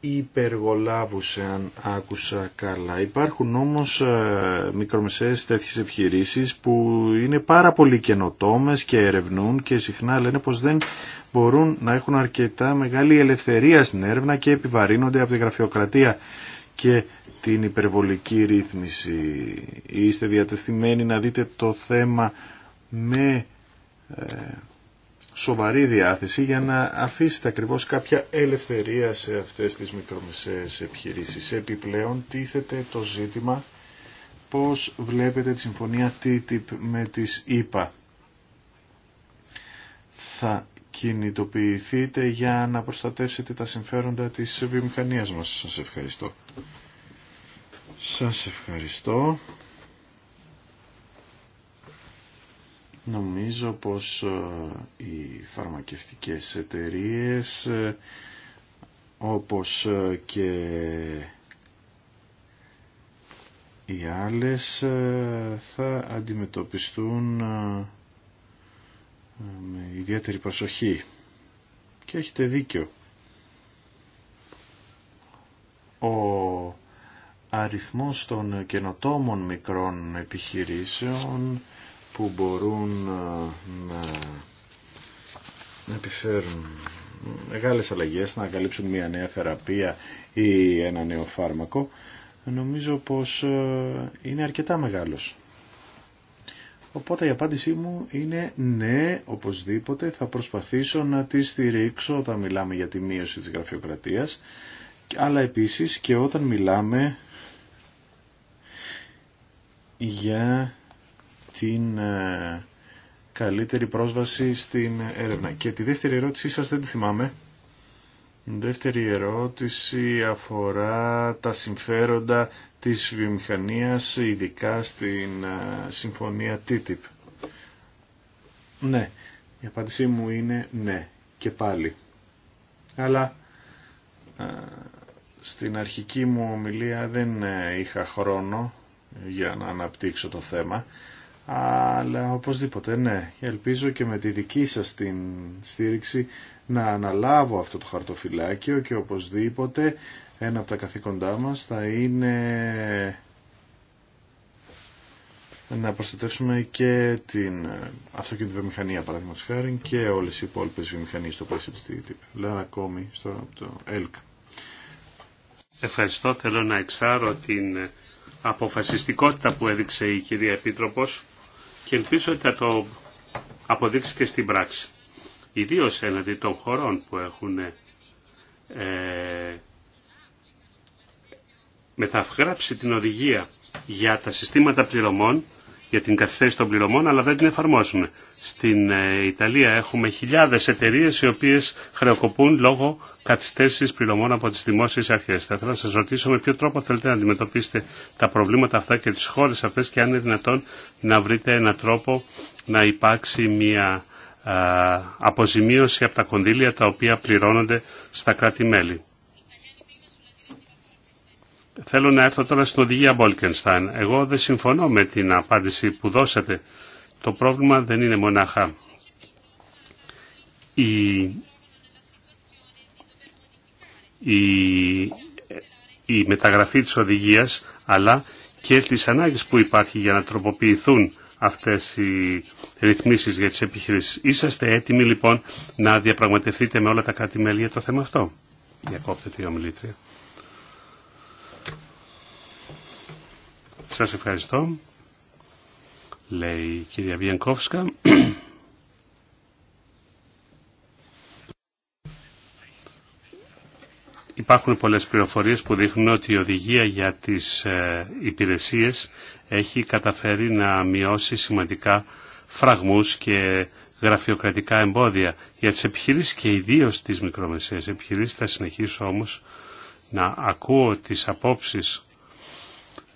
υπεργολάβους αν άκουσα καλά. Υπάρχουν όμως ε, μικρομεσαίες τέτοιες επιχειρήσεις που είναι πάρα πολύ καινοτόμες και ερευνούν και συχνά λένε πως δεν μπορούν να έχουν αρκετά μεγάλη ελευθερία στην έρευνα και επιβαρύνονται από τη γραφειοκρατία και την υπερβολική ρύθμιση. Είστε διατεθειμένοι να δείτε το θέμα με ε, σοβαρή διάθεση για να αφήσετε ακριβώς κάποια ελευθερία σε αυτές τις μικρομεσαίες επιχειρήσεις. Επιπλέον τίθεται το ζήτημα πώς βλέπετε τη συμφωνία TTIP με τις ίπα. Θα κινητοποιηθείτε για να προστατεύσετε τα συμφέροντα της βιομηχανίας μας. Σας ευχαριστώ. Σας ευχαριστώ. Νομίζω πως ε, οι φαρμακευτικές εταιρείες ε, όπως ε, και οι άλλες θα αντιμετωπιστούν με ιδιαίτερη προσοχή. Και έχετε δίκιο. Ο αριθμός των καινοτόμων μικρών επιχειρήσεων που μπορούν ε, να επιφέρουν μεγάλες αλλαγές, να καλύψουν μια νέα θεραπεία ή ένα νέο φάρμακο, νομίζω πως ε, είναι αρκετά μεγάλος. Οπότε η απάντησή μου είναι ναι, οπωσδήποτε θα προσπαθήσω να τη στηρίξω όταν μιλάμε για τη μείωση της γραφειοκρατίας, αλλά επίσης και όταν μιλάμε για την ε, καλύτερη πρόσβαση στην έρευνα. Και τη δεύτερη ερώτησή σας δεν τη θυμάμαι. Δεύτερη ερώτηση αφορά τα συμφέροντα της βιομηχανίας, ειδικά στην ε, συμφωνία TTIP. Ναι, η απάντησή μου είναι ναι και πάλι. Αλλά ε, στην αρχική μου ομιλία δεν ε, είχα χρόνο για να αναπτύξω το θέμα αλλά οπωσδήποτε ναι. Ελπίζω και με τη δική σας την στήριξη να αναλάβω αυτό το χαρτοφυλάκιο και οπωσδήποτε ένα από τα καθήκοντά μας θα είναι να προστατεύσουμε και την βιομηχανία παραδείγματο χάρη και όλες οι υπόλοιπες βιομηχανίες στο πλαίσιο της TTIP. Λέω ακόμη στο το ΕΛΚ. Ευχαριστώ. Θέλω να εξάρω την αποφασιστικότητα που έδειξε η κυρία Επίτροπος και ελπίζω ότι θα το αποδείξει και στην πράξη. Ιδίω έναντι των χωρών που έχουν ε, μεταγράψει την οδηγία για τα συστήματα πληρωμών για την καθυστέρηση των πληρωμών, αλλά δεν την εφαρμόσουμε. Στην ε, Ιταλία έχουμε χιλιάδε εταιρείε οι οποίε χρεοκοπούν λόγω καθυστέρηση πληρωμών από τι δημόσιε αρχέ. Θα ήθελα να σα ρωτήσω με ποιο τρόπο θέλετε να αντιμετωπίσετε τα προβλήματα αυτά και τι χώρε αυτέ, και αν είναι δυνατόν να βρείτε έναν τρόπο να υπάρξει μια ε, αποζημίωση από τα κονδύλια τα οποία πληρώνονται στα κράτη-μέλη. Θέλω να έρθω τώρα στην οδηγία Μπόλκενστάιν. Εγώ δεν συμφωνώ με την απάντηση που δώσατε. Το πρόβλημα δεν είναι μονάχα η, η, μεταγραφή της οδηγίας, αλλά και τις ανάγκες που υπάρχει για να τροποποιηθούν αυτές οι ρυθμίσεις για τις επιχειρήσεις. Είσαστε έτοιμοι λοιπόν να διαπραγματευτείτε με όλα τα κράτη-μέλη για το θέμα αυτό. Διακόπτεται η ομιλήτρια. Σας ευχαριστώ, λέει η κυρία Βιενκόφσκα. Υπάρχουν πολλές πληροφορίες που δείχνουν ότι η οδηγία για τις ε, υπηρεσίες έχει καταφέρει να μειώσει σημαντικά φραγμούς και γραφειοκρατικά εμπόδια για τις επιχειρήσεις και ιδίως τις μικρομεσαίες επιχειρήσεις. Θα συνεχίσω όμως να ακούω τις απόψεις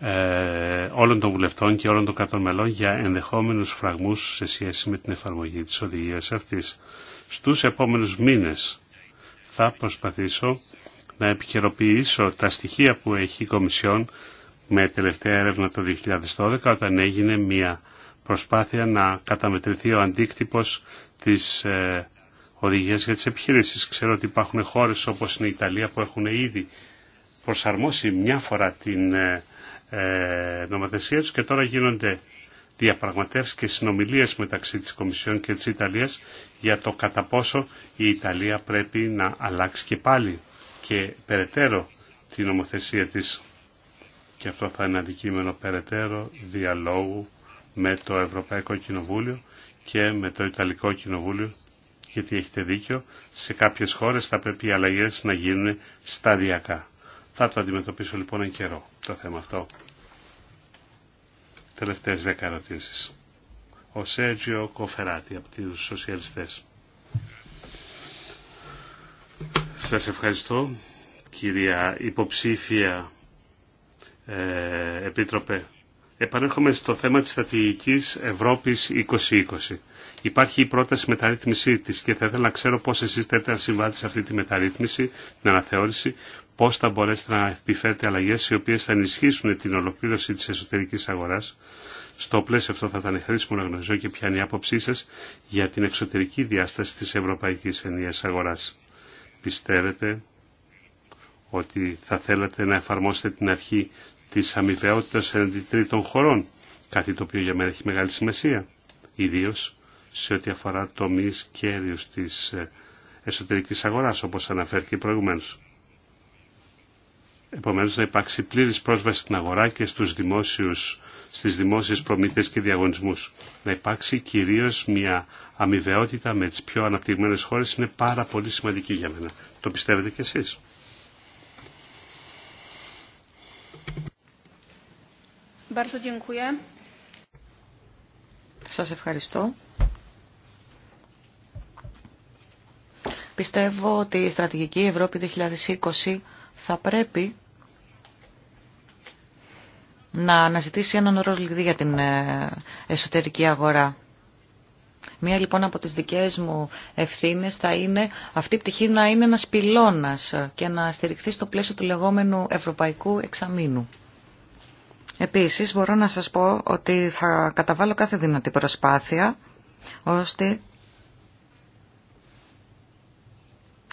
ε, όλων των βουλευτών και όλων των κρατών μελών για ενδεχόμενους φραγμούς σε σχέση με την εφαρμογή της οδηγίας αυτής. Στους επόμενους μήνες θα προσπαθήσω να επικαιροποιήσω τα στοιχεία που έχει η Κομισιόν με τελευταία έρευνα το 2012 όταν έγινε μια προσπάθεια να καταμετρηθεί ο αντίκτυπος της ε, οδηγίας για τις επιχειρήσεις. Ξέρω ότι υπάρχουν χώρες όπως είναι η Ιταλία που έχουν ήδη προσαρμόσει μια φορά την ε, ε, νομοθεσία τους και τώρα γίνονται διαπραγματεύσεις και συνομιλίες μεταξύ της Κομισιόν και της Ιταλίας για το κατά πόσο η Ιταλία πρέπει να αλλάξει και πάλι και περαιτέρω την νομοθεσία της. Και αυτό θα είναι αντικείμενο περαιτέρω διαλόγου με το Ευρωπαϊκό Κοινοβούλιο και με το Ιταλικό Κοινοβούλιο γιατί έχετε δίκιο, σε κάποιες χώρες θα πρέπει οι αλλαγές να γίνουν σταδιακά. Θα το αντιμετωπίσω λοιπόν εν καιρό το θέμα αυτό. Τελευταίες δέκα Ο Σέργιο Κοφεράτη από τους Σοσιαλιστές. Σας ευχαριστώ κυρία υποψήφια ε, Επίτροπε. Επανέρχομαι στο θέμα της στρατηγικής Ευρώπης 2020. Υπάρχει η πρόταση μεταρρύθμιση τη και θα ήθελα να ξέρω πώ εσεί θέλετε να συμβάλλετε σε αυτή τη μεταρρύθμιση, την αναθεώρηση, πώ θα μπορέσετε να επιφέρετε αλλαγέ οι οποίε θα ενισχύσουν την ολοκλήρωση τη εσωτερική αγορά. Στο πλαίσιο αυτό θα ήταν χρήσιμο να γνωρίζω και ποια είναι η άποψή σα για την εξωτερική διάσταση τη ευρωπαϊκή ενιαία αγορά. Πιστεύετε ότι θα θέλατε να εφαρμόσετε την αρχή τη αμοιβαιότητα εναντί τρίτων χωρών, κάτι το οποίο για μένα έχει μεγάλη σημασία, ιδίω σε ό,τι αφορά τομείς κέριους της ε, εσωτερικής αγοράς, όπως αναφέρθηκε προηγουμένως. Επομένως, να υπάρξει πλήρης πρόσβαση στην αγορά και στους δημόσιους, στις δημόσιες προμήθειες και διαγωνισμούς. Να υπάρξει κυρίως μια αμοιβαιότητα με τις πιο αναπτυγμένες χώρες είναι πάρα πολύ σημαντική για μένα. Το πιστεύετε κι εσείς. Σας ευχαριστώ. Πιστεύω ότι η στρατηγική Ευρώπη 2020 θα πρέπει να αναζητήσει έναν ρόλο για την ε, εσωτερική αγορά. Μία λοιπόν από τις δικές μου ευθύνες θα είναι αυτή η πτυχή να είναι ένας πυλώνας και να στηριχθεί στο πλαίσιο του λεγόμενου Ευρωπαϊκού Εξαμήνου. Επίσης μπορώ να σας πω ότι θα καταβάλω κάθε δυνατή προσπάθεια ώστε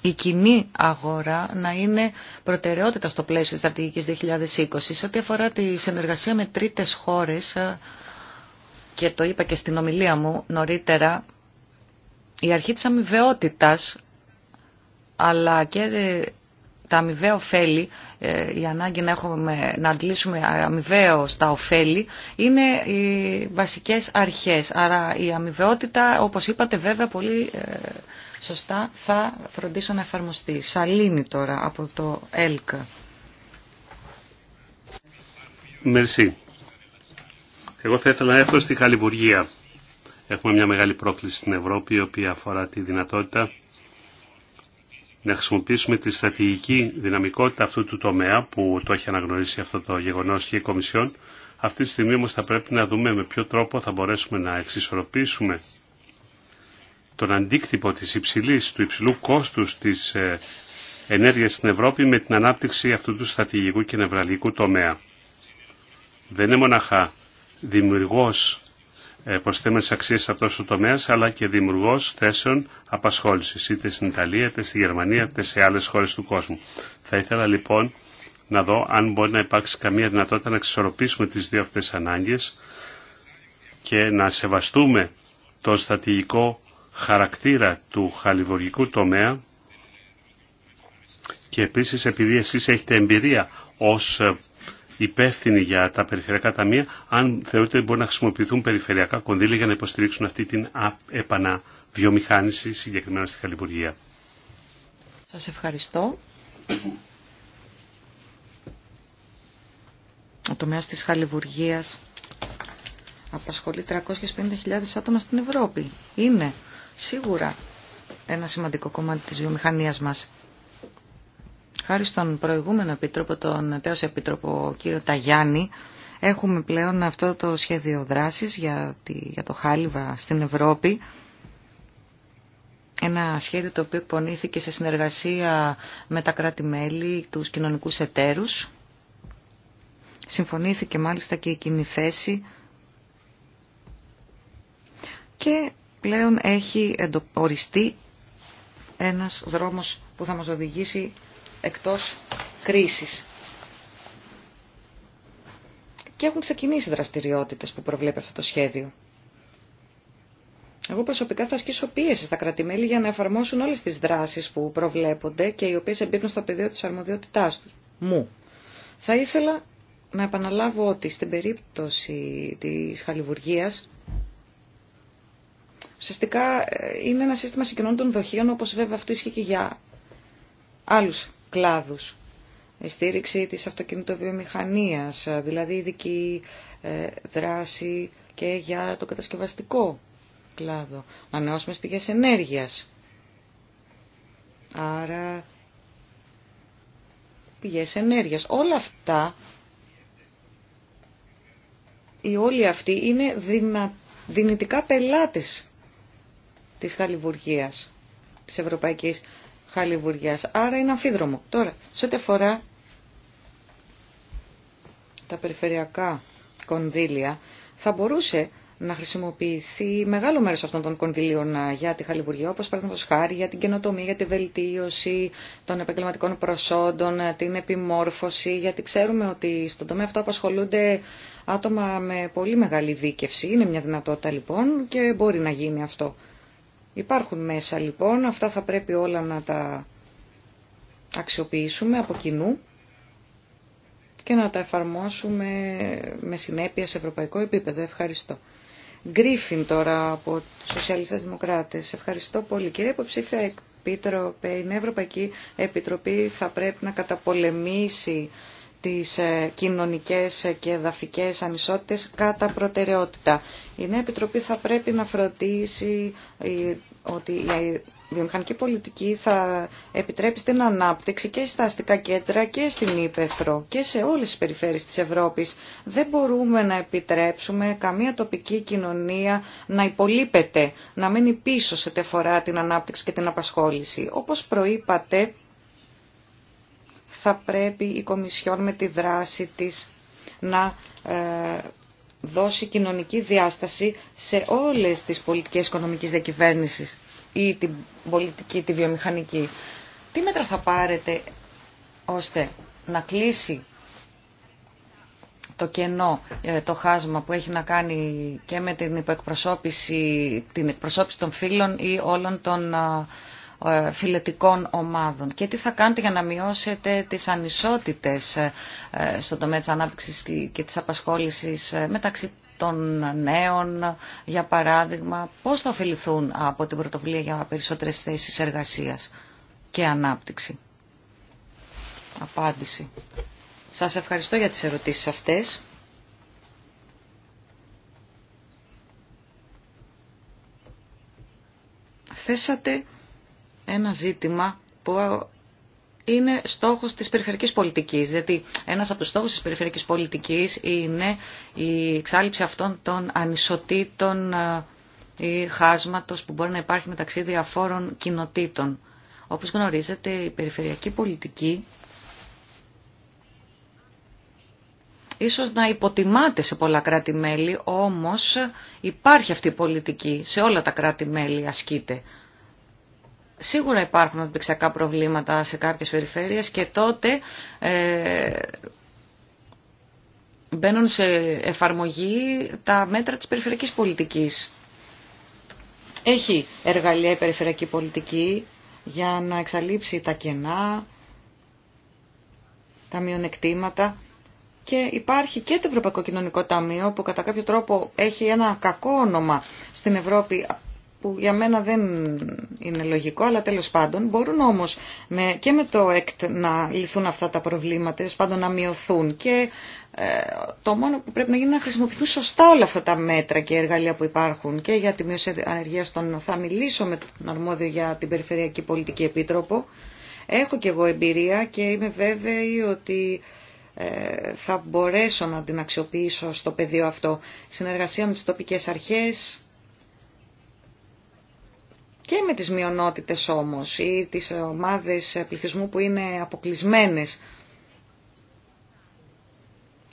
η κοινή αγορά να είναι προτεραιότητα στο πλαίσιο της στρατηγικής 2020. Σε ό,τι αφορά τη συνεργασία με τρίτες χώρες, ε, και το είπα και στην ομιλία μου νωρίτερα, η αρχή της αμοιβαιότητας, αλλά και ε, τα αμοιβαία ωφέλη, ε, η ανάγκη να, έχουμε, να αντλήσουμε αμοιβαίο στα ωφέλη, είναι οι βασικές αρχές. Άρα η αμοιβαιότητα, όπως είπατε, βέβαια πολύ σωστά θα φροντίσω να εφαρμοστεί. Σαλίνη τώρα από το ΕΛΚΑ. Μερσή. Εγώ θα ήθελα να έρθω στη Χαλιβουργία. Έχουμε μια μεγάλη πρόκληση στην Ευρώπη, η οποία αφορά τη δυνατότητα να χρησιμοποιήσουμε τη στρατηγική δυναμικότητα αυτού του τομέα, που το έχει αναγνωρίσει αυτό το γεγονός και η Κομισιόν. Αυτή τη στιγμή όμως θα πρέπει να δούμε με ποιο τρόπο θα μπορέσουμε να εξισορροπήσουμε τον αντίκτυπο της υψηλής, του υψηλού κόστους της ε, ενέργειας στην Ευρώπη με την ανάπτυξη αυτού του στρατηγικού και νευραλικού τομέα. Δεν είναι μοναχά δημιουργός ε, προσθέμενες αξίες αυτός του τομέας, αλλά και δημιουργός θέσεων απασχόλησης, είτε στην Ιταλία, είτε στη Γερμανία, είτε σε άλλες χώρες του κόσμου. Θα ήθελα λοιπόν να δω αν μπορεί να υπάρξει καμία δυνατότητα να εξισορροπήσουμε τις δύο αυτές ανάγκες και να σεβαστούμε το στρατηγικό χαρακτήρα του χαλιβουργικού τομέα και επίσης επειδή εσείς έχετε εμπειρία ως υπεύθυνοι για τα περιφερειακά ταμεία, αν θεωρείτε ότι μπορεί να χρησιμοποιηθούν περιφερειακά κονδύλια για να υποστηρίξουν αυτή την επαναβιομηχάνηση συγκεκριμένα στη Χαλιβουργία. Σας ευχαριστώ. Ο τομέας της Χαλιβουργίας απασχολεί 350.000 άτομα στην Ευρώπη. Είναι σίγουρα ένα σημαντικό κομμάτι της βιομηχανίας μας. Χάρη στον προηγούμενο επίτροπο, τον τέος επίτροπο κύριο Ταγιάννη, έχουμε πλέον αυτό το σχέδιο δράσης για, για το χάλιβα στην Ευρώπη. Ένα σχέδιο το οποίο εκπονήθηκε σε συνεργασία με τα κράτη-μέλη, τους κοινωνικούς εταίρους. Συμφωνήθηκε μάλιστα και η κοινή θέση και πλέον έχει οριστεί ένας δρόμος που θα μας οδηγήσει εκτός κρίσης. Και έχουν ξεκινήσει δραστηριότητες που προβλέπει αυτό το σχέδιο. Εγώ προσωπικά θα ασκήσω πίεση στα κρατημέλη για να εφαρμόσουν όλες τις δράσεις που προβλέπονται και οι οποίες εμπίπτουν στο πεδίο της αρμοδιότητάς τους. Μου. Θα ήθελα να επαναλάβω ότι στην περίπτωση της χαλιβουργίας Ουσιαστικά ε, είναι ένα σύστημα συγκοινών των δοχείων, όπως βέβαια αυτό ισχύει και για άλλους κλάδους. Η στήριξη της αυτοκινητοβιομηχανίας, ε, δηλαδή ειδική ε, δράση και για το κατασκευαστικό κλάδο. Ανανεώσιμες πηγές ενέργειας. Άρα πηγές ενέργειας. Όλα αυτά, η όλοι αυτοί είναι δυνα, δυνητικά πελάτες της χαλιβουργίας, της ευρωπαϊκής χαλιβουργίας. Άρα είναι αμφίδρομο. Τώρα, σε ό,τι αφορά τα περιφερειακά κονδύλια, θα μπορούσε να χρησιμοποιηθεί μεγάλο μέρος αυτών των κονδυλίων ε, για τη χαλιβουργία, όπως παραδείγματος χάρη για την καινοτομία, για τη βελτίωση των επαγγελματικών προσόντων, ε, την επιμόρφωση, γιατί ξέρουμε ότι στον τομέα αυτό απασχολούνται άτομα με πολύ μεγάλη δίκευση. Είναι μια δυνατότητα λοιπόν και μπορεί να γίνει αυτό. Υπάρχουν μέσα λοιπόν, αυτά θα πρέπει όλα να τα αξιοποιήσουμε από κοινού και να τα εφαρμόσουμε με συνέπεια σε ευρωπαϊκό επίπεδο. Ευχαριστώ. Γκρίφιν τώρα από τους Σοσιαλιστές Δημοκράτες. Ευχαριστώ πολύ. Κύριε Υποψήφια Επίτροπε, η Ευρωπαϊκή Επιτροπή θα πρέπει να καταπολεμήσει τις ε, κοινωνικές ε, και εδαφικές ανισότητες κατά προτεραιότητα. Η Νέα Επιτροπή θα πρέπει να φροντίσει ε, ότι η βιομηχανική πολιτική θα επιτρέψει την ανάπτυξη και στα αστικά κέντρα και στην Ήπεθρο και σε όλες τις περιφέρειες της Ευρώπης. Δεν μπορούμε να επιτρέψουμε καμία τοπική κοινωνία να υπολείπεται, να μένει πίσω σε τεφορά την ανάπτυξη και την απασχόληση. Όπως προείπατε, θα πρέπει η Κομισιόν με τη δράση της να ε, δώσει κοινωνική διάσταση σε όλες τις πολιτικές οικονομικής διακυβέρνησης ή την πολιτική, τη βιομηχανική. Τι μέτρα θα πάρετε ώστε να κλείσει το κενό, ε, το χάσμα που έχει να κάνει και με την υποεκπροσώπηση, την εκπροσώπηση των φίλων ή όλων των ε, ε, φιλετικών ομάδων και τι θα κάνετε για να μειώσετε τις ανισότητες ε, στον τομέα της ανάπτυξης και της απασχόλησης ε, μεταξύ των νέων, για παράδειγμα, πώς θα ωφεληθούν από την πρωτοβουλία για περισσότερες θέσεις εργασίας και ανάπτυξη. Απάντηση. Σας ευχαριστώ για τις ερωτήσεις αυτές. Θέσατε ένα ζήτημα που είναι στόχος της περιφερειακής πολιτικής. Γιατί ένας από τους στόχους της περιφερειακής πολιτικής είναι η εξάλληψη αυτών των ανισοτήτων ε, ή χάσματος που μπορεί να υπάρχει μεταξύ διαφόρων κοινοτήτων. Όπως γνωρίζετε, η περιφερειακή πολιτική ίσως να υποτιμάται σε πολλά κράτη-μέλη, όμως υπάρχει αυτή η πολιτική, σε όλα τα κράτη-μέλη ασκείται. Σίγουρα υπάρχουν αντιπληξιακά προβλήματα σε κάποιες περιφέρειες και τότε ε, μπαίνουν σε εφαρμογή τα μέτρα της περιφερειακής πολιτικής. Έχει εργαλεία η περιφερειακή πολιτική για να εξαλείψει τα κενά, τα μειονεκτήματα και υπάρχει και το Ευρωπαϊκό Κοινωνικό Ταμείο που κατά κάποιο τρόπο έχει ένα κακό όνομα στην Ευρώπη που για μένα δεν είναι λογικό, αλλά τέλος πάντων μπορούν όμως με, και με το ΕΚΤ να λυθούν αυτά τα προβλήματα, τέλος πάντων να μειωθούν και ε, το μόνο που πρέπει να γίνει είναι να χρησιμοποιηθούν σωστά όλα αυτά τα μέτρα και εργαλεία που υπάρχουν και για τη μείωση ανεργίας των θα μιλήσω με τον αρμόδιο για την Περιφερειακή Πολιτική Επίτροπο. Έχω και εγώ εμπειρία και είμαι βέβαιη ότι ε, θα μπορέσω να την αξιοποιήσω στο πεδίο αυτό. Συνεργασία με τις τοπικές αρχές, και με τις μειονότητες όμως ή τις ομάδες πληθυσμού που είναι αποκλεισμένες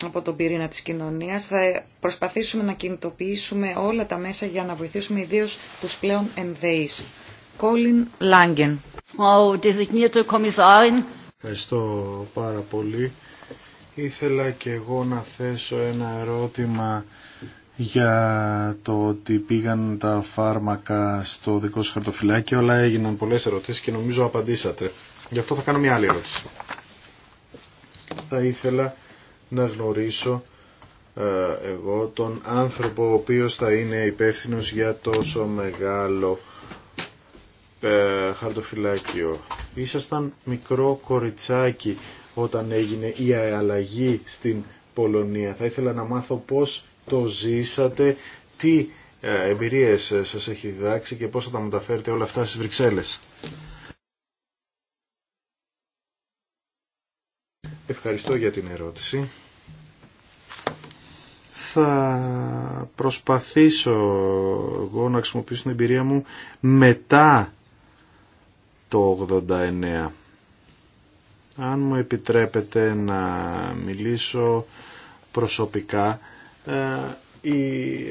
από τον πυρήνα της κοινωνίας. Θα προσπαθήσουμε να κινητοποιήσουμε όλα τα μέσα για να βοηθήσουμε ιδίως τους πλέον ενδεείς. Κόλιν Λάγκεν. Ευχαριστώ πάρα πολύ. Ήθελα και εγώ να θέσω ένα ερώτημα για το ότι πήγαν τα φάρμακα στο δικό σας χαρτοφυλάκιο, όλα έγιναν πολλές ερωτήσεις και νομίζω απαντήσατε. Γι' αυτό θα κάνω μια άλλη ερώτηση. Θα ήθελα να γνωρίσω ε, εγώ τον άνθρωπο ο οποίος θα είναι υπεύθυνος για τόσο μεγάλο ε, χαρτοφυλάκιο. Ήσασταν μικρό κοριτσάκι όταν έγινε η αλλαγή στην Πολωνία. Θα ήθελα να μάθω πώς το ζήσατε, τι ε, εμπειρίες σας έχει διδάξει και πώς θα τα μεταφέρετε όλα αυτά στις Βρυξέλλες. Ευχαριστώ για την ερώτηση. Θα προσπαθήσω εγώ να χρησιμοποιήσω την εμπειρία μου μετά το 89. Αν μου επιτρέπετε να μιλήσω προσωπικά ε, η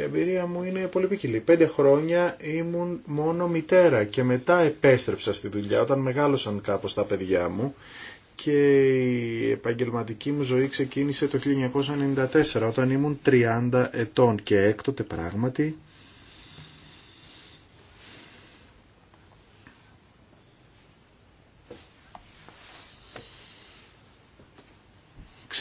εμπειρία μου είναι πολύ ποικιλή. Πέντε χρόνια ήμουν μόνο μητέρα και μετά επέστρεψα στη δουλειά όταν μεγάλωσαν κάπως τα παιδιά μου και η επαγγελματική μου ζωή ξεκίνησε το 1994 όταν ήμουν 30 ετών και έκτοτε πράγματι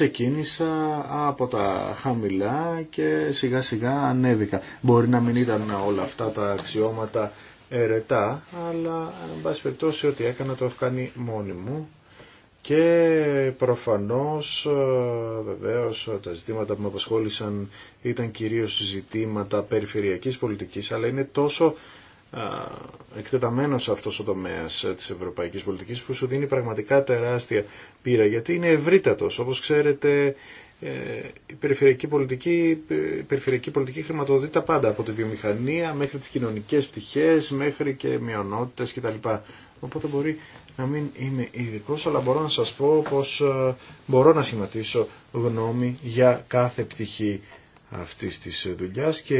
ξεκίνησα από τα χαμηλά και σιγά σιγά ανέβηκα. Μπορεί να μην ήταν όλα αυτά τα αξιώματα ερετά, αλλά εν πάση περιπτώσει ό,τι έκανα το έχω κάνει μόνη μου και προφανώς ε, βεβαίως τα ζητήματα που με απασχόλησαν ήταν κυρίως ζητήματα περιφερειακής πολιτικής αλλά είναι τόσο εκτεταμένος αυτός ο τομέας ε, της ευρωπαϊκής πολιτικής που σου δίνει πραγματικά τεράστια πείρα γιατί είναι ευρύτατος. Όπως ξέρετε ε, η περιφερειακή πολιτική, ε, η περιφερειακή πολιτική χρηματοδοτεί τα πάντα από τη βιομηχανία μέχρι τις κοινωνικές πτυχές μέχρι και μειονότητες κτλ. Οπότε μπορεί να μην είμαι ειδικό, αλλά μπορώ να σας πω πως μπορώ να σχηματίσω γνώμη για κάθε πτυχή αυτής της δουλειάς και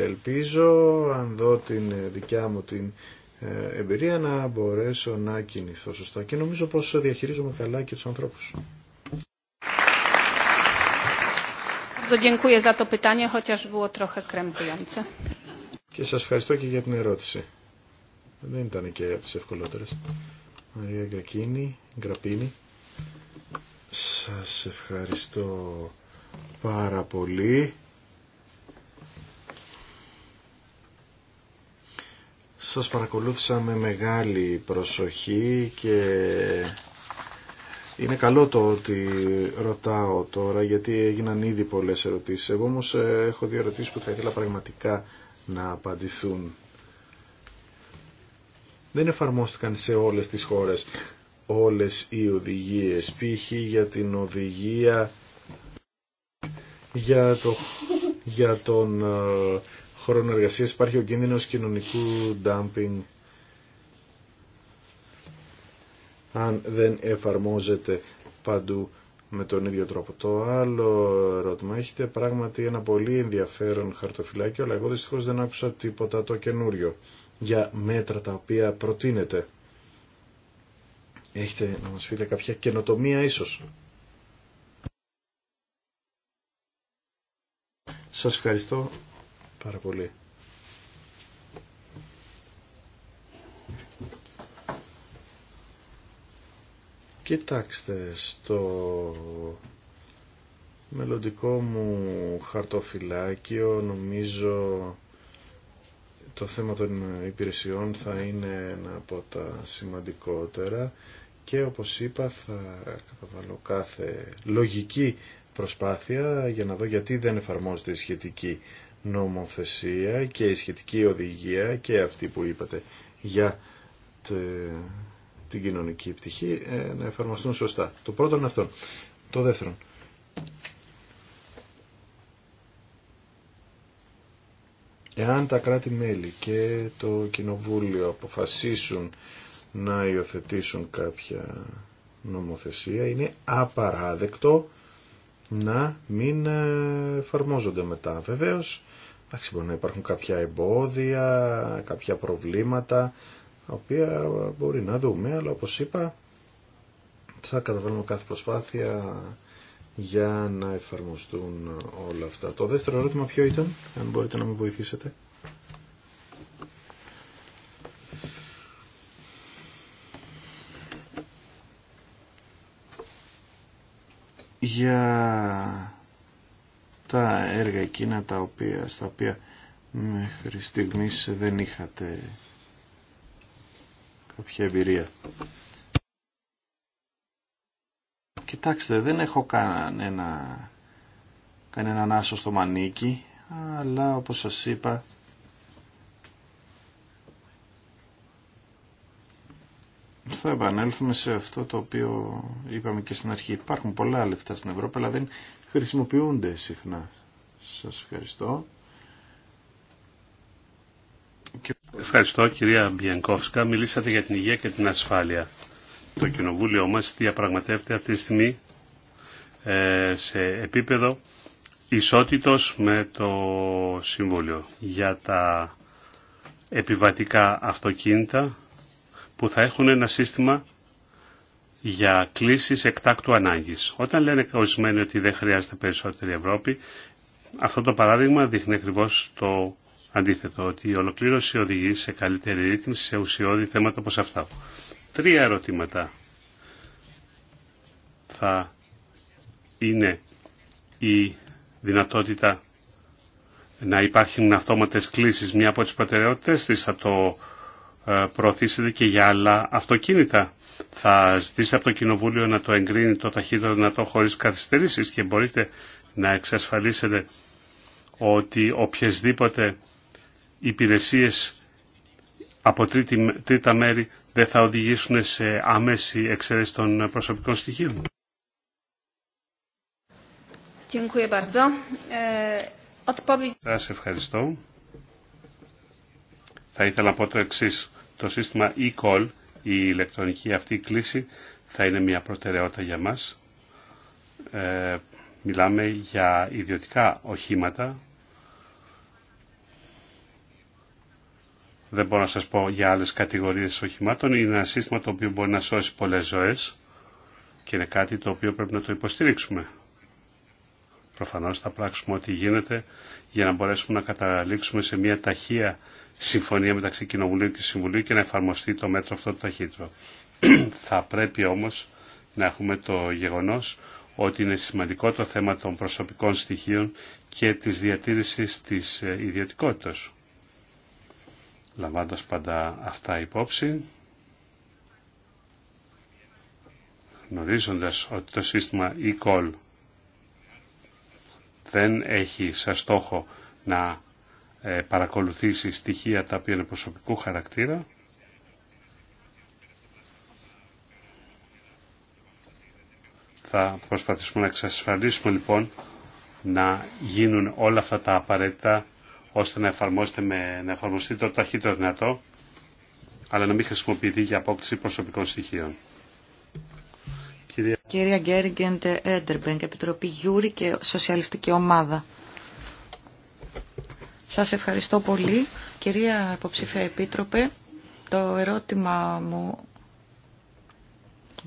ελπίζω αν δω την ε, δικιά μου την ε, εμπειρία να μπορέσω να κινηθώ σωστά και νομίζω πως διαχειρίζομαι καλά και τους ανθρώπους. Και σας ευχαριστώ και για την ερώτηση. Δεν ήταν και από τις ευκολότερες. Μαρία Γκρακίνη, Γκραπίνη. Σας ευχαριστώ πάρα πολύ. Σας παρακολούθησα με μεγάλη προσοχή και είναι καλό το ότι ρωτάω τώρα γιατί έγιναν ήδη πολλές ερωτήσεις. Εγώ όμως ε, έχω δύο ερωτήσεις που θα ήθελα πραγματικά να απαντηθούν. Δεν εφαρμόστηκαν σε όλες τις χώρες όλες οι οδηγίες, π.χ. για την οδηγία για, για τον ε, χρόνο εργασία, υπάρχει ο κίνδυνο κοινωνικού dumping αν δεν εφαρμόζεται παντού με τον ίδιο τρόπο. Το άλλο ερώτημα, έχετε πράγματι ένα πολύ ενδιαφέρον χαρτοφυλάκιο, αλλά εγώ δυστυχώς δεν άκουσα τίποτα το καινούριο για μέτρα τα οποία προτείνετε. Έχετε να μας πείτε κάποια καινοτομία ίσως. Σας ευχαριστώ πάρα πολύ. Κοιτάξτε, στο μελλοντικό μου χαρτοφυλάκιο νομίζω το θέμα των υπηρεσιών θα είναι ένα από τα σημαντικότερα και όπως είπα θα καταβάλω κάθε λογική προσπάθεια για να δω γιατί δεν εφαρμόζεται η σχετική νομοθεσία και η σχετική οδηγία και αυτή που είπατε για τε, την κοινωνική πτυχή ε, να εφαρμοστούν σωστά. Το πρώτο είναι αυτό. Το δεύτερο. Εάν τα κράτη-μέλη και το Κοινοβούλιο αποφασίσουν να υιοθετήσουν κάποια νομοθεσία, είναι απαράδεκτο να μην ε, εφαρμόζονται μετά. Βεβαίως, εντάξει, μπορεί να υπάρχουν κάποια εμπόδια, κάποια προβλήματα, τα οποία μπορεί να δούμε, αλλά όπως είπα, θα καταβάλουμε κάθε προσπάθεια για να εφαρμοστούν όλα αυτά. Το δεύτερο ερώτημα ποιο ήταν, αν μπορείτε να με βοηθήσετε. για τα έργα εκείνα τα οποία, στα οποία μέχρι στιγμής δεν είχατε κάποια εμπειρία. Κοιτάξτε, δεν έχω κανένα, κανέναν άσο στο μανίκι, αλλά όπως σας είπα θα επανέλθουμε σε αυτό το οποίο είπαμε και στην αρχή. Υπάρχουν πολλά λεφτά στην Ευρώπη, αλλά δεν χρησιμοποιούνται συχνά. Σας ευχαριστώ. Ευχαριστώ κυρία Μπιενκόφσκα. Μιλήσατε για την υγεία και την ασφάλεια. Το κοινοβούλιο μας διαπραγματεύεται αυτή τη στιγμή ε, σε επίπεδο ισότητος με το Συμβούλιο για τα επιβατικά αυτοκίνητα που θα έχουν ένα σύστημα για κλήσεις εκτάκτου ανάγκης. Όταν λένε ορισμένοι ότι δεν χρειάζεται περισσότερη Ευρώπη, αυτό το παράδειγμα δείχνει ακριβώ το αντίθετο, ότι η ολοκλήρωση οδηγεί σε καλύτερη ρύθμιση σε ουσιώδη θέματα όπως αυτά. Τρία ερωτήματα θα είναι η δυνατότητα να υπάρχουν αυτόματες κλήσεις μια από τις προτεραιότητες της θα το ε, προωθήσετε και για άλλα αυτοκίνητα. Θα ζητήσετε από το Κοινοβούλιο να το εγκρίνει το ταχύτερο δυνατό χωρίς καθυστερήσεις και μπορείτε να εξασφαλίσετε ότι οποιασδήποτε υπηρεσίες από τρίτη, τρίτα μέρη δεν θα οδηγήσουν σε άμεση εξαίρεση των προσωπικών στοιχείων. Ε, Σας ευχαριστώ. Θα ήθελα να πω το εξής το σύστημα e-call, η ηλεκτρονική αυτή κλίση, θα είναι μια προτεραιότητα για μας. Ε, μιλάμε για ιδιωτικά οχήματα. Δεν μπορώ να σας πω για άλλες κατηγορίες οχημάτων. Είναι ένα σύστημα το οποίο μπορεί να σώσει πολλές ζωές και είναι κάτι το οποίο πρέπει να το υποστηρίξουμε. Προφανώς θα πράξουμε ό,τι γίνεται για να μπορέσουμε να καταλήξουμε σε μια ταχεία συμφωνία μεταξύ Κοινοβουλίου και Συμβουλίου και να εφαρμοστεί το μέτρο αυτό το ταχύτερο. Θα πρέπει όμως να έχουμε το γεγονός ότι είναι σημαντικό το θέμα των προσωπικών στοιχείων και της διατήρησης της ε, ιδιωτικότητας. Λαμβάνοντας πάντα αυτά υπόψη, γνωρίζοντας ότι το σύστημα e-call δεν έχει σαν στόχο να ε, παρακολουθήσει στοιχεία τα οποία είναι προσωπικού χαρακτήρα. Θα προσπαθήσουμε να εξασφαλίσουμε λοιπόν να γίνουν όλα αυτά τα απαραίτητα ώστε να, με, να εφαρμοστεί το ταχύτερο δυνατό αλλά να μην χρησιμοποιηθεί για απόκτηση προσωπικών στοιχείων. Κυρία Γκέριγκεντ Επιτροπή Γιούρη και Σοσιαλιστική Ομάδα. Σας ευχαριστώ πολύ. Κυρία Υποψηφία Επίτροπε, το ερώτημα μου από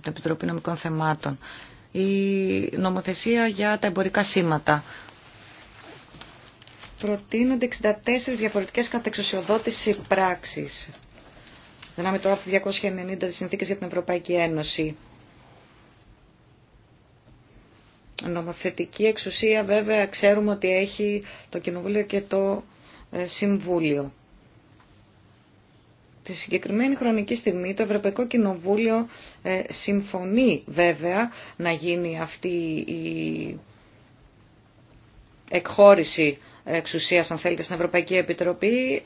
την Επιτροπή Νομικών Θεμάτων. Η νομοθεσία για τα εμπορικά σήματα. Προτείνονται 64 διαφορετικές κατεξουσιοδότηση πράξεις. Δεν το τώρα 290 τις συνθήκες για την Ευρωπαϊκή Ένωση. Νομοθετική εξουσία βέβαια ξέρουμε ότι έχει το Κοινοβούλιο και το ε, Συμβούλιο. Τη συγκεκριμένη χρονική στιγμή το Ευρωπαϊκό Κοινοβούλιο ε, συμφωνεί βέβαια να γίνει αυτή η εκχώρηση εξουσίας αν θέλετε στην Ευρωπαϊκή Επιτροπή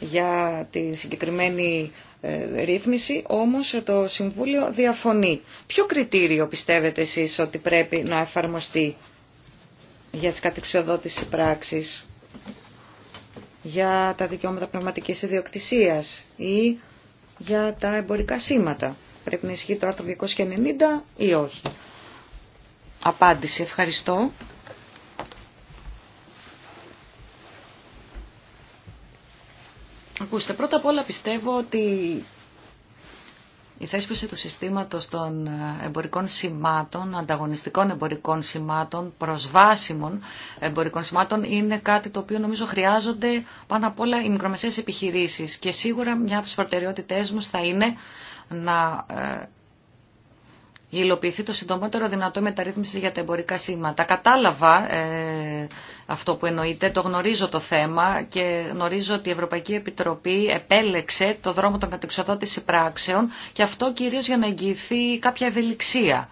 για τη συγκεκριμένη ε, ρύθμιση, όμως το Συμβούλιο διαφωνεί. Ποιο κριτήριο πιστεύετε εσείς ότι πρέπει να εφαρμοστεί για τις κατηξιοδότηση πράξεις για τα δικαιώματα πνευματικής ιδιοκτησίας ή για τα εμπορικά σήματα. Πρέπει να ισχύει το άρθρο 290 ή όχι. Απάντηση. Ευχαριστώ. Ακούστε, πρώτα απ' όλα πιστεύω ότι η θέσπιση του συστήματος των εμπορικών σημάτων, ανταγωνιστικών εμπορικών σημάτων, προσβάσιμων εμπορικών σημάτων είναι κάτι το οποίο νομίζω χρειάζονται πάνω απ' όλα οι μικρομεσαίες επιχειρήσεις και σίγουρα μια από τις προτεραιότητές μου θα είναι να ε, υλοποιηθεί το συντομότερο δυνατό μεταρρύθμιση για τα εμπορικά σήματα. Κατάλαβα ε, αυτό που εννοείται, το γνωρίζω το θέμα και γνωρίζω ότι η Ευρωπαϊκή Επιτροπή επέλεξε το δρόμο των κατεξοδότηση πράξεων και αυτό κυρίως για να εγγυηθεί κάποια ευελιξία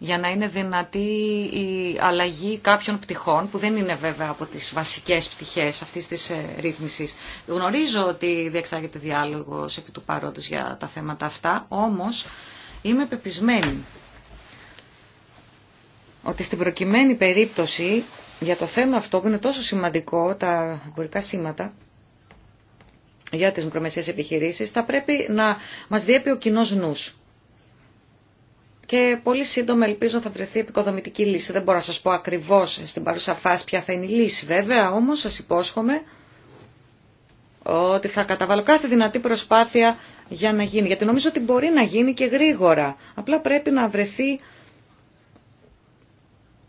για να είναι δυνατή η αλλαγή κάποιων πτυχών, που δεν είναι βέβαια από τις βασικές πτυχές αυτής της ε, ρύθμισης. Γνωρίζω ότι διεξάγεται διάλογος επί του παρόντος για τα θέματα αυτά, όμως Είμαι πεπισμένη ότι στην προκειμένη περίπτωση για το θέμα αυτό που είναι τόσο σημαντικό, τα εμπορικά σήματα για τις μικρομεσαίες επιχειρήσεις, θα πρέπει να μας διέπει ο κοινό νους. Και πολύ σύντομα ελπίζω θα βρεθεί επικοδομητική λύση. Δεν μπορώ να σας πω ακριβώς στην παρούσα φάση ποια θα είναι η λύση βέβαια, όμως σας υπόσχομαι ότι θα καταβάλω κάθε δυνατή προσπάθεια για να γίνει. Γιατί νομίζω ότι μπορεί να γίνει και γρήγορα. Απλά πρέπει να βρεθεί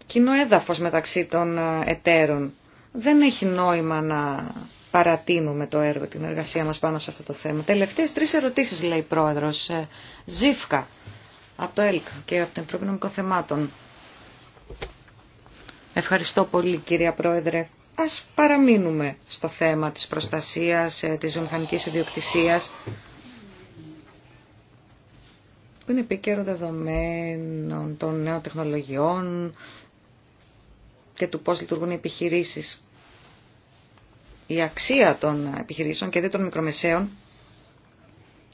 κοινό έδαφος μεταξύ των ε, εταίρων. Δεν έχει νόημα να παρατείνουμε το έργο, την εργασία μας πάνω σε αυτό το θέμα. Τελευταίες τρεις ερωτήσεις λέει η πρόεδρος. Ε, Ζήφκα από το ΕΛΚ και από την Επιτροπή Θεμάτων. Ευχαριστώ πολύ κυρία Πρόεδρε ας παραμείνουμε στο θέμα της προστασίας, ε, της βιομηχανικής ιδιοκτησίας, που είναι επίκαιρο δεδομένων των νέων τεχνολογιών και του πώς λειτουργούν οι επιχειρήσεις. Η αξία των επιχειρήσεων και δι' των μικρομεσαίων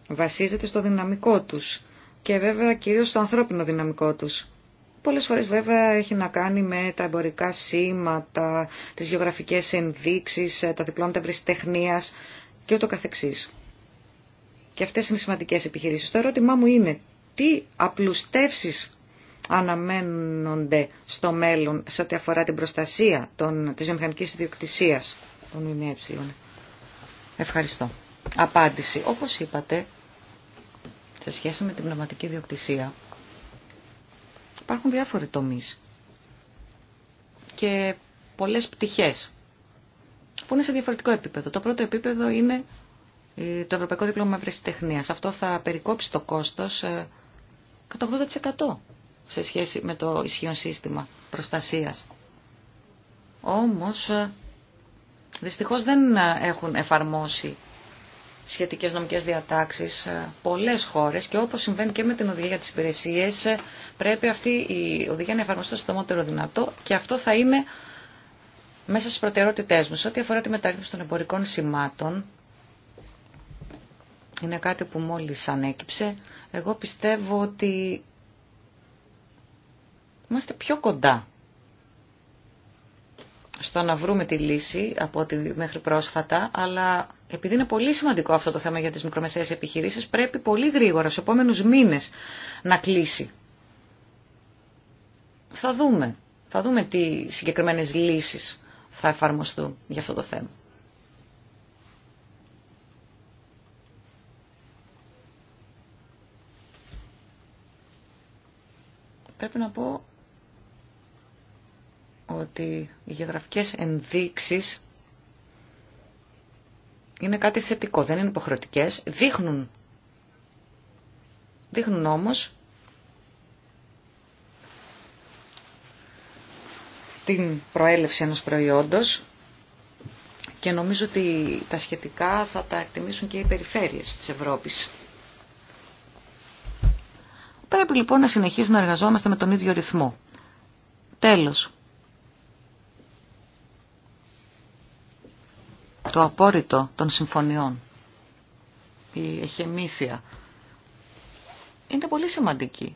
βασίζεται στο δυναμικό τους και βέβαια κυρίως στο ανθρώπινο δυναμικό τους. Πολλές φορές βέβαια έχει να κάνει με τα εμπορικά σήματα, τις γεωγραφικές ενδείξεις, ε, τα διπλώματα ευρεσιτεχνίας και ούτω καθεξής. Και αυτές είναι σημαντικές επιχειρήσεις. Το ερώτημά μου είναι τι απλουστεύσεις αναμένονται στο μέλλον σε ό,τι αφορά την προστασία των, της βιομηχανικής ιδιοκτησίας των ΜΜΕ. Ευχαριστώ. Απάντηση. Όπως είπατε, σε σχέση με την πνευματική ιδιοκτησία, Υπάρχουν διάφοροι τομείς και πολλές πτυχές που είναι σε διαφορετικό επίπεδο. Το πρώτο επίπεδο είναι ε, το Ευρωπαϊκό Δίπλωμα Ευρεσιτεχνίας. Αυτό θα περικόψει το κόστος ε, κατά 80% σε σχέση με το ισχύον σύστημα προστασίας. Όμως, ε, δυστυχώς δεν έχουν εφαρμόσει σχετικές νομικές διατάξεις πολλές χώρες και όπως συμβαίνει και με την οδηγία για τις υπηρεσίες πρέπει αυτή η οδηγία να εφαρμοστεί στο συντομότερο δυνατό και αυτό θα είναι μέσα στις προτεραιότητές μου. Σε ό,τι αφορά τη μεταρρύθμιση των εμπορικών σημάτων, είναι κάτι που μόλις ανέκυψε. Εγώ πιστεύω ότι είμαστε πιο κοντά στο να βρούμε τη λύση από ότι μέχρι πρόσφατα, αλλά επειδή είναι πολύ σημαντικό αυτό το θέμα για τις μικρομεσαίες επιχειρήσεις, πρέπει πολύ γρήγορα, στους επόμενους μήνες, να κλείσει. Θα δούμε. Θα δούμε τι συγκεκριμένες λύσεις θα εφαρμοστούν για αυτό το θέμα. Πρέπει να πω ότι οι γεωγραφικές ενδείξεις είναι κάτι θετικό, δεν είναι υποχρεωτικές, δείχνουν, δείχνουν όμως την προέλευση ενός προϊόντος και νομίζω ότι τα σχετικά θα τα εκτιμήσουν και οι περιφέρειες της Ευρώπης. Πρέπει λοιπόν να συνεχίσουμε να εργαζόμαστε με τον ίδιο ρυθμό. Τέλος, το απόρριτο των συμφωνιών, η εχεμήθεια, είναι πολύ σημαντική.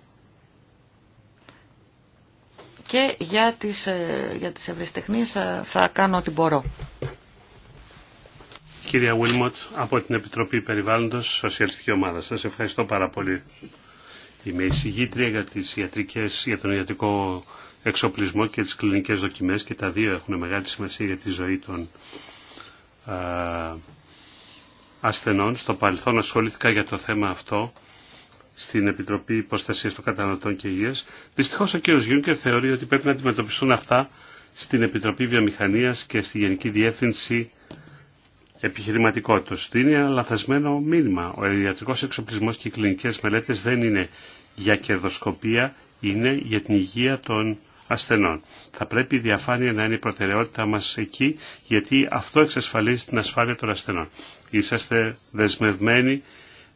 Και για τις, ε, για τις ευρεσιτεχνίες ε, θα κάνω ό,τι μπορώ. Κυρία Βίλμοτ, από την Επιτροπή Περιβάλλοντος, Σοσιαλιστική Ομάδα. Σας ευχαριστώ πάρα πολύ. Είμαι εισηγήτρια για, τις ιατρικές, για τον ιατρικό εξοπλισμό και τις κλινικές δοκιμές και τα δύο έχουν μεγάλη σημασία για τη ζωή των ε, ασθενών. Στο παρελθόν ασχολήθηκα για το θέμα αυτό στην Επιτροπή Υποστασίας των Καταναλωτών και Υγείας. Δυστυχώς ο κ. Γιούνκερ θεωρεί ότι πρέπει να αντιμετωπιστούν αυτά στην Επιτροπή Βιομηχανίας και στη Γενική Διεύθυνση επιχειρηματικότητας. Δίνει ένα λαθασμένο μήνυμα. Ο ιατρικός εξοπλισμός και οι κλινικές μελέτες δεν είναι για κερδοσκοπία, είναι για την υγεία των ασθενών. Θα πρέπει η διαφάνεια να είναι η προτεραιότητά μας εκεί, γιατί αυτό εξασφαλίζει την ασφάλεια των ασθενών. Είσαστε δεσμευμένοι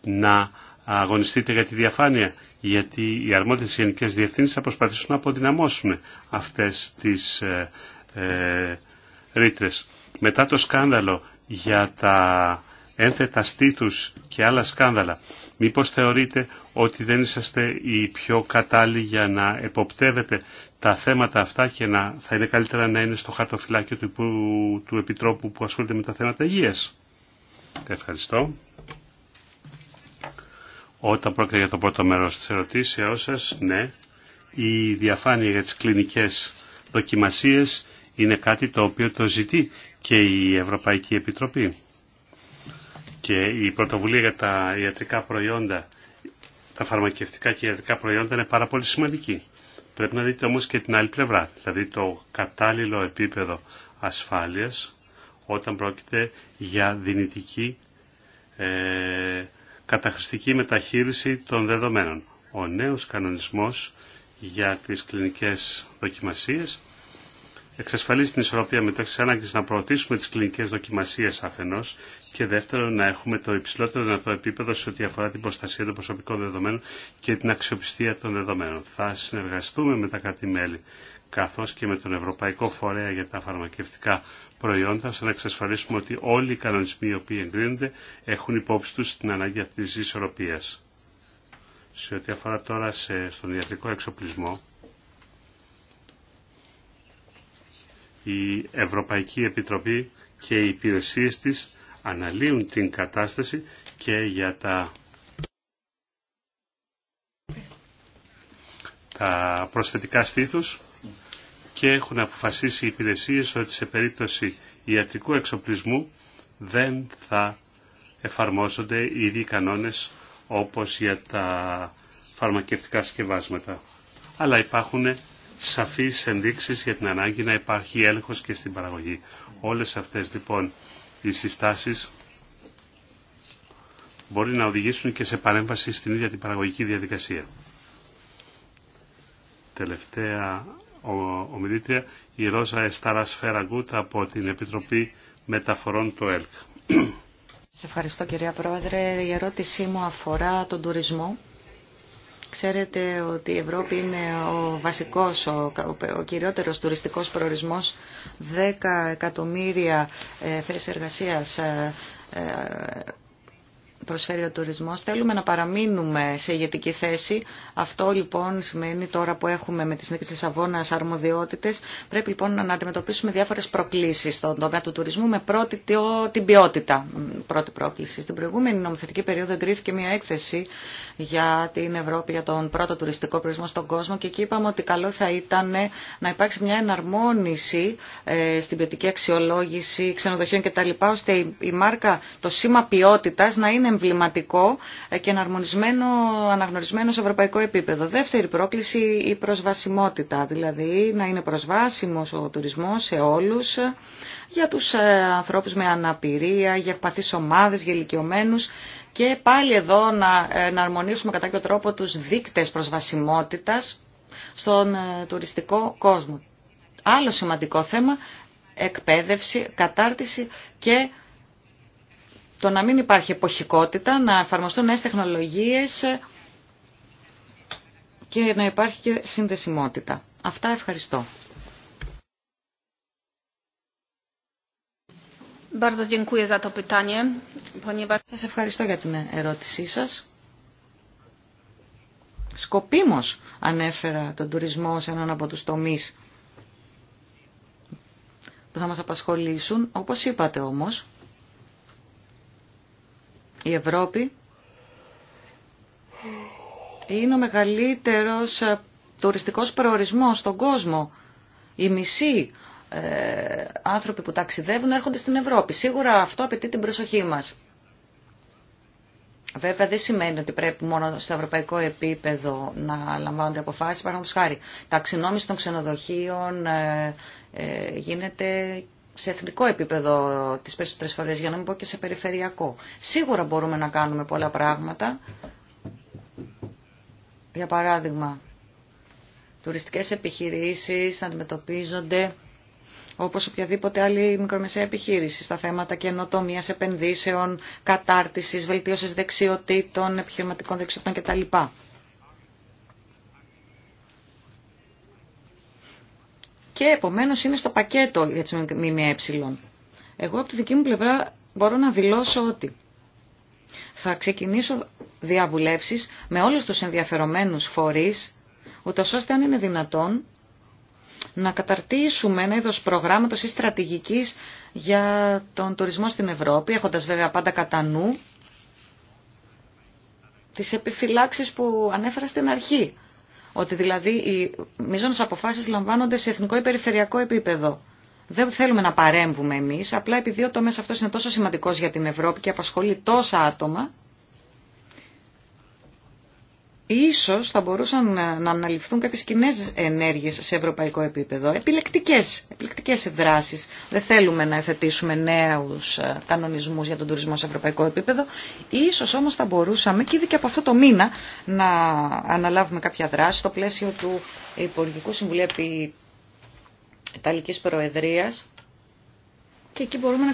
να αγωνιστείτε για τη διαφάνεια, γιατί οι αρμόδιες γενικές διευθύνσεις θα προσπαθήσουν να αποδυναμώσουν αυτές τις ε, ε Μετά το σκάνδαλο για τα ένθετα στήθους και άλλα σκάνδαλα. Μήπως θεωρείτε ότι δεν είσαστε οι πιο κατάλληλοι για να εποπτεύετε τα θέματα αυτά και να, θα είναι καλύτερα να είναι στο χαρτοφυλάκιο του, του Επιτρόπου που ασχολείται με τα θέματα υγείας. Ευχαριστώ. Όταν πρόκειται για το πρώτο μέρος της ερωτήσεώς σας, ναι, η διαφάνεια για τις κλινικές δοκιμασίες είναι κάτι το οποίο το ζητεί και η Ευρωπαϊκή Επιτροπή και η πρωτοβουλία για τα ιατρικά προϊόντα, τα φαρμακευτικά και ιατρικά προϊόντα είναι πάρα πολύ σημαντική. Πρέπει να δείτε όμως και την άλλη πλευρά, δηλαδή το κατάλληλο επίπεδο ασφάλειας όταν πρόκειται για δυνητική ε, καταχρηστική μεταχείριση των δεδομένων. Ο νέος κανονισμός για τις κλινικές δοκιμασίες εξασφαλίζει την ισορροπία μεταξύ ανάγκης να προωθήσουμε τις κλινικές δοκιμασίες αφενός και δεύτερον να έχουμε το υψηλότερο δυνατό επίπεδο σε ό,τι αφορά την προστασία των προσωπικών δεδομένων και την αξιοπιστία των δεδομένων. Θα συνεργαστούμε με τα κράτη-μέλη καθώς και με τον Ευρωπαϊκό Φορέα για τα Φαρμακευτικά Προϊόντα, ώστε να εξασφαλίσουμε ότι όλοι οι κανονισμοί οι οποίοι εγκρίνονται έχουν υπόψη τους την ανάγκη αυτής της ισορροπίας. Σε ό,τι αφορά τώρα σε, στον ιατρικό εξοπλισμό, η Ευρωπαϊκή Επιτροπή και οι υπηρεσίες της αναλύουν την κατάσταση και για τα, τα προσθετικά στήθους και έχουν αποφασίσει οι υπηρεσίες ότι σε περίπτωση ιατρικού εξοπλισμού δεν θα εφαρμόζονται οι ίδιοι κανόνες όπως για τα φαρμακευτικά συσκευάσματα. Αλλά υπάρχουν σαφείς ενδείξεις για την ανάγκη να υπάρχει έλεγχος και στην παραγωγή. Όλες αυτές λοιπόν οι συστάσεις μπορεί να οδηγήσουν και σε παρέμβαση στην ίδια την παραγωγική διαδικασία. Τελευταία ομιλήτρια, η Ρόζα Εστάρα Φεραγκούτ από την Επιτροπή Μεταφορών του ΕΛΚ. Σε ευχαριστώ κυρία Πρόεδρε. Η ερώτησή μου αφορά τον τουρισμό Ξέρετε ότι η Ευρώπη είναι ο βασικός, ο, ο κυριότερος τουριστικός προορισμός. 10 εκατομμύρια ε, θέσεις εργασίας ε, ε, προσφέρει ο τουρισμός. Θέλουμε να παραμείνουμε σε ηγετική θέση. Αυτό λοιπόν σημαίνει τώρα που έχουμε με τις συνέχεια της Αβώνας αρμοδιότητες. Πρέπει λοιπόν να αντιμετωπίσουμε διάφορες προκλήσεις στον τομέα του τουρισμού με πρώτη την ποιότητα. Πρώτη πρόκληση. Στην προηγούμενη νομοθετική περίοδο εγκρίθηκε μια έκθεση για την Ευρώπη για τον πρώτο τουριστικό προορισμό στον κόσμο και εκεί είπαμε ότι καλό θα ήταν να υπάρξει μια εναρμόνιση ε, στην ποιοτική αξιολόγηση ξενοδοχείων κτλ. ώστε η μάρκα, το σήμα ποιότητα να είναι εμβληματικό και εναρμονισμένο, αναγνωρισμένο σε ευρωπαϊκό επίπεδο. Δεύτερη πρόκληση η προσβασιμότητα, δηλαδή να είναι προσβάσιμος ο τουρισμός σε όλους, για τους ε, ανθρώπους με αναπηρία, για ευπαθείς ομάδες, για ηλικιωμένους και πάλι εδώ να, να κατά κάποιο τρόπο τους δείκτες προσβασιμότητας στον ε, τουριστικό κόσμο. Άλλο σημαντικό θέμα, εκπαίδευση, κατάρτιση και το να μην υπάρχει εποχικότητα, να εφαρμοστούν νέες τεχνολογίες και να υπάρχει και συνδεσιμότητα. Αυτά ευχαριστώ. Bardzo dziękuję za to pytanie, ponieważ... Σας ευχαριστώ για την ερώτησή σας. Σκοπίμως ανέφερα τον τουρισμό σε έναν από τους τομείς που θα μας απασχολήσουν. Όπως είπατε όμως, η Ευρώπη είναι ο μεγαλύτερος ε, τουριστικός προορισμός στον κόσμο. Οι μισοί ε, άνθρωποι που ταξιδεύουν έρχονται στην Ευρώπη. Σίγουρα αυτό απαιτεί την προσοχή μας. Βέβαια δεν σημαίνει ότι πρέπει μόνο στο ευρωπαϊκό επίπεδο να λαμβάνονται αποφάσεις. Παραδείγματος χάρη, ταξινόμηση των ξενοδοχείων ε, ε γίνεται σε εθνικό επίπεδο τις περισσότερες φορές, για να μην πω και σε περιφερειακό. Σίγουρα μπορούμε να κάνουμε πολλά πράγματα. Για παράδειγμα, τουριστικές επιχειρήσεις αντιμετωπίζονται όπως οποιαδήποτε άλλη μικρομεσαία επιχείρηση στα θέματα καινοτομία, επενδύσεων, κατάρτισης, βελτίωσης δεξιοτήτων, επιχειρηματικών δεξιοτήτων κτλ. και επομένως είναι στο πακέτο για τις ΜΜΕ. Εγώ από τη δική μου πλευρά μπορώ να δηλώσω ότι θα ξεκινήσω διαβουλεύσεις με όλους τους ενδιαφερομένους φορείς, ούτως ώστε αν είναι δυνατόν να καταρτήσουμε ένα είδος προγράμματος ή στρατηγικής για τον τουρισμό στην Ευρώπη, έχοντας βέβαια πάντα κατά νου τις επιφυλάξεις που ανέφερα στην αρχή ότι δηλαδή οι μείζονες αποφάσεις λαμβάνονται σε εθνικό ή περιφερειακό επίπεδο. Δεν θέλουμε να παρέμβουμε εμείς, απλά επειδή ο τομέας αυτό είναι τόσο σημαντικός για την Ευρώπη και απασχολεί τόσα άτομα, Ίσως θα μπορούσαν να αναλυφθούν κάποιες κοινέ ενέργειες σε ευρωπαϊκό επίπεδο, επιλεκτικές, επιλεκτικές δράσεις. Δεν θέλουμε να εθετήσουμε νέους ε, κανονισμούς για τον τουρισμό σε ευρωπαϊκό επίπεδο. Ίσως όμως θα μπορούσαμε και ήδη και από αυτό το μήνα να αναλάβουμε κάποια δράση στο πλαίσιο του Υπουργικού Συμβουλίου επί Ιταλικής Προεδρίας και εκεί μπορούμε να